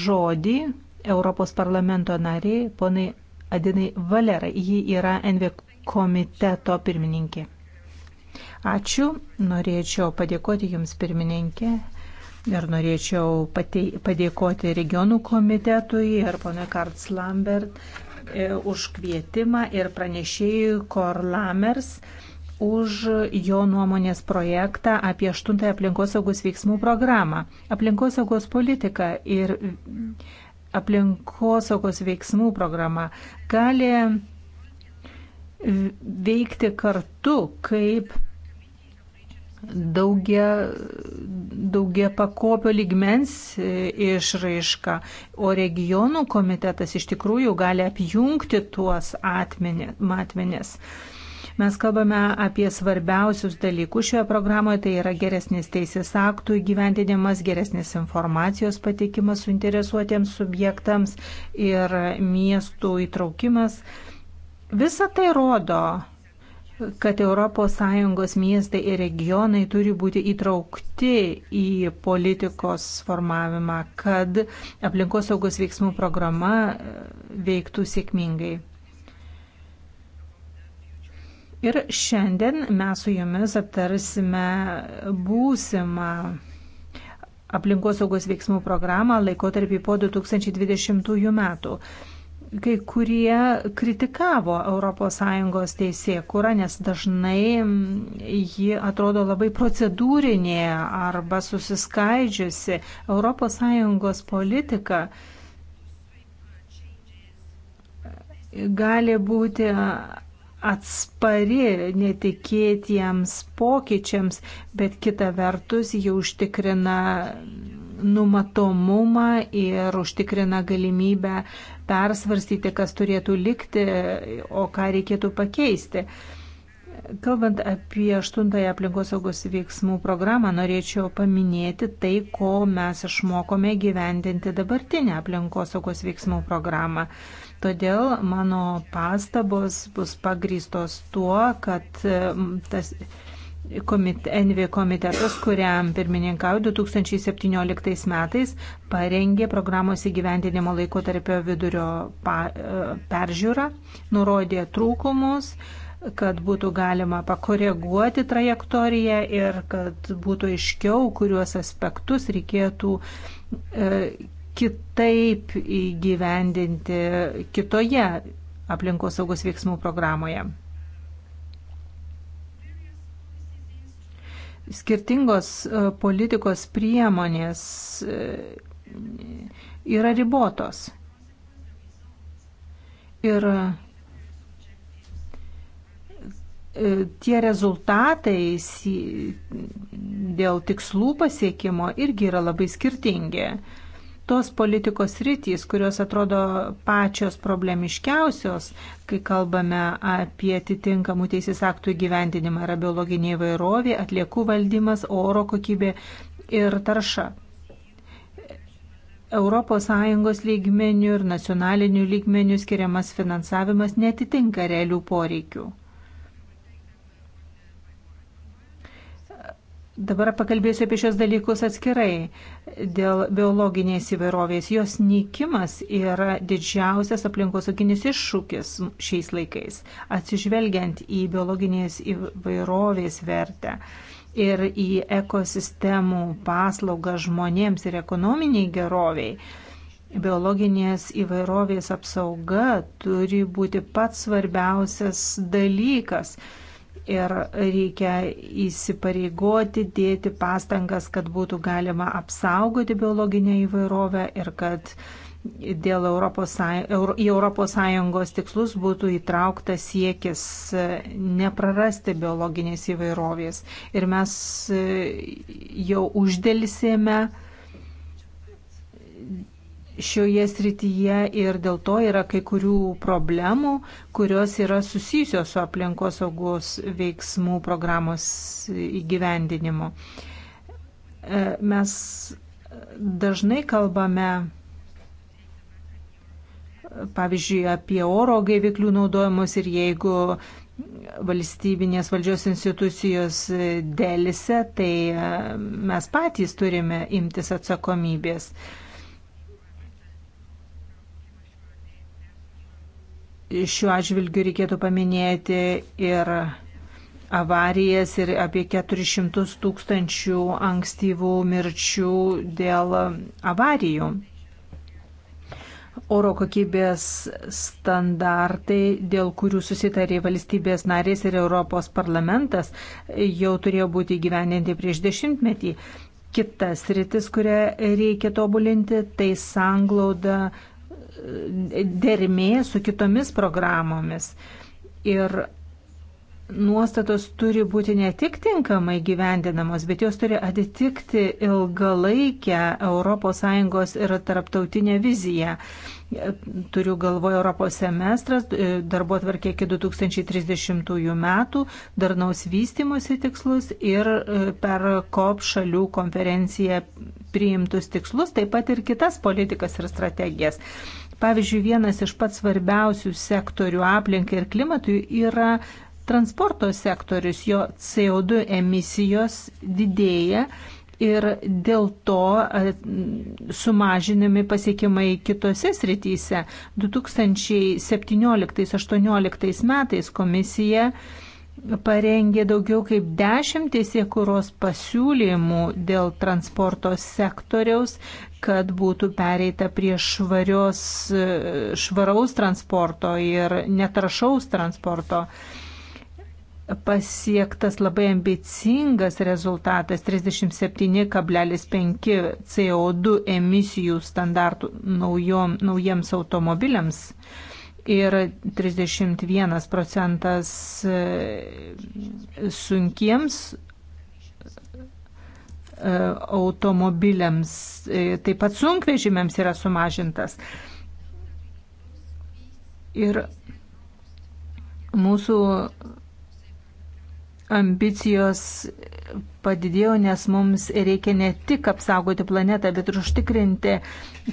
žodį Europos parlamento nariai, ponai Adinai Valerai. Ji yra NV komiteto pirmininkė. Ačiū, norėčiau padėkoti Jums pirmininkė ir norėčiau patei, padėkoti regionų komitetui ir ponui Karts Lambert e, už kvietimą ir pranešėjui Korlamers už jo nuomonės projektą apie 8 aplinkosaugos veiksmų programą. Aplinkosaugos politika ir aplinkosaugos veiksmų programa gali veikti kartu kaip daugia, daugia pakopio ligmens išraiška, o regionų komitetas iš tikrųjų gali apjungti tuos atmenės. Mes kalbame apie svarbiausius dalykus šioje programoje, tai yra geresnis teisės aktų įgyvendinimas, geresnis informacijos patikimas suinteresuotiems subjektams ir miestų įtraukimas. Visa tai rodo, kad ES miestai ir regionai turi būti įtraukti į politikos formavimą, kad aplinkosaugos veiksmų programa veiktų sėkmingai. Ir šiandien mes su jumis aptarsime būsimą aplinkosaugos veiksmų programą laikotarpį po 2020 metų. Kai kurie kritikavo ES teisėkurą, nes dažnai ji atrodo labai procedūrinė arba susiskaidžiusi. ES politika gali būti atspari netikėtiems pokyčiams, bet kita vertus ji užtikrina numatomumą ir užtikrina galimybę persvarstyti, kas turėtų likti, o ką reikėtų pakeisti. Kalbant apie aštuntąją aplinkosaugos veiksmų programą, norėčiau paminėti tai, ko mes išmokome gyvendinti dabartinę aplinkosaugos veiksmų programą. Uh, Todėl mano pastabos bus pagrystos tuo, kad tas komite, NV komitetas, kuriam pirmininkau 2017 metais, parengė programos įgyvendinimo laiko tarpio vidurio pa, e, peržiūrą, nurodė trūkumus, kad būtų galima pakoreguoti trajektoriją ir kad būtų aiškiau, kuriuos aspektus reikėtų e, kitaip įgyvendinti kitoje aplinkos saugos veiksmų programoje. Skirtingos e, politikos priemonės e, yra ribotos. Ir e, tie rezultatai dėl tikslų pasiekimo irgi yra labai skirtingi tos politikos rytys, kurios atrodo pačios problemiškiausios, kai kalbame apie atitinkamų teisės aktų įgyvendinimą, yra biologinė įvairovė, atliekų valdymas, oro kokybė ir tarša. ES lygmenių ir nacionalinių lygmenių skiriamas finansavimas netitinka realių poreikių. Dabar pakalbėsiu apie šios dalykus atskirai. Dėl biologinės įvairovės jos nykimas yra didžiausias aplinkosauginis iššūkis šiais laikais, atsižvelgiant į biologinės įvairovės vertę ir į ekosistemų paslaugą žmonėms ir ekonominiai geroviai. Biologinės įvairovės apsauga turi būti pats svarbiausias dalykas ir reikia įsipareigoti, dėti pastangas, kad būtų galima apsaugoti biologinę įvairovę ir kad dėl Europos, į ES tikslus būtų įtrauktas siekis e, neprarasti biologinės įvairovės. Ir mes e, jau uždėlisėme šioje srityje ir dėl to yra kai kurių problemų, kurios yra susijusios su aplinkos saugos veiksmų programos įgyvendinimu. E, mes dažnai kalbame, pavyzdžiui, apie oro gaiviklių naudojimus ir jeigu valstybinės valdžios institucijos dėlise, tai e, mes patys turime imtis atsakomybės. šiuo atžvilgiu reikėtų paminėti ir avarijas ir apie 400 tūkstančių ankstyvų mirčių dėl avarijų. Oro kokybės standartai, dėl kurių susitarė valstybės narės ir Europos parlamentas, jau turėjo būti gyveninti prieš dešimtmetį. Kitas rytis, kurią reikia tobulinti, tai sanglauda dermė su kitomis programomis. Ir nuostatos turi būti ne tik tinkamai gyvendinamos, bet jos turi atitikti ilgalaikę ES ir tarptautinę viziją. Turiu galvoje Europos semestras, darbo tvarkė iki 2030 metų, darnaus vystimosi tikslus ir e, per COP šalių konferenciją priimtus tikslus, taip pat ir kitas politikas ir strategijas. Pavyzdžiui, vienas iš pats svarbiausių sektorių aplinkai ir klimatui yra transporto sektorius, jo CO2 emisijos didėja ir dėl to sumažinami pasiekimai kitose srityse. 2017-2018 metais komisija parengė daugiau kaip dešimt teisėkuros pasiūlymų dėl transporto sektoriaus kad būtų pereita prie švarios, švaraus transporto ir netaršaus transporto. Pasiektas labai ambicingas rezultatas 37,5 CO2 emisijų standartų naujom, naujiems automobiliams ir 31 procentas sunkiems E, automobiliams, e, taip pat sunkvežimiams yra sumažintas. Ir mūsų ambicijos padidėjo, nes mums reikia ne tik apsaugoti planetą, bet ir užtikrinti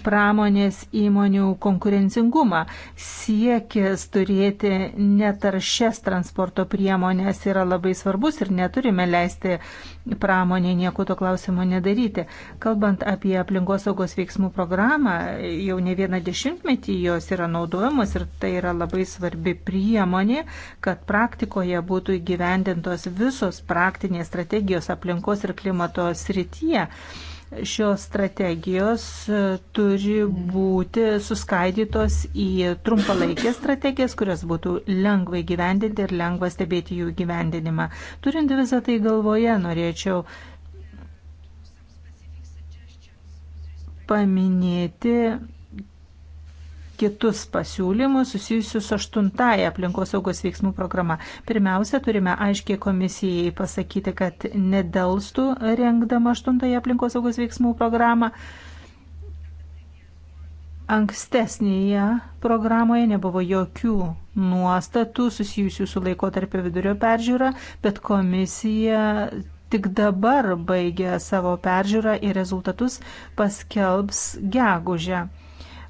pramonės įmonių konkurencingumą. Siekis turėti netaršias transporto priemonės yra labai svarbus ir neturime leisti pramonė nieko to klausimo nedaryti. Kalbant apie aplinkosaugos veiksmų programą, jau ne vieną dešimtmetį jos yra naudojamos ir tai yra labai svarbi priemonė, kad praktikoje būtų įgyvendintos visos praktinės strategijos aplinkos ir klimato srityje šios strategijos e, turi būti suskaidytos į trumpalaikės strategijas, kurias būtų lengva įgyvendinti ir lengva stebėti jų įgyvendinimą. Turint visą tai galvoje, norėčiau paminėti kitus pasiūlymus susijusius aštuntąją aplinkosaugos veiksmų programą. Pirmiausia, turime aiškiai komisijai pasakyti, kad nedelstų rengdama aštuntąją aplinkosaugos veiksmų programą. Ankstesnėje programoje nebuvo jokių nuostatų susijusių su laikotarpio vidurio peržiūra, bet komisija tik dabar baigė savo peržiūrą ir rezultatus paskelbs gegužę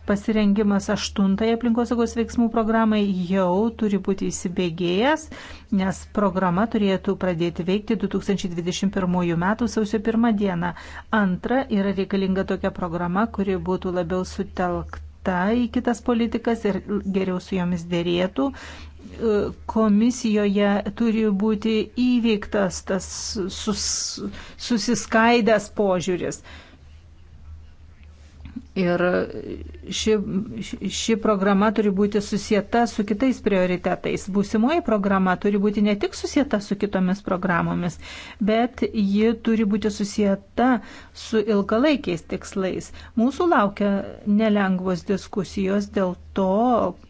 pasirengimas aštuntai aplinkosaugos veiksmų programai jau turi būti įsibėgėjęs, nes programa turėtų pradėti veikti 2021 m. sausio 1 dieną. Antra yra reikalinga tokia programa, kuri būtų labiau sutelkta į kitas politikas ir geriau su jomis dėrėtų, komisijoje turi būti įveiktas tas sus, susiskaidęs požiūris. Ir ši, ši programa turi būti susieta su kitais prioritetais. Būsimoji programa turi būti ne tik susieta su kitomis programomis, bet ji turi būti susieta su ilgalaikiais tikslais. Mūsų laukia nelengvos diskusijos dėl to,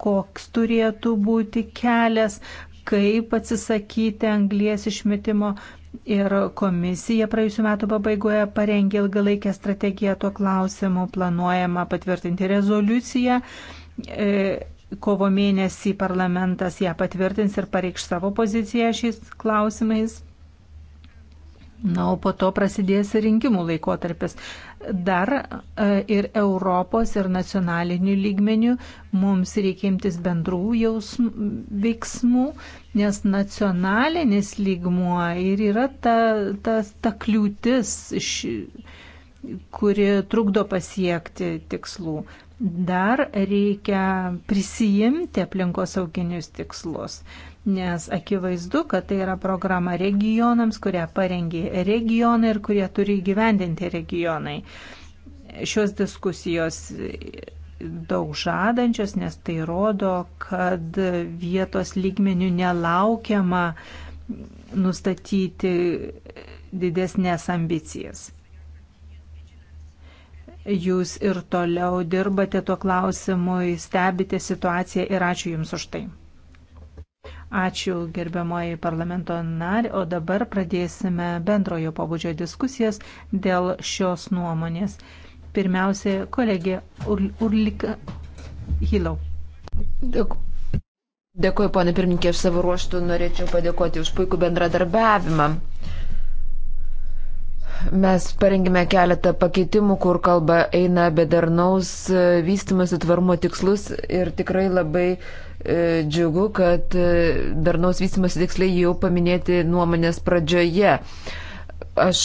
koks turėtų būti kelias, kaip atsisakyti anglies išmetimo Ir komisija praėjusiu metu pabaigoje parengė ilgalaikę strategiją tuo klausimu, planuojama patvirtinti rezoliuciją. E, kovo mėnesį parlamentas ją patvirtins ir pareikš savo poziciją šiais klausimais. Na, o po to prasidės rinkimų laikotarpis dar e, ir Europos ir nacionalinių lygmenių mums reikia imtis bendrų jausmų, veiksmų, nes nacionalinis lygmuo ir yra ta, ta, ta kliūtis, ši, kuri trukdo pasiekti tikslų. Dar reikia prisijimti aplinkosauginius tikslus nes akivaizdu, kad tai yra programa regionams, kurią parengė regionai ir kurie turi gyvendinti regionai. Šios diskusijos daug žadančios, nes tai rodo, kad vietos lygmenių nelaukiama nustatyti didesnės ambicijas jūs ir toliau dirbate tuo klausimu, stebite situaciją ir ačiū Jums už tai. Ačiū gerbiamoji parlamento nari, o dabar pradėsime bendrojo pobūdžio diskusijas dėl šios nuomonės. Pirmiausia, kolegė Urlika Hilau. Dėkuoju, ponė pirmininkė, aš savo ruoštų norėčiau padėkoti už puikų bendradarbiavimą. Mes parengėme keletą pakeitimų, kur kalba eina apie darnaus e, vystimus įtvarumo tikslus ir tikrai labai e, džiugu, kad e, darnaus vystimus tikslai jau paminėti nuomonės pradžioje. Aš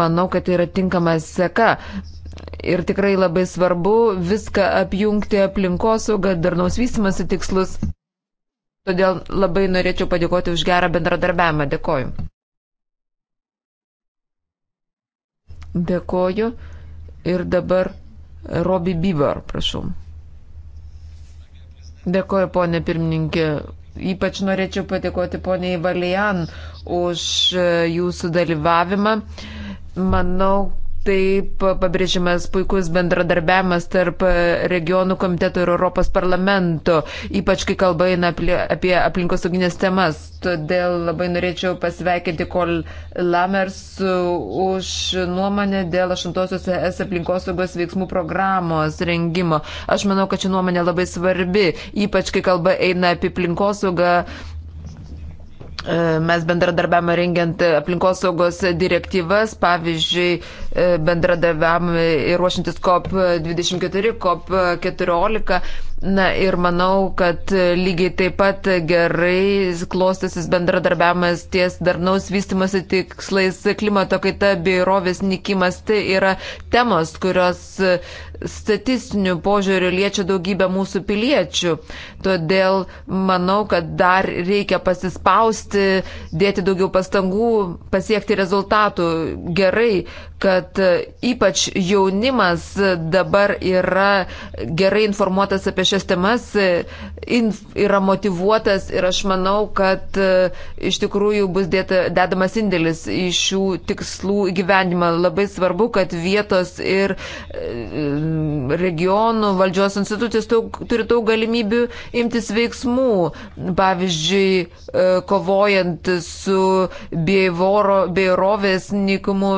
manau, kad tai yra tinkama seka. Ir tikrai labai svarbu viską apjungti aplinkosaugą, darnaus vystimus tikslus. Todėl labai norėčiau padėkoti už gerą bendradarbiavimą. Dėkoju. Dėkoju. Ir dabar Robi Bibar, prašau. Dėkoju, ponė pirmininkė. Ypač norėčiau padėkoti poniai Valijan už e, jūsų dalyvavimą. Manau, Taip pabrėžimas puikus bendradarbiavimas tarp regionų komiteto ir Europos parlamento, ypač kai kalba eina apie aplinkosauginės temas. Todėl labai norėčiau pasveikinti Kol Lamers už nuomonę dėl 8-osios ES aplinkosaugos veiksmų programos rengimo. Aš manau, kad ši nuomonė labai svarbi, ypač kai kalba eina apie aplinkosaugą E, mes bendradarbiavame rengiant aplinkosaugos direktyvas, pavyzdžiui, e, bendradarbiavame ir ruošintis COP24, COP14 Na ir manau, kad e, lygiai taip pat gerai klostasis bendradarbiavimas ties darnaus vystimosi tikslais klimato kaita bei rovės nikimas. Tai yra temos, kurios e, statistiniu požiūriu liečia daugybę mūsų piliečių. Todėl manau, kad dar reikia pasispausti, dėti daugiau pastangų, pasiekti rezultatų. Gerai, kad e, ypač jaunimas dabar yra gerai informuotas apie šias temas e, yra motivuotas ir aš manau, kad e, iš tikrųjų bus dėta, dedamas indėlis į šių tikslų gyvenimą. Labai svarbu, kad vietos ir e, regionų valdžios institucijos daug, turi daug galimybių imtis veiksmų. Pavyzdžiui, kovojant su beirovės nikumu,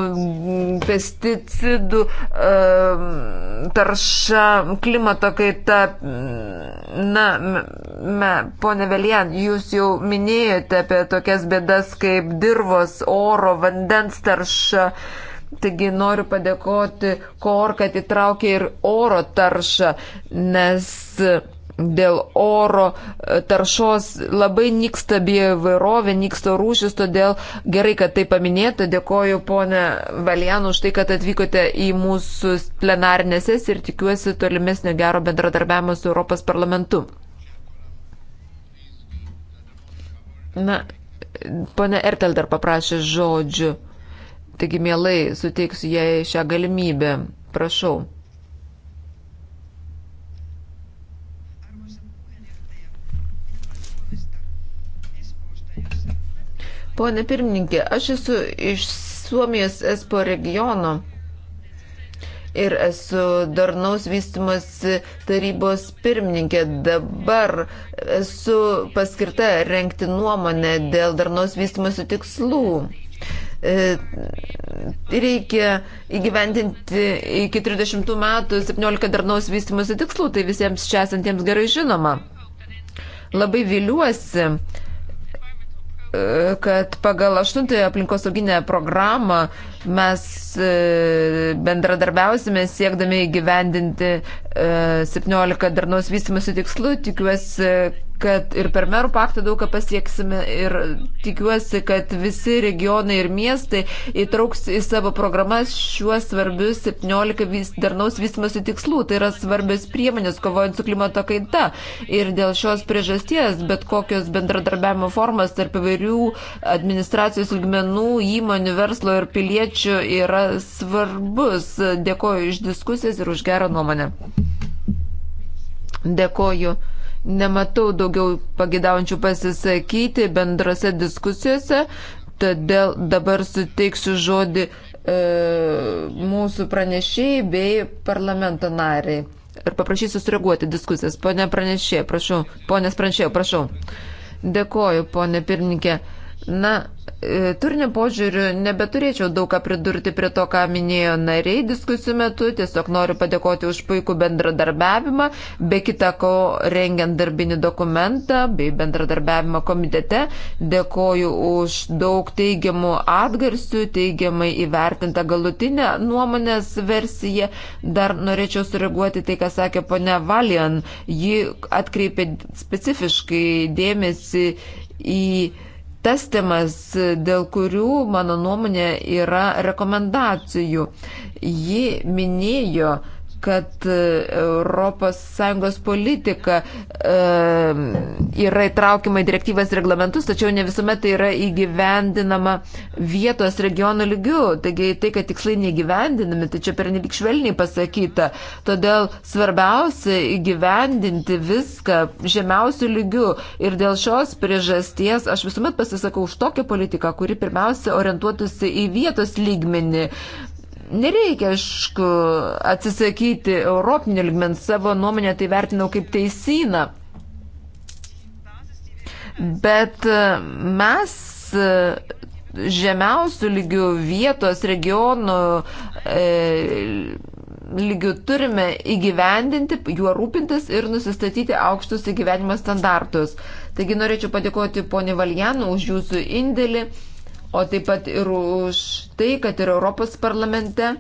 pesticidų tarša, klimato kaita, Na, me, ponė Velian, jūs jau minėjote apie tokias bėdas kaip dirvos, oro, vandens tarša. Taigi noriu padėkoti KOR, kad įtraukė ir oro taršą, nes dėl oro e, taršos labai nyksta bioįvairovė, nyksta rūšis, todėl gerai, kad tai paminėta. Dėkoju ponė Valianu už tai, kad atvykote į mūsų plenarinę sesiją ir tikiuosi tolimesnio gero bendradarbiavimo su Europos parlamentu. Na, ponė Ertel dar paprašė žodžių. Taigi, mielai, suteiksiu jai šią galimybę. Prašau. Pone pirmininkė, aš esu iš Suomijos Espo regiono ir esu darnaus vystimas tarybos pirmininkė. Dabar esu paskirta renkti nuomonę dėl darnaus vystimas tikslų e, reikia įgyvendinti iki 30 metų 17 darnaus vystimosi tikslų, tai visiems čia esantiems gerai žinoma. Labai viliuosi, kad pagal 8 aplinkosauginę programą mes e, bendradarbiausime siekdami įgyvendinti 17 e, darnaus vystimosi tikslų. Tikiuosi, kad ir per merų paktą daug ką pasieksime ir tikiuosi, kad visi regionai ir miestai įtrauks į savo programas šiuos svarbius 17 vis, darnaus vystimosi tikslų. Tai yra svarbios priemonės kovojant su klimato kaita. Ir dėl šios priežasties bet kokios bendradarbiavimo formas tarp įvairių administracijos lygmenų, įmonių, verslo ir piliečių yra svarbus. Dėkoju iš diskusijas ir už gerą nuomonę. Dėkoju. Nematau daugiau pagidaujančių pasisakyti bendrose diskusijose, todėl dabar suteiksiu žodį e, mūsų pranešėjai bei parlamento nariai. Ir paprašysiu sureaguoti diskusijas. Pone pranešėjai, prašau. Ponės pranešėjai, prašau. Dėkoju, ponė pirmininkė. E, Na, e, turinio požiūriu nebeturėčiau daug ką pridurti prie to, ką minėjo nariai diskusijų metu. Tiesiog noriu padėkoti už puikų bendradarbiavimą, be kita ko rengiant darbinį dokumentą bei bendradarbiavimą komitete. Dėkoju už daug teigiamų atgarsių, teigiamai įvertintą galutinę nuomonės versiją. Dar norėčiau sureaguoti tai, ką sakė ponia Valian. Ji atkreipė specifiškai dėmesį į tas temas, dėl kurių, mano nuomonė, yra rekomendacijų. Ji minėjo kad ES politika e, yra įtraukiama į direktyvas reglamentus, tačiau ne visuomet tai yra įgyvendinama vietos regiono lygių. Taigi tai, kad tikslai neįgyvendinami, tai čia per nelik švelniai pasakyta. Todėl svarbiausia įgyvendinti viską žemiausių lygių. Ir dėl šios priežasties aš visuomet pasisakau už tokią politiką, kuri pirmiausia orientuotųsi į vietos lygmenį. Nereikia, aišku, atsisakyti Europinio ligmens savo nuomonę, tai vertinau kaip teisiną. Bet e, mes e, žemiausių lygių vietos regionų e, lygių turime įgyvendinti, juo rūpintis ir nusistatyti aukštus įgyvenimo standartus. Taigi norėčiau padėkoti poni Valjanų už jūsų indėlį o taip pat ir už tai, kad ir Europos parlamente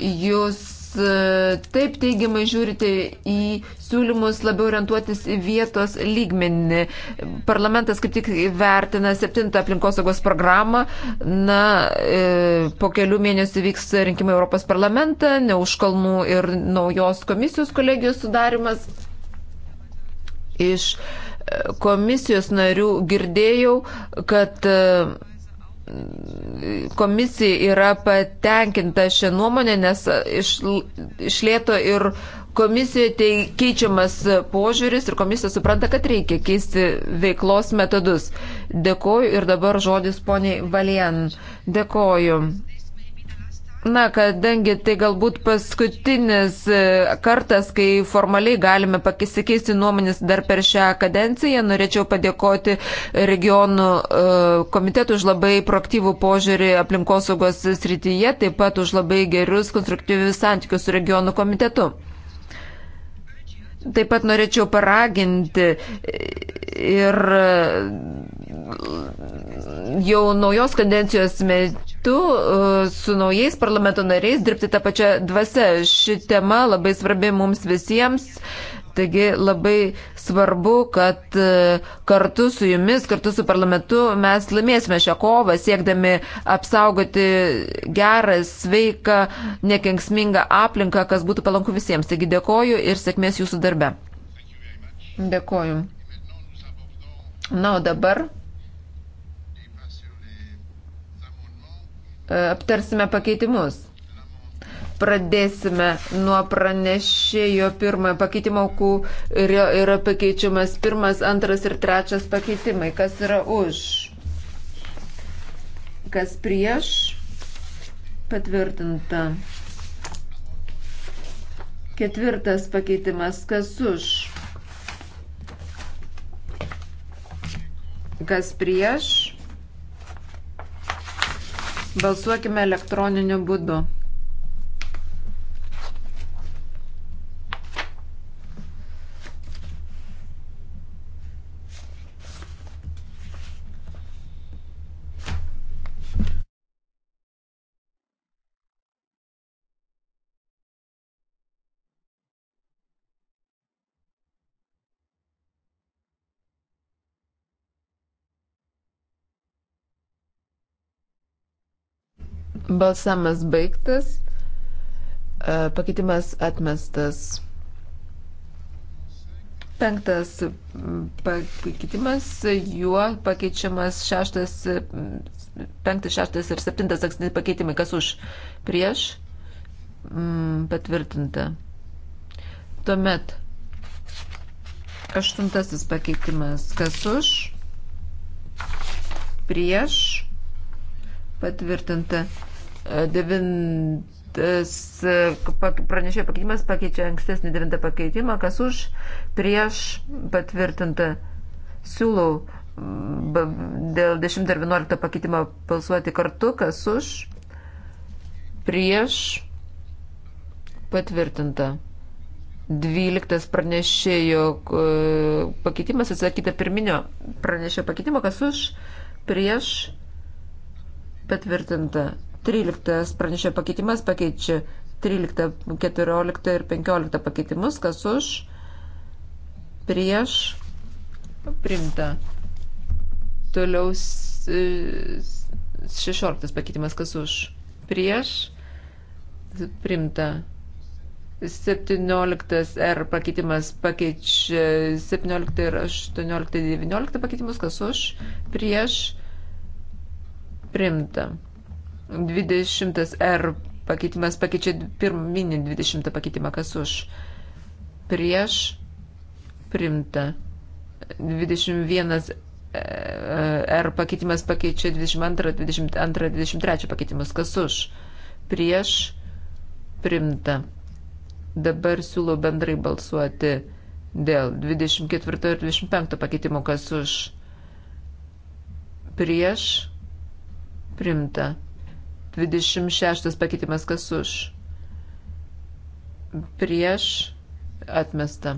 jūs e, taip teigiamai žiūrite į siūlymus labiau orientuotis į vietos lygmenį. Parlamentas kaip tik vertina septintą aplinkosaugos programą. Na, e, po kelių mėnesių vyks rinkimai Europos parlamentą, ne už kalnų ir naujos komisijos kolegijos sudarimas. Iš e, komisijos narių girdėjau, kad uh, komisija yra patenkinta šią nuomonę, nes iš, išlėto ir komisijoje tai keičiamas požiūris ir komisija supranta, kad reikia keisti veiklos metodus. Dėkoju ir dabar žodis poniai Valien. Dėkoju. Na, kadangi tai galbūt paskutinis e, kartas, kai formaliai galime pasikeisti nuomonės dar per šią kadenciją, norėčiau padėkoti regionų e, komitetui už labai proaktyvų požiūrį aplinkosaugos srityje, taip pat už labai gerus konstruktyvius santykius su regionų komitetu. Taip pat norėčiau paraginti ir e, jau naujos kadencijos metu e, su naujais parlamento nariais dirbti tą pačią dvasę. Ši tema labai svarbi mums visiems. Uh, Taigi labai svarbu, kad e, kartu su jumis, kartu su parlamentu mes laimėsime šią kovą, siekdami apsaugoti gerą, sveiką, nekenksmingą aplinką, kas būtų palanku visiems. Taigi dėkoju ir sėkmės jūsų darbe. Dėkoju. Na, o dabar e, aptarsime pakeitimus. Pradėsime nuo pranešėjo pirmojo pakeitimo, kur yra pakeičiamas pirmas, antras ir trečias pakeitimai. Kas yra už? Kas prieš? Patvirtinta. Ketvirtas pakeitimas. Kas už? Kas prieš? Balsuokime elektroniniu būdu. Balsamas baigtas. E, pakeitimas atmestas. Penktas pakeitimas, juo pakeičiamas šeštas, penktas, šeštas ir septintas aksiniai pakeitimai. Kas už? Prieš? Mm, patvirtinta. Tuomet aštuntasis pakeitimas. Kas už? Prieš? Patvirtinta. Devintas pranešėjo pakeitimas pakeičia ankstesnį devintą pakeitimą, kas už prieš patvirtinta. Siūlau dėl 10 ir 11 pakeitimo balsuoti kartu, kas už prieš patvirtinta. 12 pranešėjo pakeitimas atsakyta pirminio pranešėjo pakeitimo, kas už prieš patvirtinta. 13 pranešė pakeitimas pakeičia 13, 14 ir 15 pakeitimus, kas už, prieš, primta. Toliau 16 pakeitimas, kas už, prieš, primta. 17 R pakeitimas pakeičia 17 ir 18, 19 pakeitimus, kas už, prieš, primta. 20 R pakeitimas pakeičia pirminį 20 pakeitimą, kas už. Prieš primta. 21 e, R pakeitimas pakeičia 22, 22, 23 pakeitimus, kas už. Prieš primta. Dabar siūlau bendrai balsuoti dėl 24 ir 25 pakeitimų, kas už. Prieš primta. 26 pakeitimas kas už. Prieš atmesta.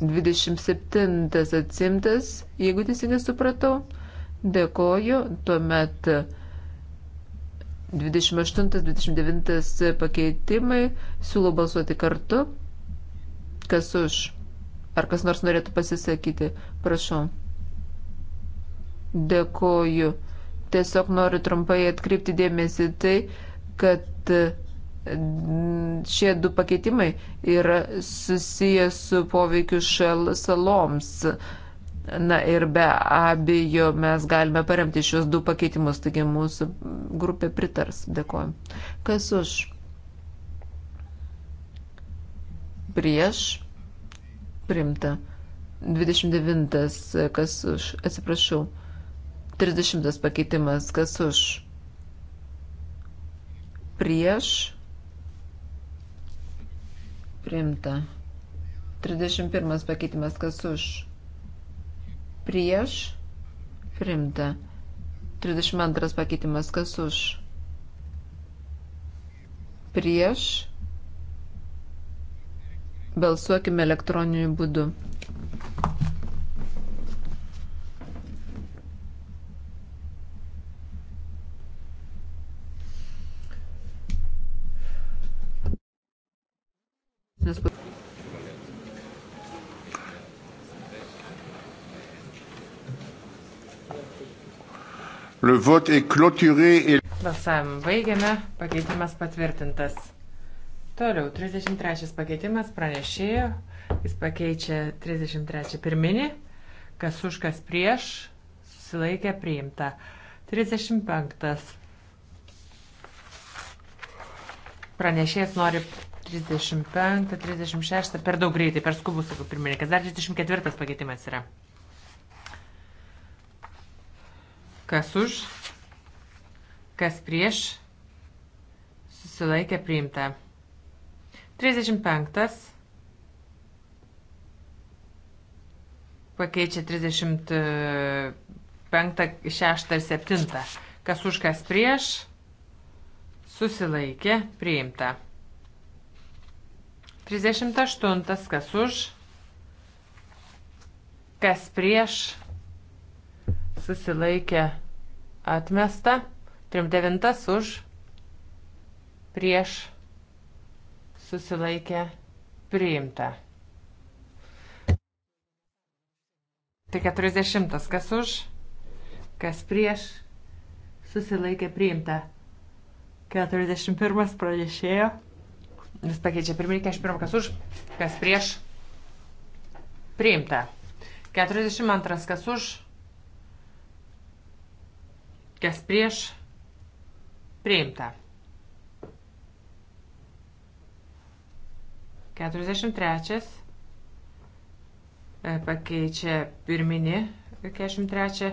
27 atsimtas, jeigu teisingai supratau. Dėkoju. Tuomet 28-29 pakeitimai siūlau balsuoti kartu. Kas už? Ar kas nors norėtų pasisakyti? Prašau. Dėkoju. Tiesiog noriu trumpai atkreipti dėmesį tai, kad e, šie du pakeitimai yra susijęs su poveikiu šal saloms. Na ir be abejo mes galime paremti šios du pakeitimus, taigi mūsų grupė pritars. Dėkuoju. Kas už? Prieš? Primta. 29. Kas už? Atsiprašau. 30 pakeitimas. Kas už? Prieš. Primta. 31 pakeitimas. Kas už? Prieš. Primta. 32 pakeitimas. Kas už? Prieš. Balsuokime elektroniniu būdu. Nes... Balsavimą baigiame, pakeitimas patvirtintas. Toliau, 33 pakeitimas pranešėjo, jis pakeičia 33 pirminį, kas už, kas prieš, susilaikė priimta. 35. Pranešėjas nori 35, 36, per daug greitai, per skubus, sakau pirmininkas. Dar 34 pakeitimas yra. Kas už, kas prieš, susilaikė priimta. 35 pakeičia 35, 6 ir 7. Kas už, kas prieš, susilaikė priimta. 38. Kas už? Kas prieš? Susilaikė atmesta. 39. Už? Prieš? Susilaikė priimta. Tai 40. Kas už? Kas prieš? Susilaikė priimta. 41 pranešėjo Jis pakeičia pirmininkę iš pirmą, kas už, kas prieš. Priimta. 42, kas už, kas prieš. Priimta. 43 e, pakeičia pirminį 43,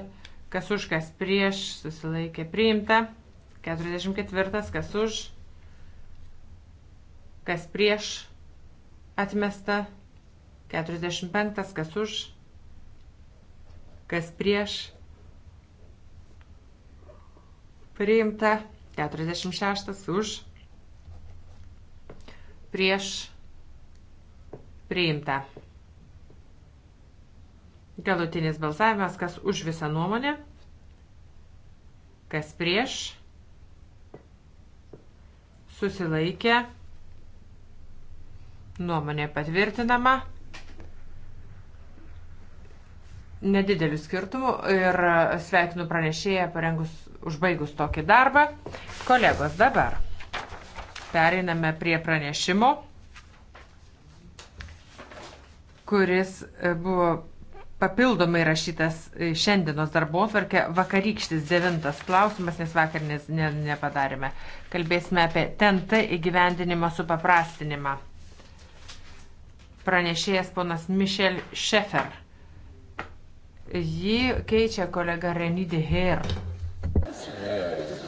kas už, kas prieš, susilaikė priimta. 44, kas už, kas prieš atmesta, 45 kas už, kas prieš priimta, 46 už, prieš priimta. Galutinis balsavimas, kas už visą nuomonę, kas prieš, susilaikė, Nuomonė patvirtinama. Nedidelių skirtumų ir sveikinu pranešėją parengus užbaigus tokį darbą. Kolegos, dabar pereiname prie pranešimo, kuris e, buvo papildomai rašytas e, šiandienos darbotvarkė, vakarykštis devintas klausimas, nes vakar ne, ne, nepadarėme. Kalbėsime apie TNT įgyvendinimo supaprastinimą pranešėjas ponas Mišel Šefer. Jį keičia kolega Renidė Her. Yeah.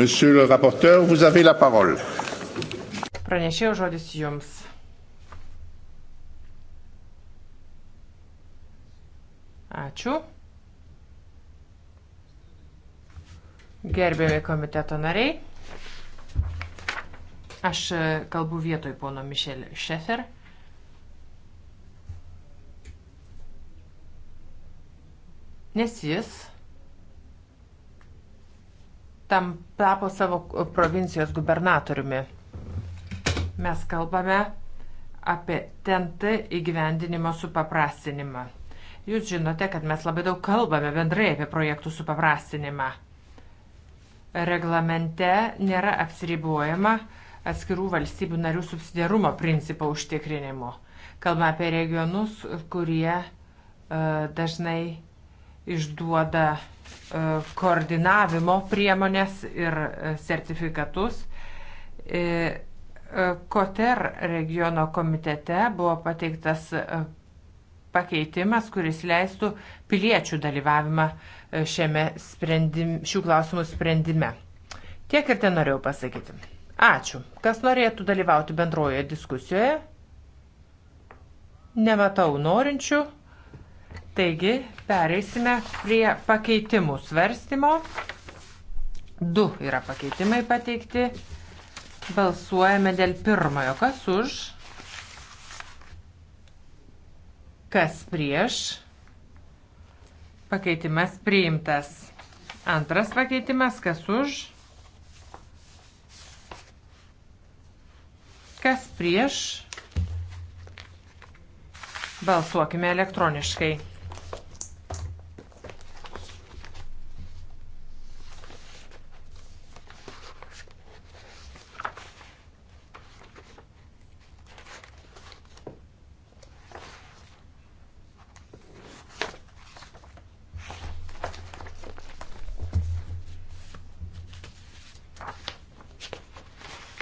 Monsieur le rapporteur, vous avez la parole. Pranešėjo žodis jums. Ačiū. Gerbėmi komiteto nariai. Aš kalbu vietoj pono Mišel Šefer. Nes jis tam tapo savo provincijos gubernatoriumi. Mes kalbame apie TNT įgyvendinimo supaprastinimą. Jūs žinote, kad mes labai daug kalbame bendrai apie projektų supaprastinimą. Reglamente nėra apsiribuojama atskirų valstybių narių subsidiarumo principą užtikrinimu. Kalbame apie regionus, kurie uh, dažnai išduoda uh, E, koordinavimo priemonės ir e, sertifikatus. E, Koter regiono komitete buvo pateiktas pakeitimas, kuris leistų piliečių dalyvavimą šiame sprendim, šių klausimų sprendime. Tiek ir ten norėjau pasakyti. Ačiū. Kas norėtų dalyvauti bendroje diskusijoje? Nematau norinčių. Taigi, pereisime prie pakeitimų svarstymo. Du yra pakeitimai pateikti. Balsuojame dėl pirmojo. Kas už? Kas prieš? Pakeitimas priimtas. Antras pakeitimas. Kas už? Kas prieš? Balsuokime elektroniškai.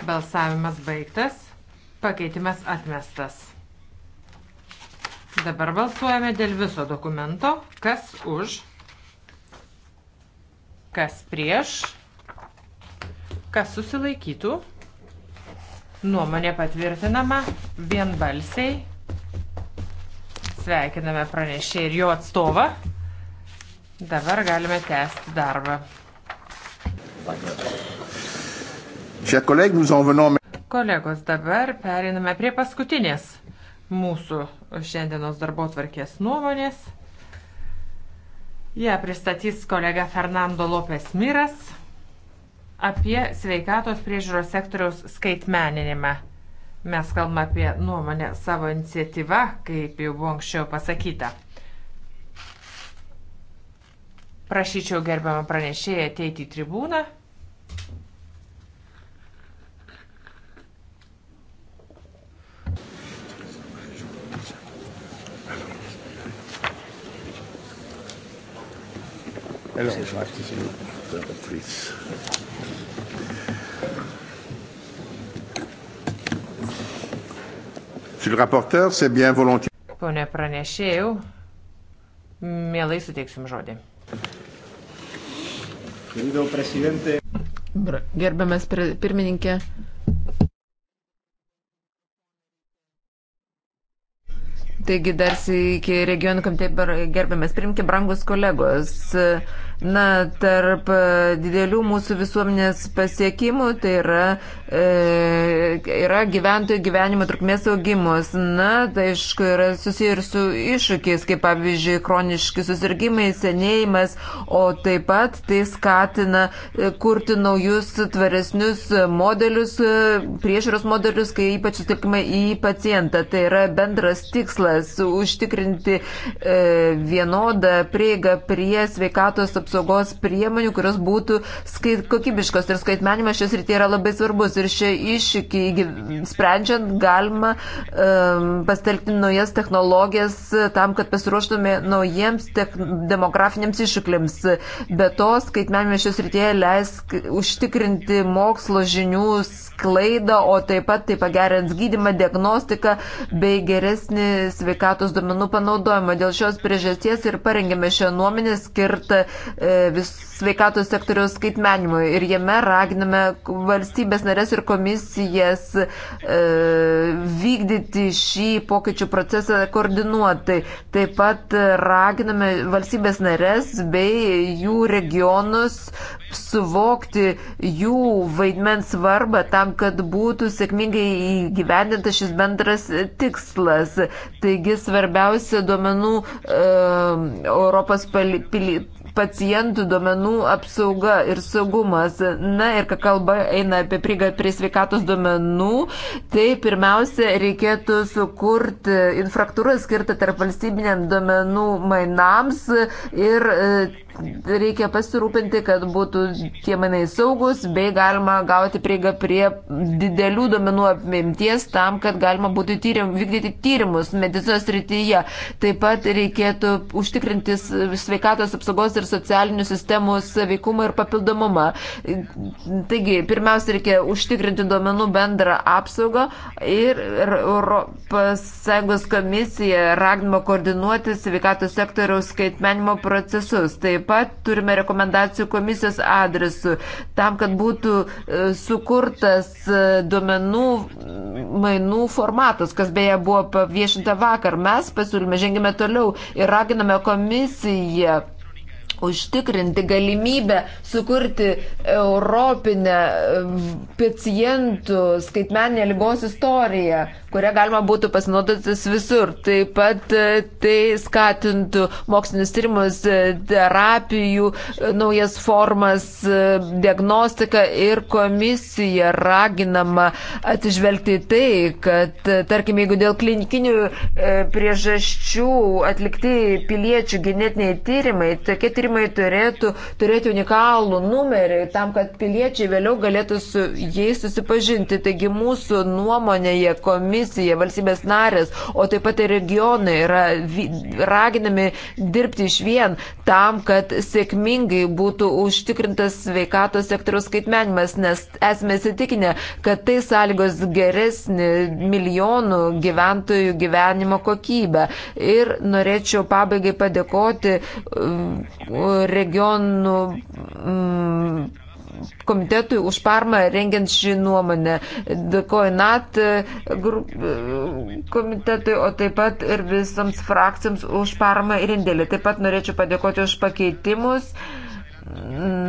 Balsavimas baigtas. Pakeitimas atmestas. Dabar balsuojame dėl viso dokumento. Kas už, kas prieš, kas susilaikytų. Nuomonė patvirtinama vienbalsiai. Sveikiname pranešėjai ir jo atstovą. Dabar galime tęsti darbą. Thank you. Kolegos, dabar periname prie paskutinės mūsų šiandienos darbo tvarkės nuomonės. Ja pristatys kolega Fernando Lopes Miras apie sveikatos priežiūros sektoriaus skaitmeninimą. Mes kalbame apie nuomonę savo iniciatyvą, kaip jau buvo anksčiau pasakyta. Prašyčiau gerbiamą pranešėją ateiti į tribūną Everyone tries to see the please. Monsieur le rapporteur, c'est bien volontiers. Pone pranešėjau, mielai suteiksim žodį. Gerbiamas pirmininkė, Taigi dar iki regionų komiteto gerbiamės primti, brangus kolegos. Na, tarp didelių mūsų visuomenės pasiekimų tai yra, e, yra gyventojų gyvenimo trukmės augimus. Na, tai aišku, yra susiję ir su iššūkiais, kaip pavyzdžiui, kroniški susirgymai, senėjimas, o taip pat tai skatina e, kurti naujus tvaresnius modelius, e, priežiūros modelius, kai ypač sutilkime į pacientą. Tai yra bendras tikslas tikslas - užtikrinti e, vienodą prieigą prie sveikatos apsaugos priemonių, kurios būtų skait, kokybiškos ir skaitmenimas šios rytyje yra labai svarbus. Ir šie iššūkiai sprendžiant galima um, pastelgti naujas technologijas tam, kad pasiruoštume naujiems demografiniams iššūkliams. Be to, skaitmenimas šios rytyje leis užtikrinti mokslo žinių sklaidą, o taip pat tai pagerins gydimą, diagnostiką bei geresnį sveikatą sveikatos duomenų panaudojimo. Dėl šios priežasties ir parengėme šią nuomonę skirtą e, vis sveikatos sektoriaus skaitmenimui ir jame raginame valstybės narės ir komisijas e, vykdyti šį pokyčių procesą koordinuotai. Taip pat raginame valstybės narės bei jų regionus suvokti jų vaidmens svarbą tam, kad būtų sėkmingai įgyvendintas šis bendras tikslas. Taigi svarbiausia duomenų e, Europos pali, pili, pacientų duomenų apsauga ir saugumas. Na ir kai kalba eina apie prigą prie sveikatos duomenų, tai pirmiausia reikėtų sukurti infrastruktūrą skirtą tarp valstybiniam duomenų mainams ir e, reikia pasirūpinti, kad būtų tie mainai saugus, bei galima gauti prieigą prie didelių duomenų apimties tam, kad galima būtų tyrim, vykdyti tyrimus medicinos rytyje. Taip pat reikėtų užtikrinti sveikatos apsaugos ir socialinių sistemų saveikumą ir papildomumą. Taigi, pirmiausia, reikia užtikrinti duomenų bendrą apsaugą ir ES komisija ragnama koordinuoti sveikatos sektoriaus skaitmenimo procesus. Taip pat turime rekomendacijų komisijos adresu tam, kad būtų e, sukurtas e, duomenų mainų formatas, kas beje buvo paviešinta vakar. Mes pasiūlyme, žengime toliau ir raginame komisiją užtikrinti galimybę sukurti europinę e, pacientų skaitmeninę lygos istoriją, kurią galima būtų pasinaudotis visur. Taip pat e, tai skatintų mokslinius tyrimus, e, terapijų, e, naujas formas, diagnostiką ir komisija raginama atsižvelgti į tai, kad, tarkim, jeigu dėl klinikinių priežasčių atlikti piliečių genetiniai tyrimai, tokie tyrimai turėtų turėti unikalų numerį tam, kad piliečiai vėliau galėtų su jais susipažinti. Taigi mūsų nuomonėje komisija komisija, valstybės narės, o taip pat ir regionai yra raginami dirbti iš vien tam, kad sėkmingai būtų užtikrintas sveikatos sektoriaus skaitmenimas, nes esame įsitikinę, kad tai sąlygos geresnį milijonų gyventojų gyvenimo kokybę. Ir norėčiau pabaigai padėkoti mm, regionų. Mm, komitetui už parmą rengiant šį nuomonę. Dėkoju NAT e, e, komitetui, o taip pat ir visoms frakcijoms už parmą ir indėlį. Taip pat norėčiau padėkoti už pakeitimus.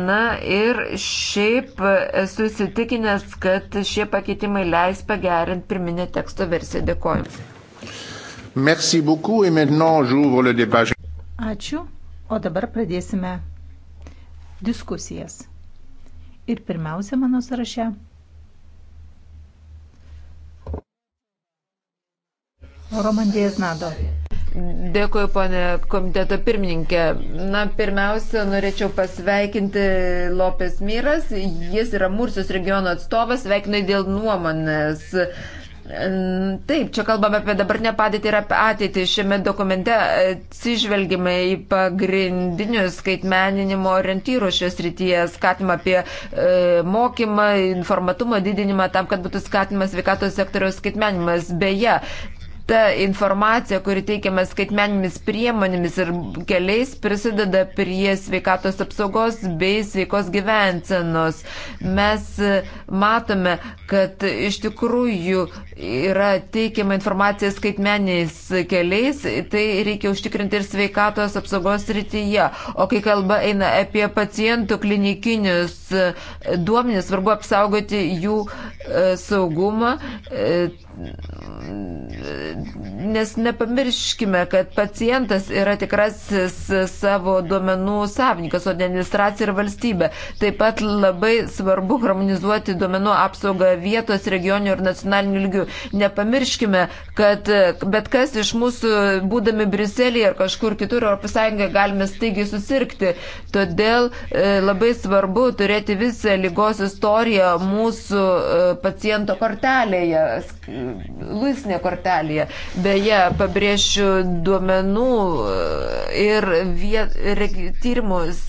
Na ir šiaip esu įsitikinęs, kad šie pakeitimai leis pagerinti pirminę teksto versiją. Dėkoju. Merci beaucoup et maintenant j'ouvre le débat. Ačiū. O dabar pradėsime diskusijas. Ir pirmiausia mano sąraše Romandėjas Nado. Dėkuoju, ponė komiteto pirmininkė. Na, pirmiausia, norėčiau pasveikinti Lopes Myras. Jis yra Mursijos regiono atstovas, sveikinai dėl nuomonės. Uh, Taip, čia kalbame apie dabartinę padėtį ir apie ateitį. Šiame dokumente atsižvelgime į pagrindinius skaitmeninimo orientyrų šios rytyje, skatimą apie e, mokymą, informatumo didinimą tam, kad būtų skatimas sveikatos sektoriaus skaitmenimas. Beje, ta informacija, kuri teikiama skaitmeninėmis priemonėmis ir keliais, prisideda prie sveikatos apsaugos bei sveikos gyvensenos. Mes e, matome, kad iš tikrųjų yra teikiama informacija skaitmeniniais keliais, tai reikia užtikrinti ir sveikatos apsaugos rytyje. O kai kalba eina apie pacientų klinikinius e, duomenis, svarbu apsaugoti jų e, saugumą nes nepamirškime, kad pacientas yra tikrasis savo duomenų savininkas, o ne administracija ir valstybė. Taip pat labai svarbu harmonizuoti duomenų apsaugą vietos, regionių ir nacionalinių lygių. Nepamirškime, kad bet kas iš mūsų, būdami Briuselėje ar kažkur kitur Europos Sąjungoje, galime staigiai susirgti. Todėl e, labai svarbu turėti visą lygos istoriją mūsų e, paciento kortelėje, e, luisnė kortelėje. Beje, pabrėšiu duomenų e, ir viet, tyrimus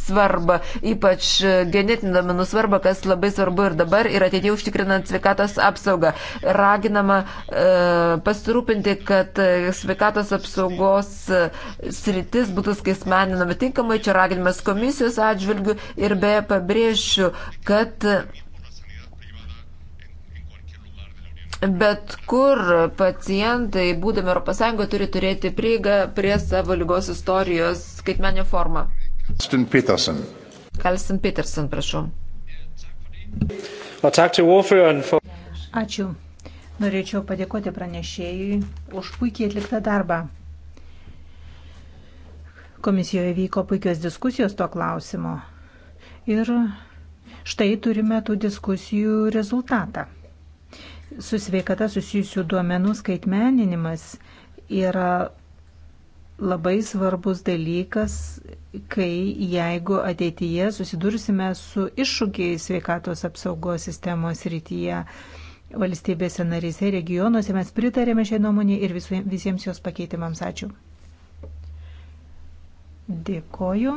svarbą, ypač genetinių domenų svarbą, kas labai svarbu ir dabar, ir ateitie užtikrinant sveikatos apsaugą. Raginama e, pasirūpinti, kad e, sveikatos apsaugos e, sritis būtų skaismeninama tinkamai, čia raginimas komisijos atžvilgių ir beje pabrėšiu, kad Bet kur pacientai, būdami ES, turi turėti prieigą prie savo lygos istorijos skaitmenio formą. Kalstin Petersen. Kalstin Petersen, prašau. Ačiū. Norėčiau padėkoti pranešėjui už puikiai atliktą darbą. Komisijoje vyko puikios diskusijos tuo klausimu. Ir štai turime tų diskusijų rezultatą su sveikata susijusių duomenų skaitmeninimas yra labai svarbus dalykas, kai jeigu ateityje susidursime su iššūkiais sveikatos apsaugos sistemos rytyje valstybėse narėse, regionuose, mes pritarėme šiai nuomonė ir visu, visiems jos pakeitimams. Ačiū. Dėkoju.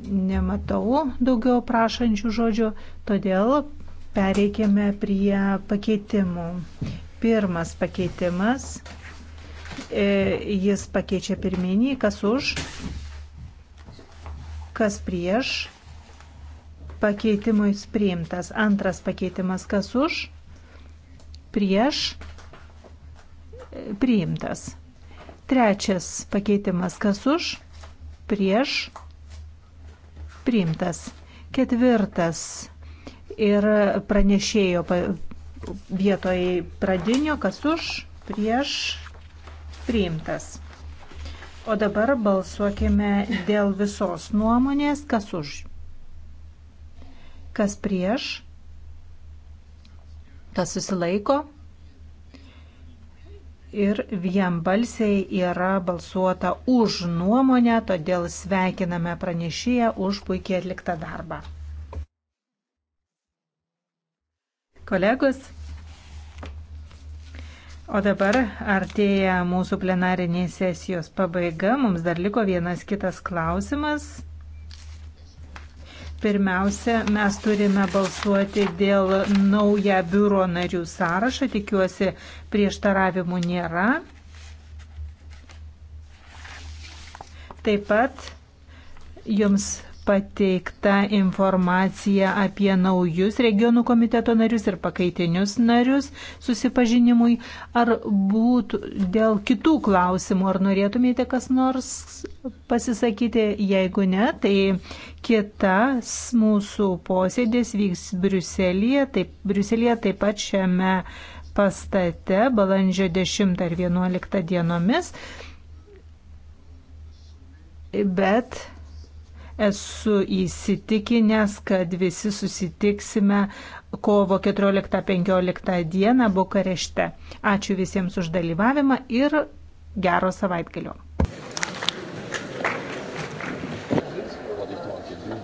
Nematau daugiau prašančių žodžių, todėl Pereikėme prie pakeitimų. Pirmas pakeitimas, e, jis pakeičia pirminį, kas už, kas prieš, pakeitimui priimtas. Antras pakeitimas, kas už, prieš, priimtas. Trečias pakeitimas, kas už, prieš, priimtas. Ketvirtas ir pranešėjo vietoj pradinio, kas už, prieš, priimtas. O dabar balsuokime dėl visos nuomonės, kas už, kas prieš, kas susilaiko. Ir vienbalsiai yra balsuota už nuomonę, todėl sveikiname pranešėją už puikiai atliktą darbą. kolegos. O dabar artėja mūsų plenarinės sesijos pabaiga. Mums dar liko vienas kitas klausimas. Pirmiausia, mes turime balsuoti dėl naują biuro narių sąrašą. Tikiuosi, prieštaravimų nėra. Taip pat jums pateikta informacija apie naujus regionų komiteto narius ir pakaitinius narius susipažinimui. Ar būtų dėl kitų klausimų, ar norėtumėte kas nors pasisakyti? Jeigu ne, tai kitas mūsų posėdis vyks Briuselėje, taip, Briuselėje taip pat šiame pastate balandžio 10 ir 11 dienomis. Bet Esu įsitikinęs, kad visi susitiksime kovo 14-15 dieną Bukarešte. Ačiū visiems už dalyvavimą ir gero savaitgalio.